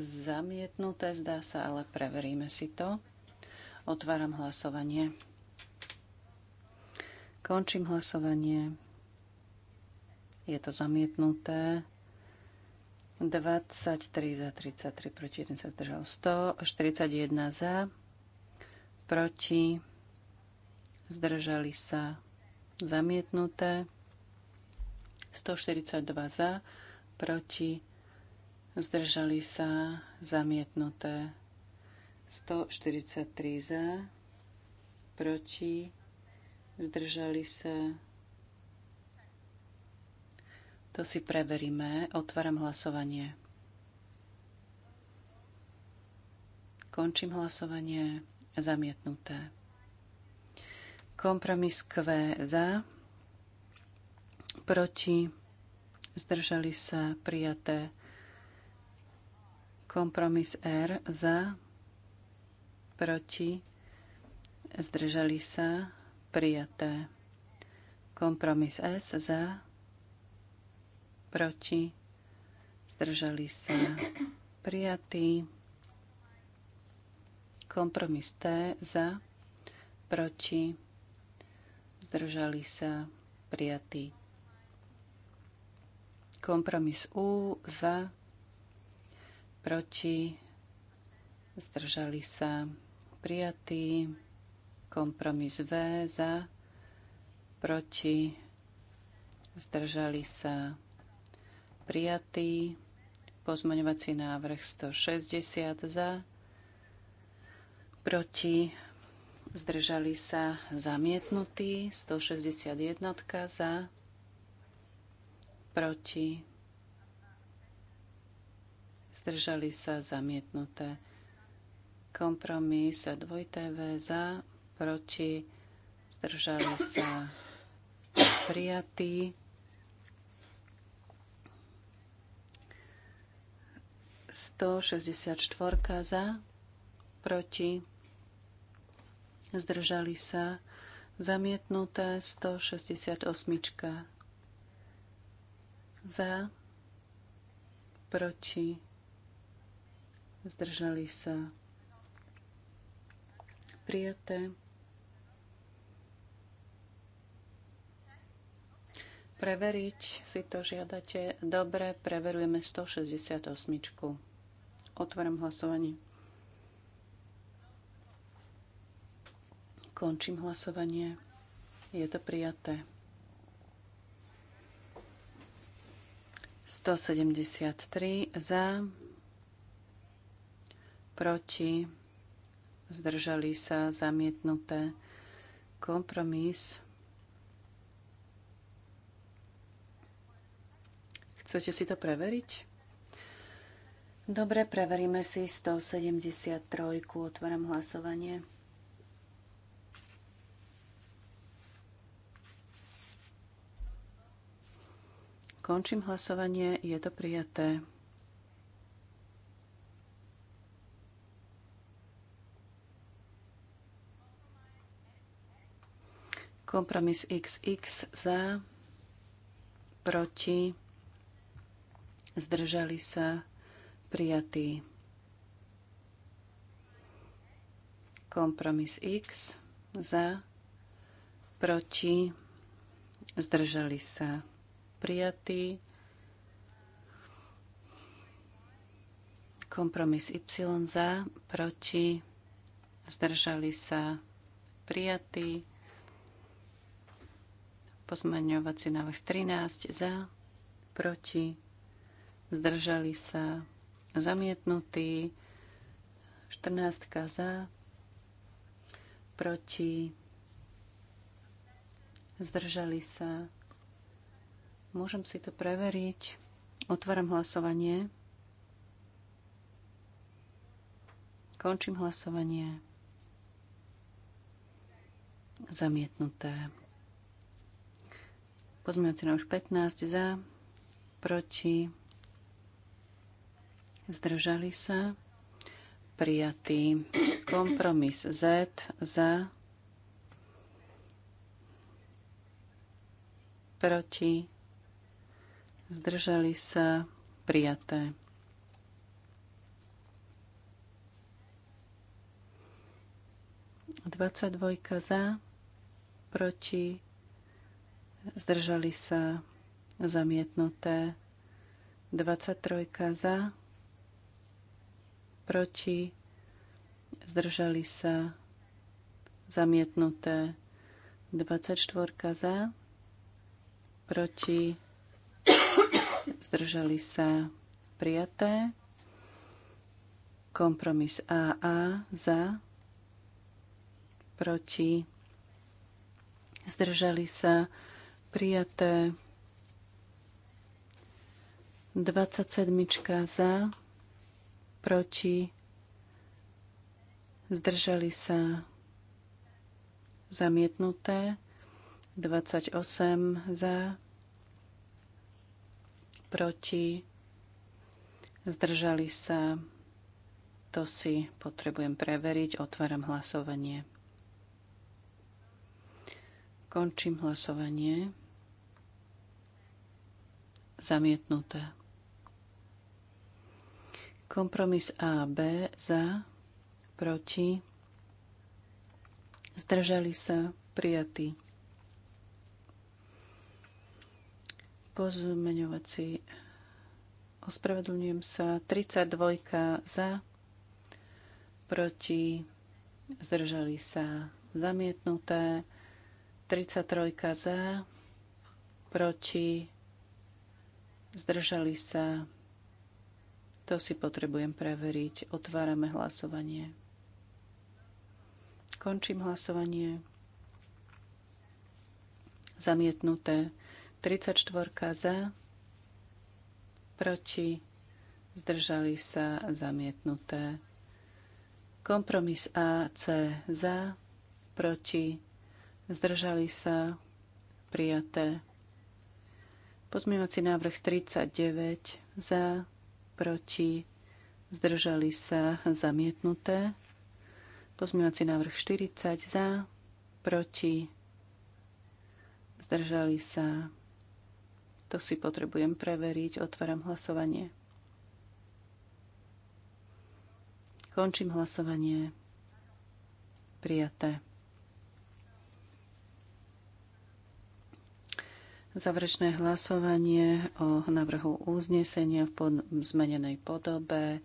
Zamietnuté zdá sa, ale preveríme si to. Otváram hlasovanie. Končím hlasovanie. Je to zamietnuté. 23 za 33 proti 1 sa zdržal 100, 41 za, proti, zdržali sa zamietnuté, 142 za, proti, zdržali sa zamietnuté, 143 za, proti, zdržali sa. To si preveríme. Otváram hlasovanie. Končím hlasovanie. Zamietnuté. Kompromis Q za. Proti. Zdržali sa prijaté. Kompromis R za. Proti. Zdržali sa prijaté. Kompromis S za, proti, zdržali sa, prijatý. Kompromis T za, proti, zdržali sa, prijatý. Kompromis U za, proti, zdržali sa, prijatý. Kompromis V za, proti, zdržali sa prijatý. pozmaňovací návrh 160 za, proti, zdržali sa zamietnutý. 161 za, proti, zdržali sa zamietnuté kompromis a dvojité V za, proti, zdržali sa prijatí. Sto šesťdesiat štvorka za, proti, zdržali sa zamietnuté 168 za, proti, zdržali sa prijaté Preveriť si to žiadate. Dobre, preverujeme 168. Otváram hlasovanie. Končím hlasovanie. Je to prijaté. 173 za, proti, zdržali sa, zamietnuté. Kompromis Chcete si to preveriť? Dobre, preveríme si 173. Otváram hlasovanie. Končím hlasovanie. Je to prijaté. Kompromis XX za, proti zdržali sa, prijatý. Kompromis X za, proti, zdržali sa, prijatý. Kompromis Y za, proti, zdržali sa, prijatý. Pozmaňovací návrh 13 za, proti, zdržali sa zamietnutí, 14 za, proti, zdržali sa. Môžem si to preveriť. Otváram hlasovanie. Končím hlasovanie. Zamietnuté. Pozmeňujúci návrh 15 za, proti, zdržali sa, prijatý. Kompromis Z za, proti, zdržali sa, prijaté. dvojka za, proti, zdržali sa, zamietnuté. trojka za, proti, zdržali sa zamietnuté 24 za, proti, zdržali sa prijaté, kompromis AA za, proti, zdržali sa prijaté 27 za, proti, zdržali sa zamietnuté, 28 za, proti, zdržali sa, to si potrebujem preveriť, otváram hlasovanie. Končím hlasovanie. Zamietnuté. Kompromis AB za, proti, zdržali sa, prijatý. Pozmeňovací ospravedlňujem sa, 32 za, proti, zdržali sa, zamietnuté, 33 za, proti, zdržali sa, to si potrebujem preveriť. Otvárame hlasovanie. Končím hlasovanie. Zamietnuté. 34 za, proti, zdržali sa, zamietnuté. Kompromis AC za, proti, zdržali sa, prijaté. Pozmývací návrh 39 za, proti, zdržali sa zamietnuté. Pozmývací návrh 40 za, proti, zdržali sa. To si potrebujem preveriť, otváram hlasovanie. Končím hlasovanie. Prijaté. záverečné hlasovanie o návrhu uznesenia v pod- zmenenej podobe.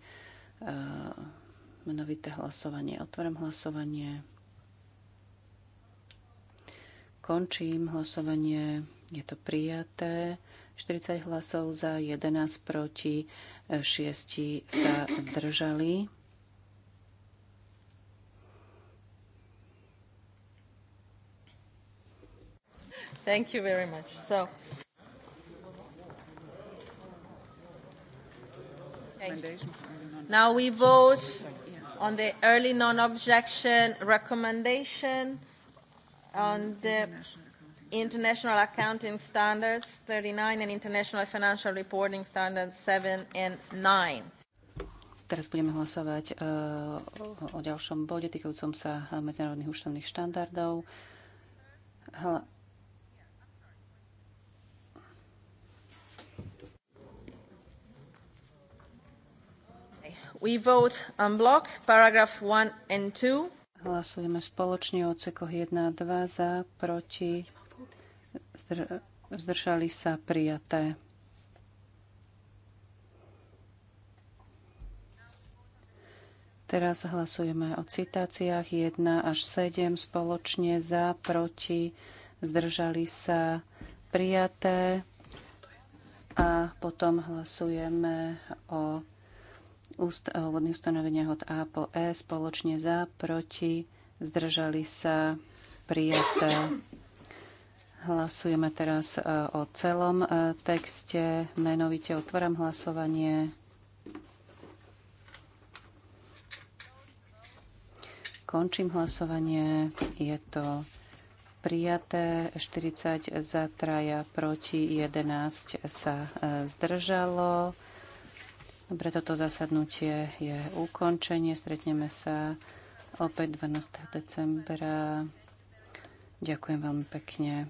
Menovité hlasovanie. Otvorím hlasovanie. Končím hlasovanie. Je to prijaté. 40 hlasov za, 11 proti, 6 sa zdržali. Thank you very much. So, okay. Now we vote on the early non-objection recommendation on the international accounting standards 39 and international financial reporting standards 7 and 9. Teraz budeme hlasovať uh, o, ďalšom bode týkajúcom sa medzinárodných účtovných štandardov. Hla, We vote paragraph 1 and 2. Hlasujeme spoločne o odsekoch 1 a 2 za, proti, zdr- zdržali sa prijaté. Teraz hlasujeme o citáciách 1 až 7 spoločne za, proti, zdržali sa prijaté. A potom hlasujeme o úst, úvodné eh, ustanovenia od A po E spoločne za, proti, zdržali sa, prijaté. Hlasujeme teraz eh, o celom eh, texte. Menovite otváram hlasovanie. Končím hlasovanie. Je to prijaté, 40 za traja proti, 11 sa zdržalo. Dobre, toto zasadnutie je ukončenie. Stretneme sa opäť 12. decembra. Ďakujem veľmi pekne.